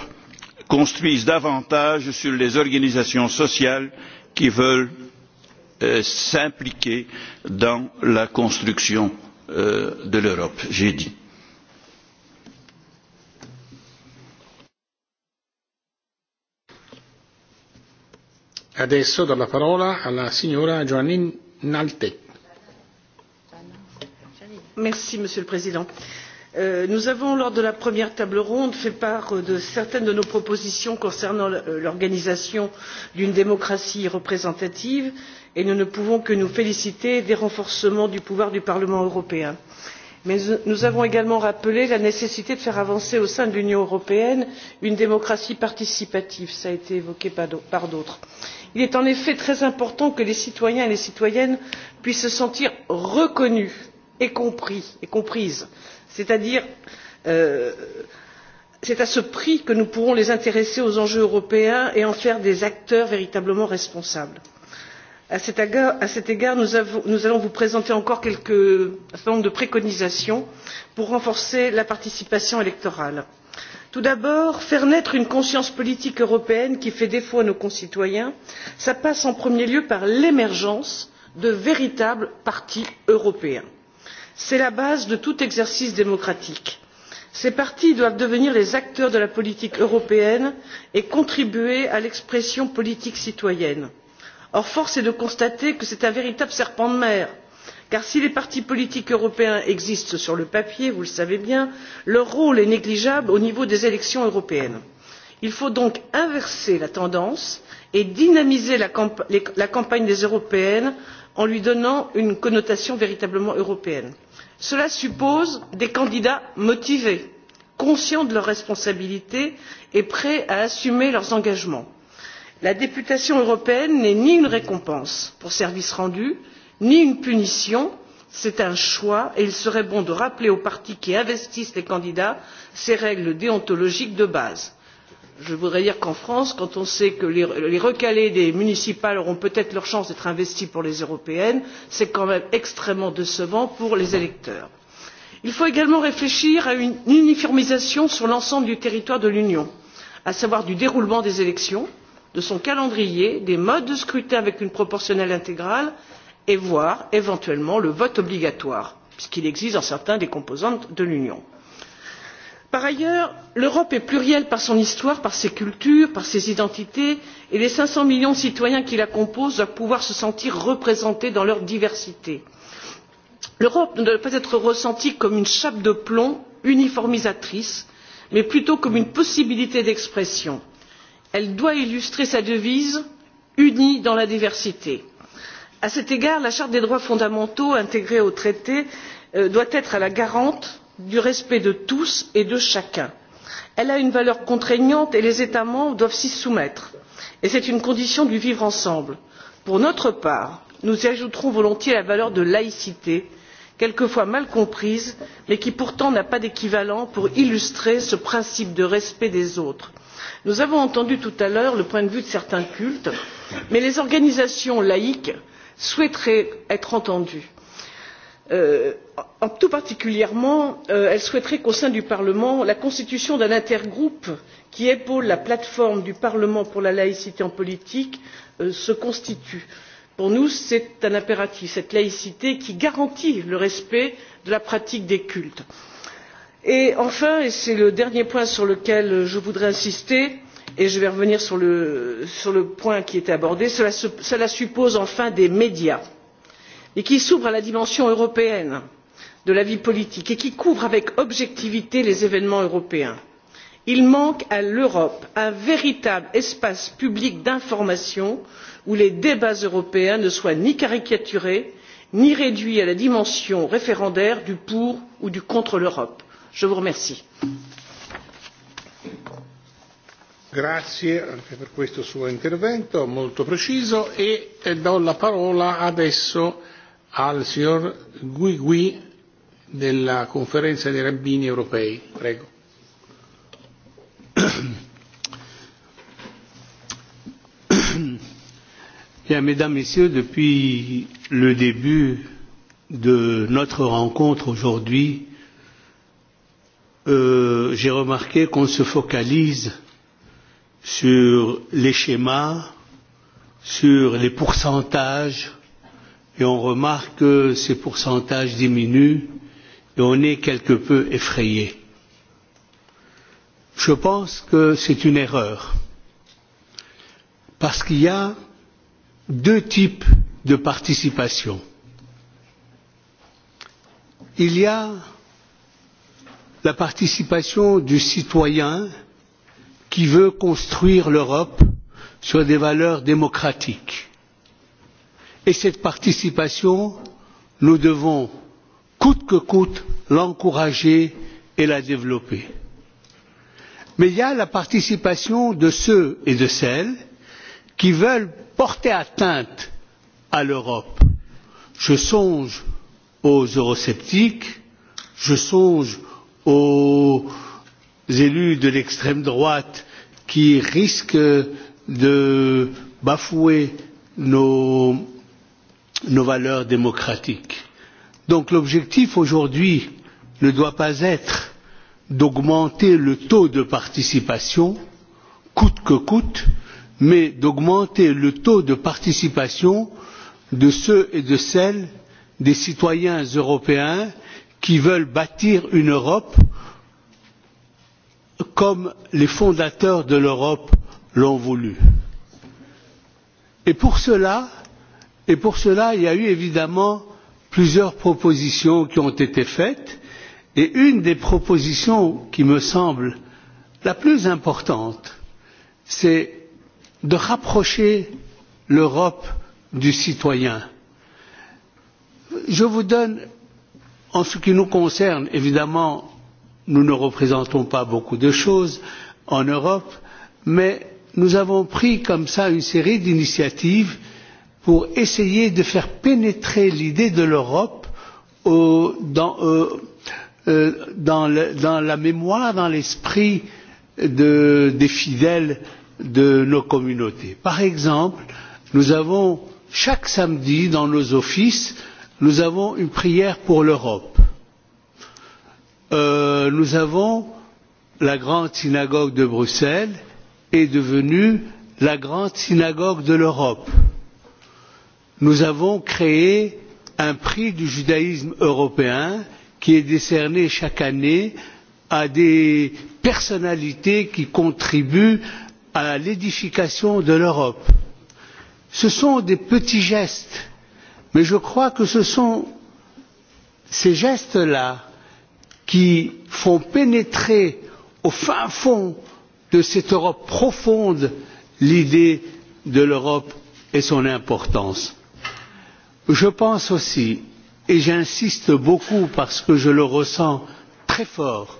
construise davantage sur les organisations sociales qui veulent s'impliquer dans la construction de l'europe j'ai dit. Adesso do la signora Joannine Naltet. Monsieur le Président nous avons lors de la première table ronde fait part de certaines de nos propositions concernant l'organisation d'une démocratie représentative et nous ne pouvons que nous féliciter des renforcements du pouvoir du parlement européen mais nous avons également rappelé la nécessité de faire avancer au sein de l'union européenne une démocratie participative cela a été évoqué par d'autres. il est en effet très important que les citoyens et les citoyennes puissent se sentir reconnus et compris et comprises c'est à ce prix que nous pourrons les intéresser aux enjeux européens et en faire des acteurs véritablement responsables. à cet égard nous allons vous présenter encore un certain nombre de préconisations pour renforcer la participation électorale. tout d'abord faire naître une conscience politique européenne qui fait défaut à nos concitoyens cela passe en premier lieu par l'émergence de véritables partis européens c'est la base de tout exercice démocratique. ces partis doivent devenir les acteurs de la politique européenne et contribuer à l'expression politique citoyenne. or force est de constater que c'est un véritable serpent de mer car si les partis politiques européens existent sur le papier vous le savez bien leur rôle est négligeable au niveau des élections européennes. il faut donc inverser la tendance et dynamiser la campagne des européennes en lui donnant une connotation véritablement européenne cela suppose des candidats motivés conscients de leurs responsabilités et prêts à assumer leurs engagements. la députation européenne n'est ni une récompense pour service rendu ni une punition c'est un choix et il serait bon de rappeler aux partis qui investissent les candidats ces règles déontologiques de base je voudrais dire qu'en france quand on sait que les recalés des municipales auront peut être leur chance d'être investis pour les européennes c'est quand même extrêmement décevant pour les électeurs. il faut également réfléchir à une uniformisation sur l'ensemble du territoire de l'union à savoir du déroulement des élections de son calendrier des modes de scrutin avec une proportionnelle intégrale et voire éventuellement le vote obligatoire puisqu'il existe dans certains des composantes de l'union par ailleurs l'europe est plurielle par son histoire par ses cultures par ses identités et les cinq cents millions de citoyens qui la composent doivent pouvoir se sentir représentés dans leur diversité. l'europe ne doit pas être ressentie comme une chape de plomb uniformisatrice mais plutôt comme une possibilité d'expression. elle doit illustrer sa devise unis dans la diversité. à cet égard la charte des droits fondamentaux intégrée au traité doit être la garante du respect de tous et de chacun. elle a une valeur contraignante et les états membres doivent s'y soumettre et c'est une condition du vivre ensemble. pour notre part nous y ajouterons volontiers la valeur de laïcité quelquefois mal comprise mais qui pourtant n'a pas d'équivalent pour illustrer ce principe de respect des autres. nous avons entendu tout à l'heure le point de vue de certains cultes mais les organisations laïques souhaiteraient être entendues tout particulièrement elle souhaiterait qu'au sein du parlement la constitution d'un intergroupe qui épaule la plateforme du parlement pour la laïcité en politique se constitue. pour nous c'est un impératif cette laïcité qui garantit le respect de la pratique des cultes. enfin et c'est le dernier point sur lequel je voudrais insister et je vais revenir sur le point qui a été abordé cela suppose enfin des médias et qui s'ouvre à la dimension européenne de la vie politique et qui couvre avec objectivité les événements européens. il manque à l'europe un véritable espace public d'information où les débats européens ne soient ni caricaturés ni réduits à la dimension référendaire du pour ou du contre l'europe. je vous remercie della conferenza dei rabbini europei. Prego. Bien, mesdames, messieurs, depuis le début de notre rencontre aujourd'hui, euh, j'ai remarqué qu'on se focalise sur les schémas, sur les pourcentages, et on remarque que ces pourcentages diminuent et on est quelque peu effrayé. Je pense que c'est une erreur parce qu'il y a deux types de participation. Il y a la participation du citoyen qui veut construire l'Europe sur des valeurs démocratiques et cette participation nous devons coûte que coûte l'encourager et la développer. mais il y a la participation de ceux et de celles qui veulent porter atteinte à l'europe. je songe aux eurosceptiques je songe aux élus de l'extrême droite qui risquent de bafouer nos nos valeurs démocratiques. Donc l'objectif aujourd'hui ne doit pas être d'augmenter le taux de participation coûte que coûte, mais d'augmenter le taux de participation de ceux et de celles des citoyens européens qui veulent bâtir une Europe comme les fondateurs de l'Europe l'ont voulu. Et pour cela, et pour cela il y a eu évidemment plusieurs propositions qui ont été faites et une des propositions qui me semble la plus importante c'est de rapprocher l'europe du citoyen. je vous donne en ce qui nous concerne évidemment nous ne représentons pas beaucoup de choses en europe mais nous avons pris comme cela une série d'initiatives pour essayer de faire pénétrer l'idée de l'Europe dans, la mémoire, dans l'esprit des fidèles de nos communautés. Par exemple, nous avons chaque samedi dans nos offices, nous avons une prière pour l'Europe. nous avons la grande synagogue de Bruxelles est devenue la grande synagogue de l'Europe. Euh, nous avons créé un prix du judaïsme européen qui est décerné chaque année à des personnalités qui contribuent à l'édification de l'Europe. Ce sont des petits gestes, mais je crois que ce sont ces gestes là qui font pénétrer au fin fond de cette Europe profonde l'idée de l'Europe et son importance je pense aussi et j'insiste beaucoup parce que je le ressens très fort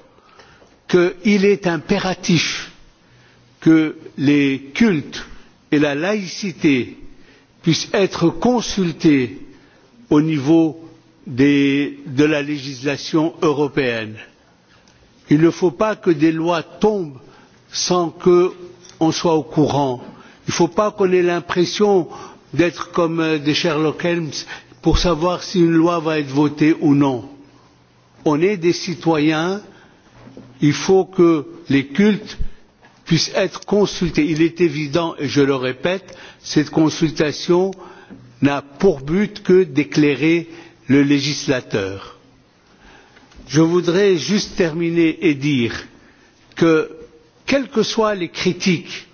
qu'il est impératif que les cultes et la laïcité puissent être consultés au niveau de la législation européenne. il ne faut pas que des lois tombent sans qu'on soit au courant. il ne faut pas qu'on ait l'impression d'être comme des Sherlock Holmes pour savoir si une loi va être votée ou non. On est des citoyens, il faut que les cultes puissent être consultés. Il est évident, et je le répète, cette consultation n'a pour but que d'éclairer le législateur. Je voudrais juste terminer et dire que, quelles que soient les critiques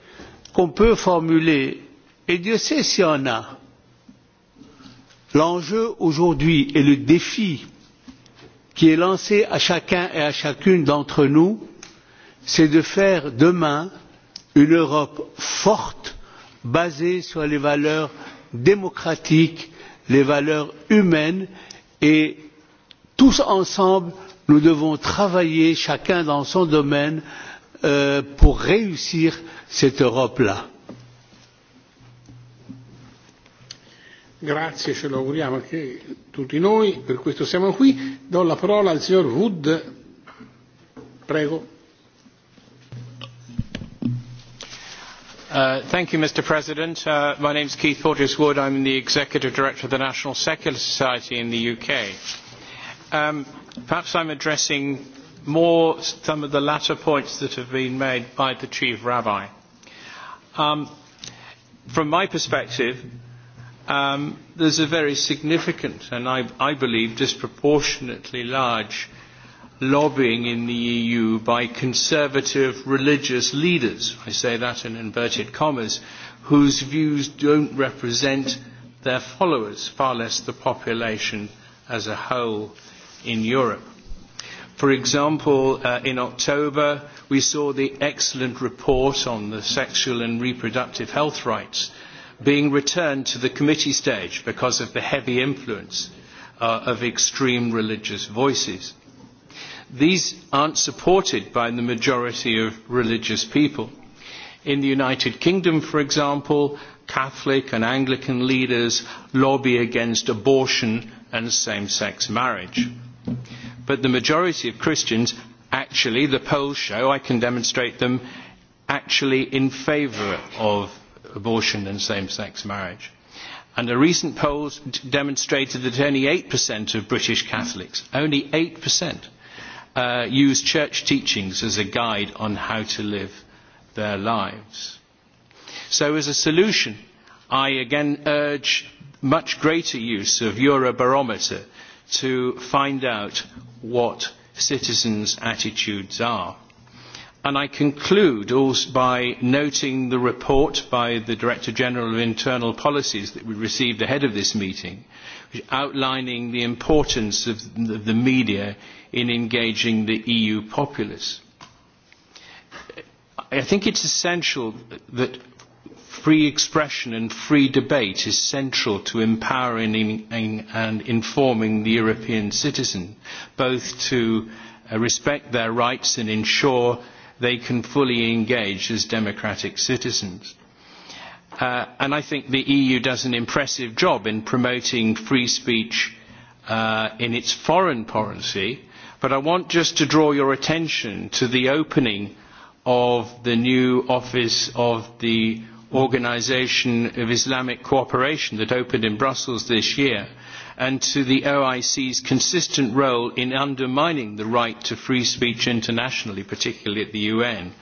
qu'on peut formuler Et Dieu sait s'il y en a. L'enjeu aujourd'hui et le défi qui est lancé à chacun et à chacune d'entre nous, c'est de faire demain une Europe forte, basée sur les valeurs démocratiques, les valeurs humaines, et tous ensemble, nous devons travailler, chacun dans son domaine, pour réussir cette Europe là Grazie, ce lo auguriamo anche tutti noi, per questo siamo qui. Do la parola al signor Wood. Prego. mr president my name is keith porteous wood i am the executive director of the national secular society in the uk. perhaps I'm addressing more some of the latter points that have been made by the chief rabbi. from my perspective um, there's a very significant and I, I believe disproportionately large lobbying in the EU by conservative religious leaders, I say that in inverted commas, whose views don't represent their followers, far less the population as a whole in Europe. For example, in October, we saw the excellent report on the sexual and reproductive health rights being returned to the committee stage because of the heavy influence of extreme religious voices. These aren't supported by the majority of religious people. In the United Kingdom, for example, Catholic and Anglican leaders lobby against abortion and same-sex marriage. But the majority of Christians, actually, the polls show, I can demonstrate them, actually in favour of abortion and same-sex marriage. And a recent poll demonstrated that only 8% of British Catholics, only 8%, uh, use church teachings as a guide on how to live their lives. So as a solution, I again urge much greater use of Eurobarometer to find out what citizens' attitudes are And I conclude also by noting the report by the Director General of Internal Policies that we received ahead of this meeting, outlining the importance of the media in engaging the EU populace. I think it's essential that free expression and free debate is central to empowering and informing the European citizen, both to respect their rights and ensure they can fully engage as democratic citizens. and I think the EU does an impressive job in promoting free speech in its foreign policy, but I want just to draw your attention to the opening of the new office of the Organisation of Islamic Cooperation that opened in Brussels this year and to the OIC's consistent role in undermining the right to free speech internationally, particularly at the UN.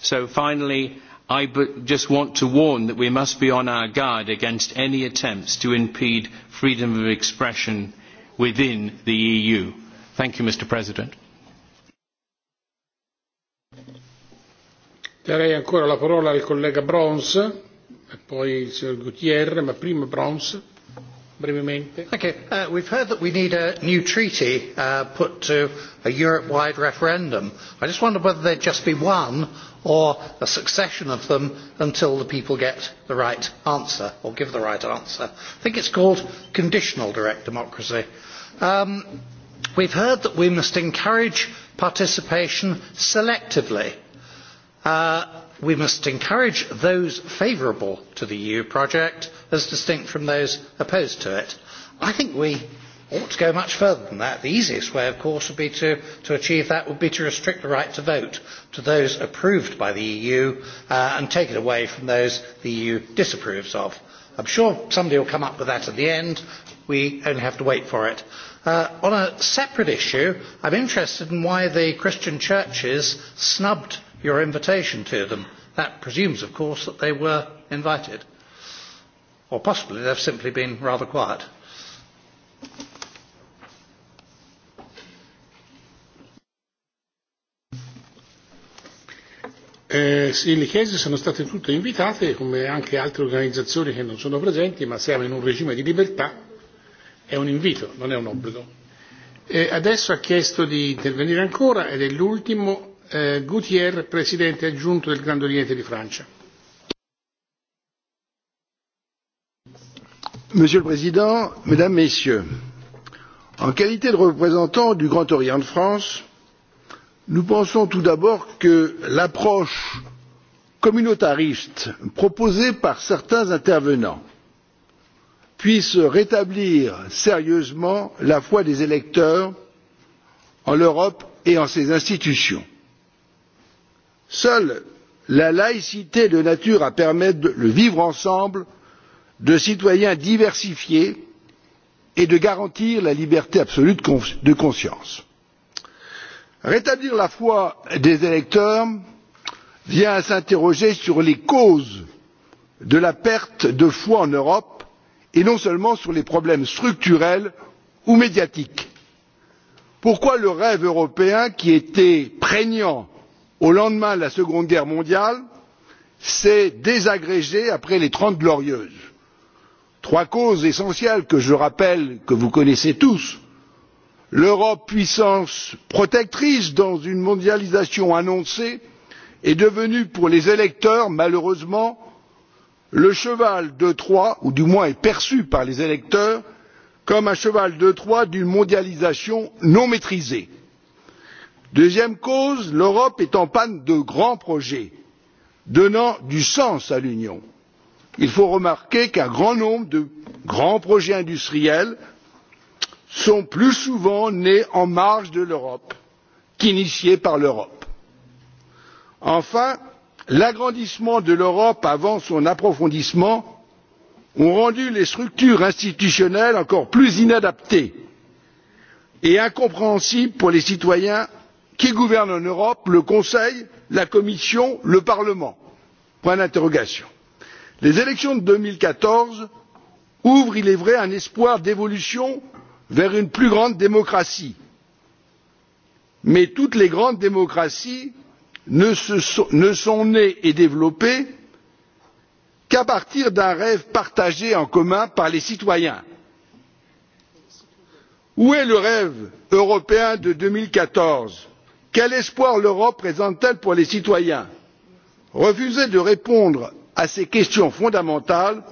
So finally, I just want to warn that we must be on our guard against any attempts to impede freedom of expression within the EU. Thank you, Mr. President. Darei ancora la parola al collega e poi il signor Gutierrez, ma prima brevemente. Okay. Uh, we've heard that we need a new treaty uh, put to a Europe-wide referendum. I just wonder whether there'd just be one or a succession of them until the people get the right answer or give the right answer. I think it's called conditional direct democracy. Um, we've heard that we must encourage participation selectively. Uh, we must encourage those favourable to the EU project as distinct from those opposed to it. I think we ought to go much further than that. The easiest way, of course, would be to, to achieve that would be to restrict the right to vote to those approved by the EU uh, and take it away from those the EU disapproves of. I'm sure somebody will come up with that at the end. We only have to wait for it. Uh, on a separate issue, I'm interested in why the Christian churches snubbed your invitation to them. That presumes, of course, that they were invited. Or possibly they've simply been rather quiet. Eh, sì, le chiese sono state tutte invitate, come anche altre organizzazioni che non sono presenti, ma siamo in un regime di libertà, è un invito, non è un obbligo. Eh, adesso ha chiesto di intervenire ancora ed è l'ultimo eh, Goutier, Presidente aggiunto del Grande Oriente di Francia. monsieur le président mesdames messieurs en qualité de représentants du grand orient de france nous pensons tout d'abord que l'approche communautariste proposée par certains intervenants puisse rétablir sérieusement la foi des électeurs en l'europe et en ses institutions. seule la laïcité de nature à permettre le vivre ensemble de citoyens diversifiés et de garantir la liberté absolue de conscience. rétablir la foi des électeurs vient à s'interroger sur les causes de la perte de foi en europe et non seulement sur les problèmes structurels ou médiatiques. pourquoi le rêve européen qui était prégnant au lendemain de la seconde guerre mondiale s'est désagrégé après les trente glorieuses? trois causes essentielles que je rappelle et que vous connaissez tous l'europe puissance protectrice dans une mondialisation annoncée est devenue pour les électeurs malheureusement le cheval de troie ou du moins est perçue par les électeurs comme un cheval de troie d'une mondialisation non maîtrisée. deuxième cause l'europe est en panne de grands projets donnant du sens à l'union il faut remarquer qu'un grand nombre de grands projets industriels sont plus souvent nés en marge de l'europe qu'initiés par l'europe. enfin l'agrandissement de l'europe avant son approfondissement a rendu les structures institutionnelles encore plus inadaptées et incompréhensibles pour les citoyens qui gouvernent en europe le conseil la commission le parlement? point d'interrogation les élections de deux mille quatorze ouvrent il est vrai un espoir d'évolution vers une plus grande démocratie mais toutes les grandes démocraties ne sont nées et développées qu'à partir d'un rêve partagé en commun par les citoyens. où est le rêve européen de deux mille quatorze quel espoir l'europe présente t elle pour les citoyens? refuser de répondre à ces questions fondamentales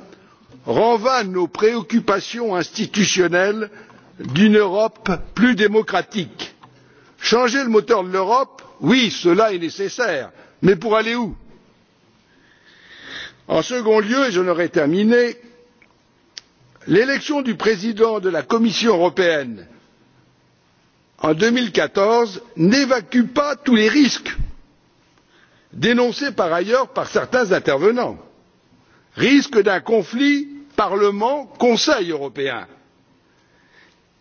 renvoie nos préoccupations institutionnelles d'une europe plus démocratique. changer le moteur de l'europe oui cela est nécessaire mais pour aller où? en second lieu et j'en aurai terminé l'élection du président de la commission européenne en deux mille quatorze n'évacue pas tous les risques dénoncée par ailleurs par certains intervenants risque d'un conflit parlement conseil européen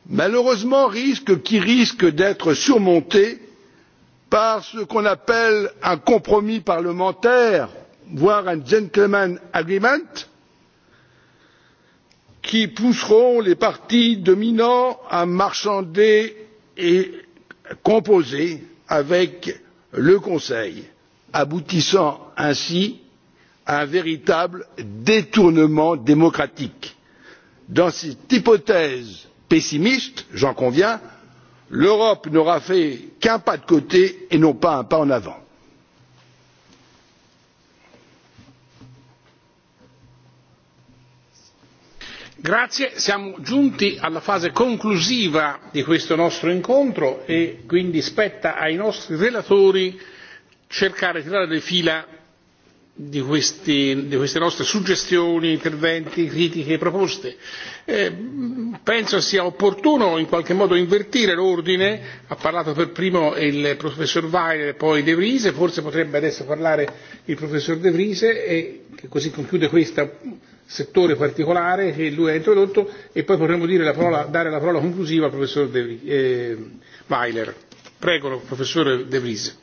malheureusement risque qui risque d'être surmonté par ce qu'on appelle un compromis parlementaire voire un gentlemen's agreement qui pousseront les partis dominants à marchander et composer avec le conseil aboutissant ainsi à un véritable détournement démocratique. dans cette hypothèse pessimiste j'en conviens l'europe n'aura fait qu'un pas de côté et non pas un pas en avant. siamo giunti alla fase conclusiva di questo nostro incontro e quindi spetta ai nostri relatori cercare di tirare le fila di, questi, di queste nostre suggestioni, interventi, critiche, proposte. Eh, penso sia opportuno in qualche modo invertire l'ordine, ha parlato per primo il professor Weiler e poi De Vries, forse potrebbe adesso parlare il professor De Vries e che così conclude questo settore particolare che lui ha introdotto e poi potremmo dire la parola, dare la parola conclusiva al professor De, eh, Weiler. Prego, professore De Vries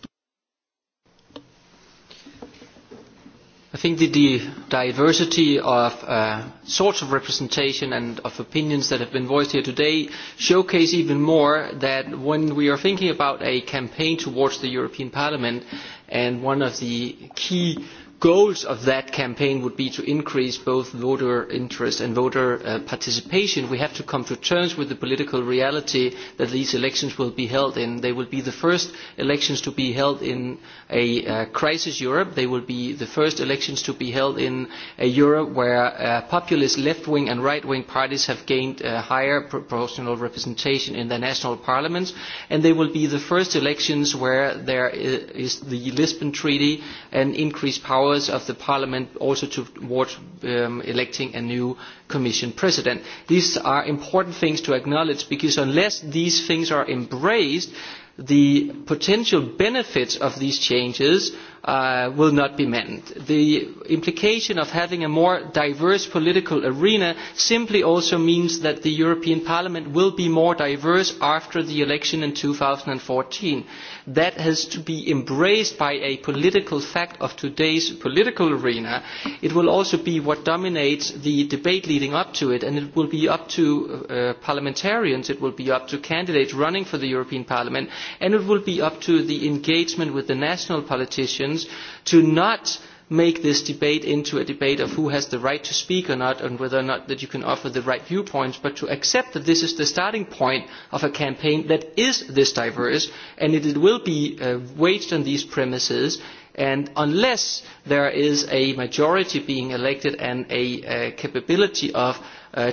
I think that the diversity of uh, sorts of representation and of opinions that have been voiced here today showcase even more that when we are thinking about a campaign towards the European Parliament and one of the key goals of that campaign would be to increase both voter interest and voter participation, we have to come to terms with the political reality that these elections will be held in. They will be the first elections to be held in a crisis Europe. They will be the first elections to be held in a Europe where populist left-wing and right-wing parties have gained higher proportional representation in their national parliaments. And they will be the first elections where there is the Lisbon Treaty and increased power powers of the Parliament also towards electing a new Commission President. These are important things to acknowledge because unless these things are embraced, the potential benefits of these changes will not be met. The implication of having a more diverse political arena simply also means that the European Parliament will be more diverse after the election in fourteen. That has to be embraced by a political fact of today's political arena. It will also be what dominates the debate leading up to it, and it will be up to parliamentarians, it will be up to candidates running for the European Parliament, and it will be up to the engagement with the national politicians Europeans to not make this debate into a debate of who has the right to speak or not and whether or not that you can offer the right viewpoints, but to accept that this is the starting point of a campaign that is this diverse and that it will be uh, waged on these premises. And unless there is a majority being elected and a capability of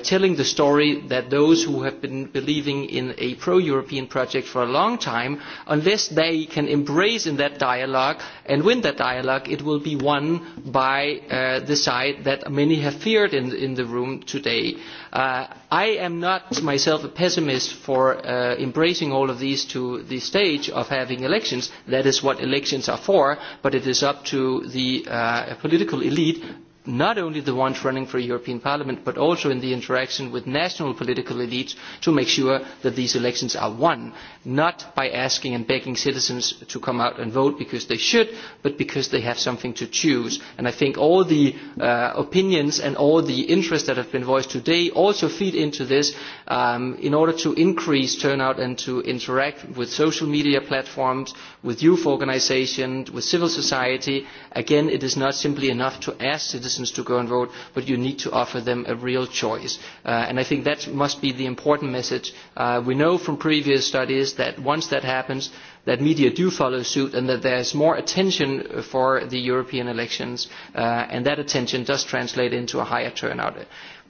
telling the story that those who have been believing in a pro-European project for a long time, unless they can embrace in that dialogue and win that dialogue, it will be won by the side that many have feared in, the room today. I am not myself a pessimist for embracing all of these to the stage of having elections. That is what elections are for, but it is up to the political elite not only the ones running for European Parliament, but also in the interaction with national political elites to make sure that these elections are won, not by asking and begging citizens to come out and vote because they should, but because they have something to choose. And I think all the opinions and all the interests that have been voiced today also feed into this in order to increase turnout and to interact with social media platforms, with youth organisations, with civil society. Again, it is not simply enough to ask citizens citizens to go and vote, but you need to offer them a real choice. and I think that must be the important message. we know from previous studies that once that happens, that media do follow suit and that there is more attention for the European elections, and that attention does translate into a higher turnout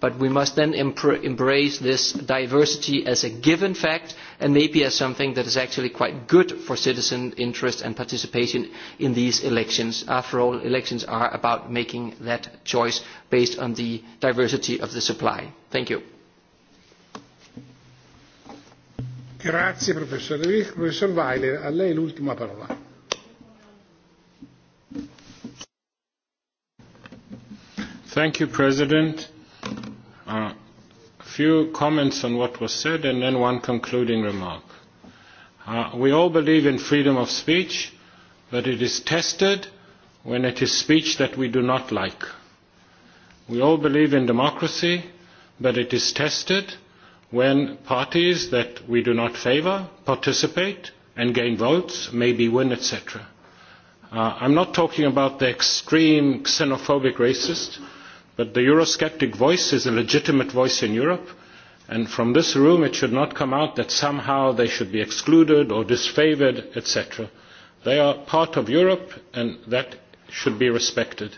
but we must then embrace this diversity as a given fact and maybe as something that is actually quite good for citizen interest and participation in these elections. After all, elections are about making that choice based on the diversity of the supply. Thank you. Grazie professor De Professor a lei l'ultima parola. Thank you, President A few comments on what was said and then one concluding remark. Uh, we all believe in freedom of speech, but it is tested when it is speech that we do not like. We all believe in democracy, but it is tested when parties that we do not favor participate and gain votes, maybe win, etc. Uh, I'm not talking about the extreme xenophobic racists But the Eurosceptic voice is a legitimate voice in Europe, and from this room it should not come out that somehow they should be excluded or disfavoured, etc. They are part of Europe, and that should be respected.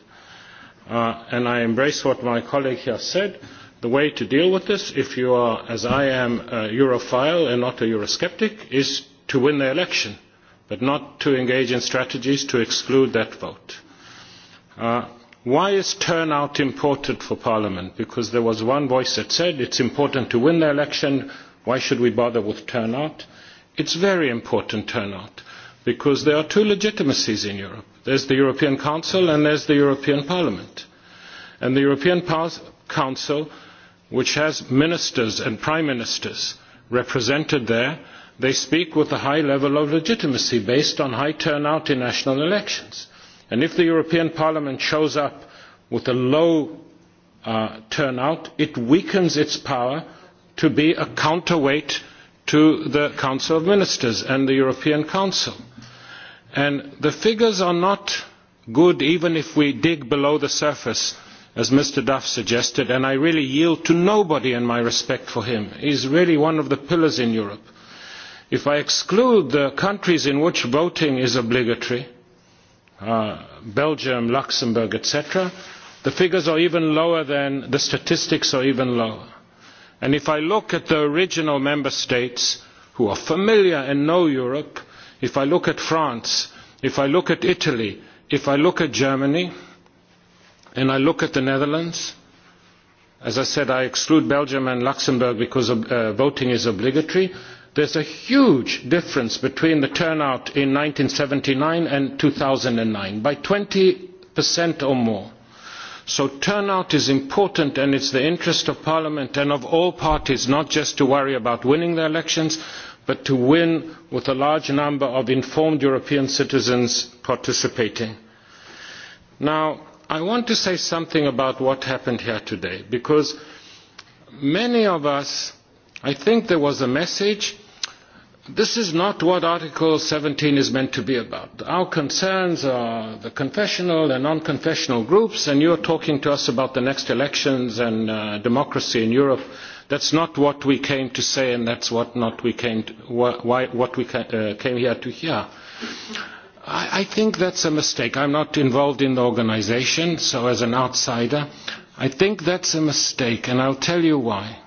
and I embrace what my colleague here said. The way to deal with this, if you are, as I am, a Europhile and not a Eurosceptic, is to win the election, but not to engage in strategies to exclude that vote. Uh, Why is turnout important for Parliament? Because there was one voice that said it's important to win the election, why should we bother with turnout? It's very important turnout because there are two legitimacies in Europe. There's the European Council and there's the European Parliament. And the European Council, which has ministers and prime ministers represented there, they speak with a high level of legitimacy based on high turnout in national elections if the european parliament shows up with a low turnout it weakens its power to be a counterweight to the council of ministers and the european council. the figures are not good even if we dig below the surface as mr duff suggested and i really yield to nobody in my respect for him he is really one of the pillars in europe if i exclude the countries in which voting is obligatory belgium luxembourg etc the figures are even lower than the statistics are even lower and if i look at the original member states who are familiar and know europe if i look at france if i look at italy if i look at germany and i look at the netherlands as i said i exclude belgium and luxembourg because voting is obligatory there is a huge difference between the turnout in one thousand nine hundred and seventy nine and two thousand and nine by twenty or more. so turnout is important and it is in the interest of parliament and of all parties not just to worry about winning the elections but to win with a large number of informed european citizens participating. i want to say something about what happened here today because many of us i think there was a message This is not what Article 17 is meant to be about. Our concerns are the confessional and non-confessional groups, and you're talking to us about the next elections and uh, democracy in Europe. That's not what we came to say, and that's what not we came to, why, what we uh, came here to hear. I, I think that's a mistake. I'm not involved in the organization, so as an outsider, I think that's a mistake, and I'll tell you why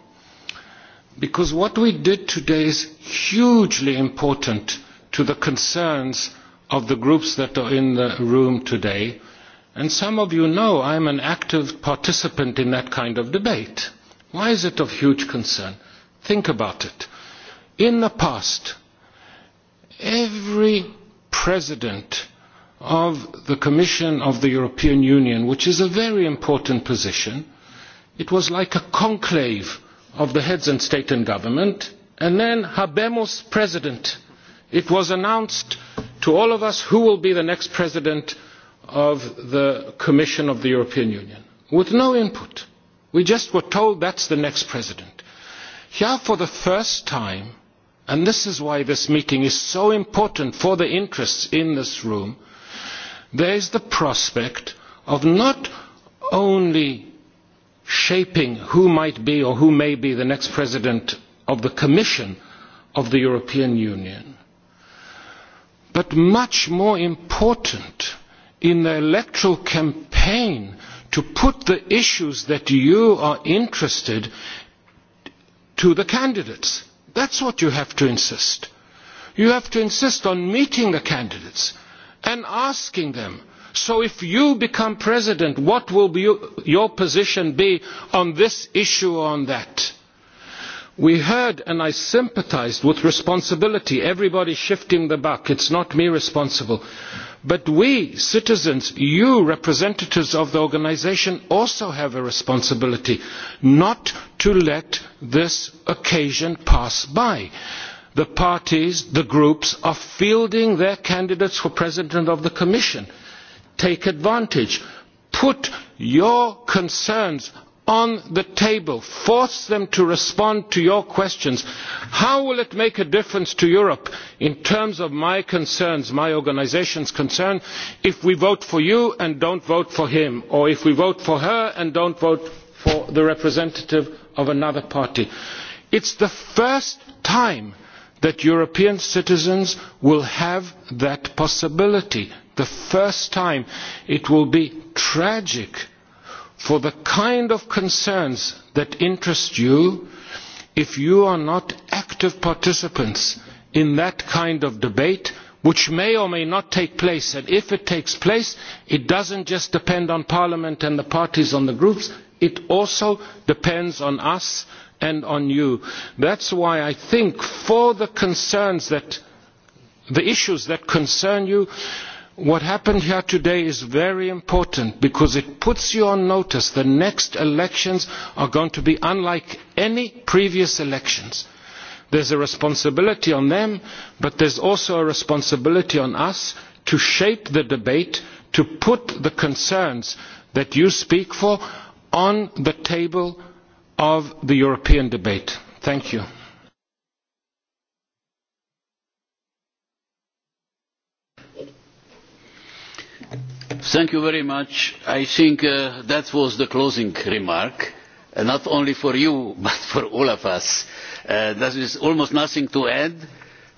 because what we did today is hugely important to the concerns of the groups that are in the room today. And some of you know I am an active participant in that kind of debate. Why is it of huge concern? Think about it. In the past, every president of the Commission of the European Union, which is a very important position, it was like a conclave of the heads of state and government, and then Habemos president. It was announced to all of us who will be the next president of the Commission of the European Union, with no input. We just were told that's the next president. Here, for the first time, and this is why this meeting is so important for the interests in this room, there is the prospect of not only shaping who might be or who may be the next president of the Commission of the European Union. But much more important in the electoral campaign to put the issues that you are interested to the candidates. That's what you have to insist. You have to insist on meeting the candidates and asking them so if you become president what will your position be on this issue or on that? we heard and i sympathised with responsibility everybody shifting the buck it is not me responsible but we citizens you representatives of the organisation also have a responsibility not to let this occasion pass by the parties the groups are fielding their candidates for president of the commission take advantage. Put your concerns on the table. Force them to respond to your questions. How will it make a difference to Europe in terms of my concerns, my organisation's concern, if we vote for you and don't vote for him, or if we vote for her and don't vote for the representative of another party? It is the first time that European citizens will have that possibility the first time. It will be tragic for the kind of concerns that interest you if you are not active participants in that kind of debate which may or may not take place and if it takes place it does not just depend on parliament and the parties on the groups it also depends on us and on you. That is why I think for the concerns that, the issues that concern you, what happened here today is very important because it puts you on notice the next elections are going to be unlike any previous elections. There is a responsibility on them, but there is also a responsibility on us to shape the debate, to put the concerns that you speak for on the table of the European debate. Thank you. Thank you very much. I think uh, that was the closing remark, uh, not only for you, but for all of us. Uh, is almost nothing to add.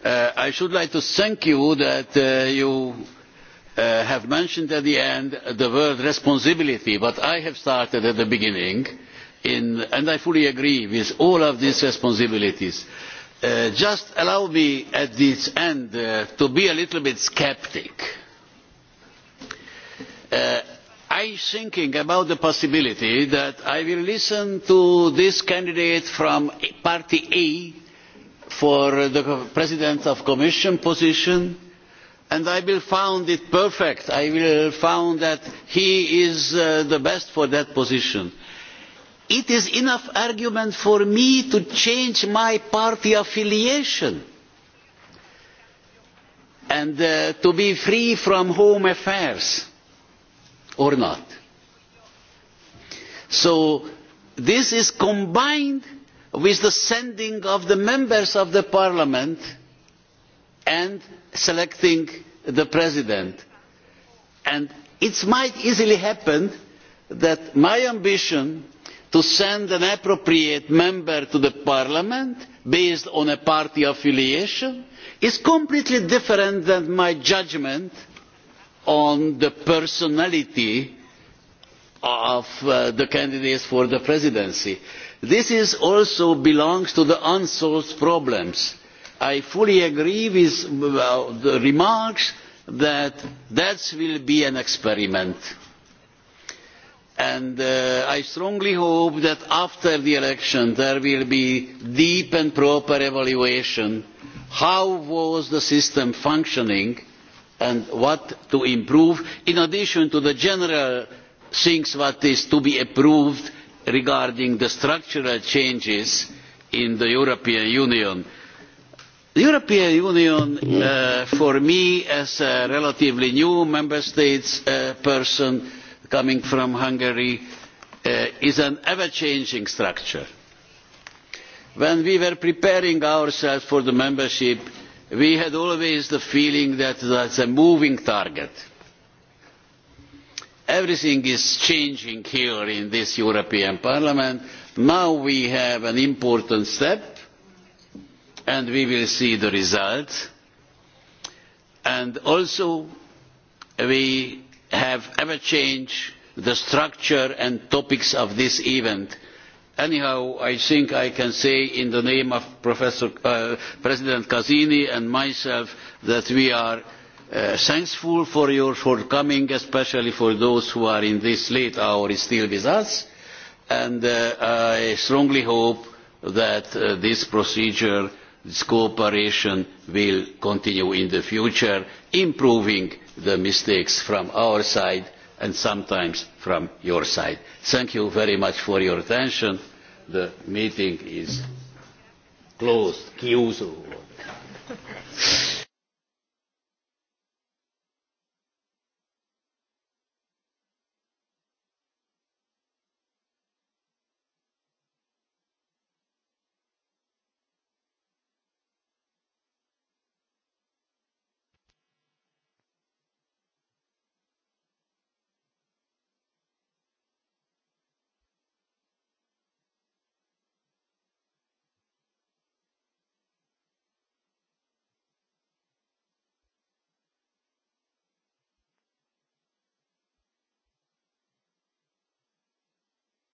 Uh, I should like to thank you that uh, you uh, have mentioned at the end the word responsibility, but I have started at the beginning in, and I fully agree with all of these responsibilities. just allow me at the end to be a little bit sceptic. I am thinking about the possibility that I will listen to this candidate from Party A for the President of the Commission position and I will find it perfect. I will find that he is the best for that position it is enough argument for me to change my party affiliation and to be free from home affairs or not. So this is combined with the sending of the members of the parliament and selecting the president. And it might easily happen that my ambition to send an appropriate member to parliament based on a party affiliation is completely different than my judgment on the personality of the candidates for the presidency. This also belongs to the unsolved problems. I fully agree with the remarks that this will be an experiment and i strongly hope that after the election there will be deep and proper evaluation of how the system was functioning and what to improve in addition to the general things that is to be approved regarding the structural changes in the european union. the european union for me as a relatively new member state person coming from Hungary is an ever-changing structure. When we were preparing ourselves for the membership, we had always the feeling that that's a moving target. Everything is changing here in this European Parliament. Now we have an important step, and we will see the results. And also, we have ever changed the structure and topics of this event. Anyhow, I think I can say in the name of President Casini and myself that we are thankful for your forthcoming, especially for those who are in this late hour still with us, and I strongly hope that this procedure, this cooperation will continue in the future, improving the mistakes from our side and sometimes from your side. Thank you very much for your attention. The meeting is closed.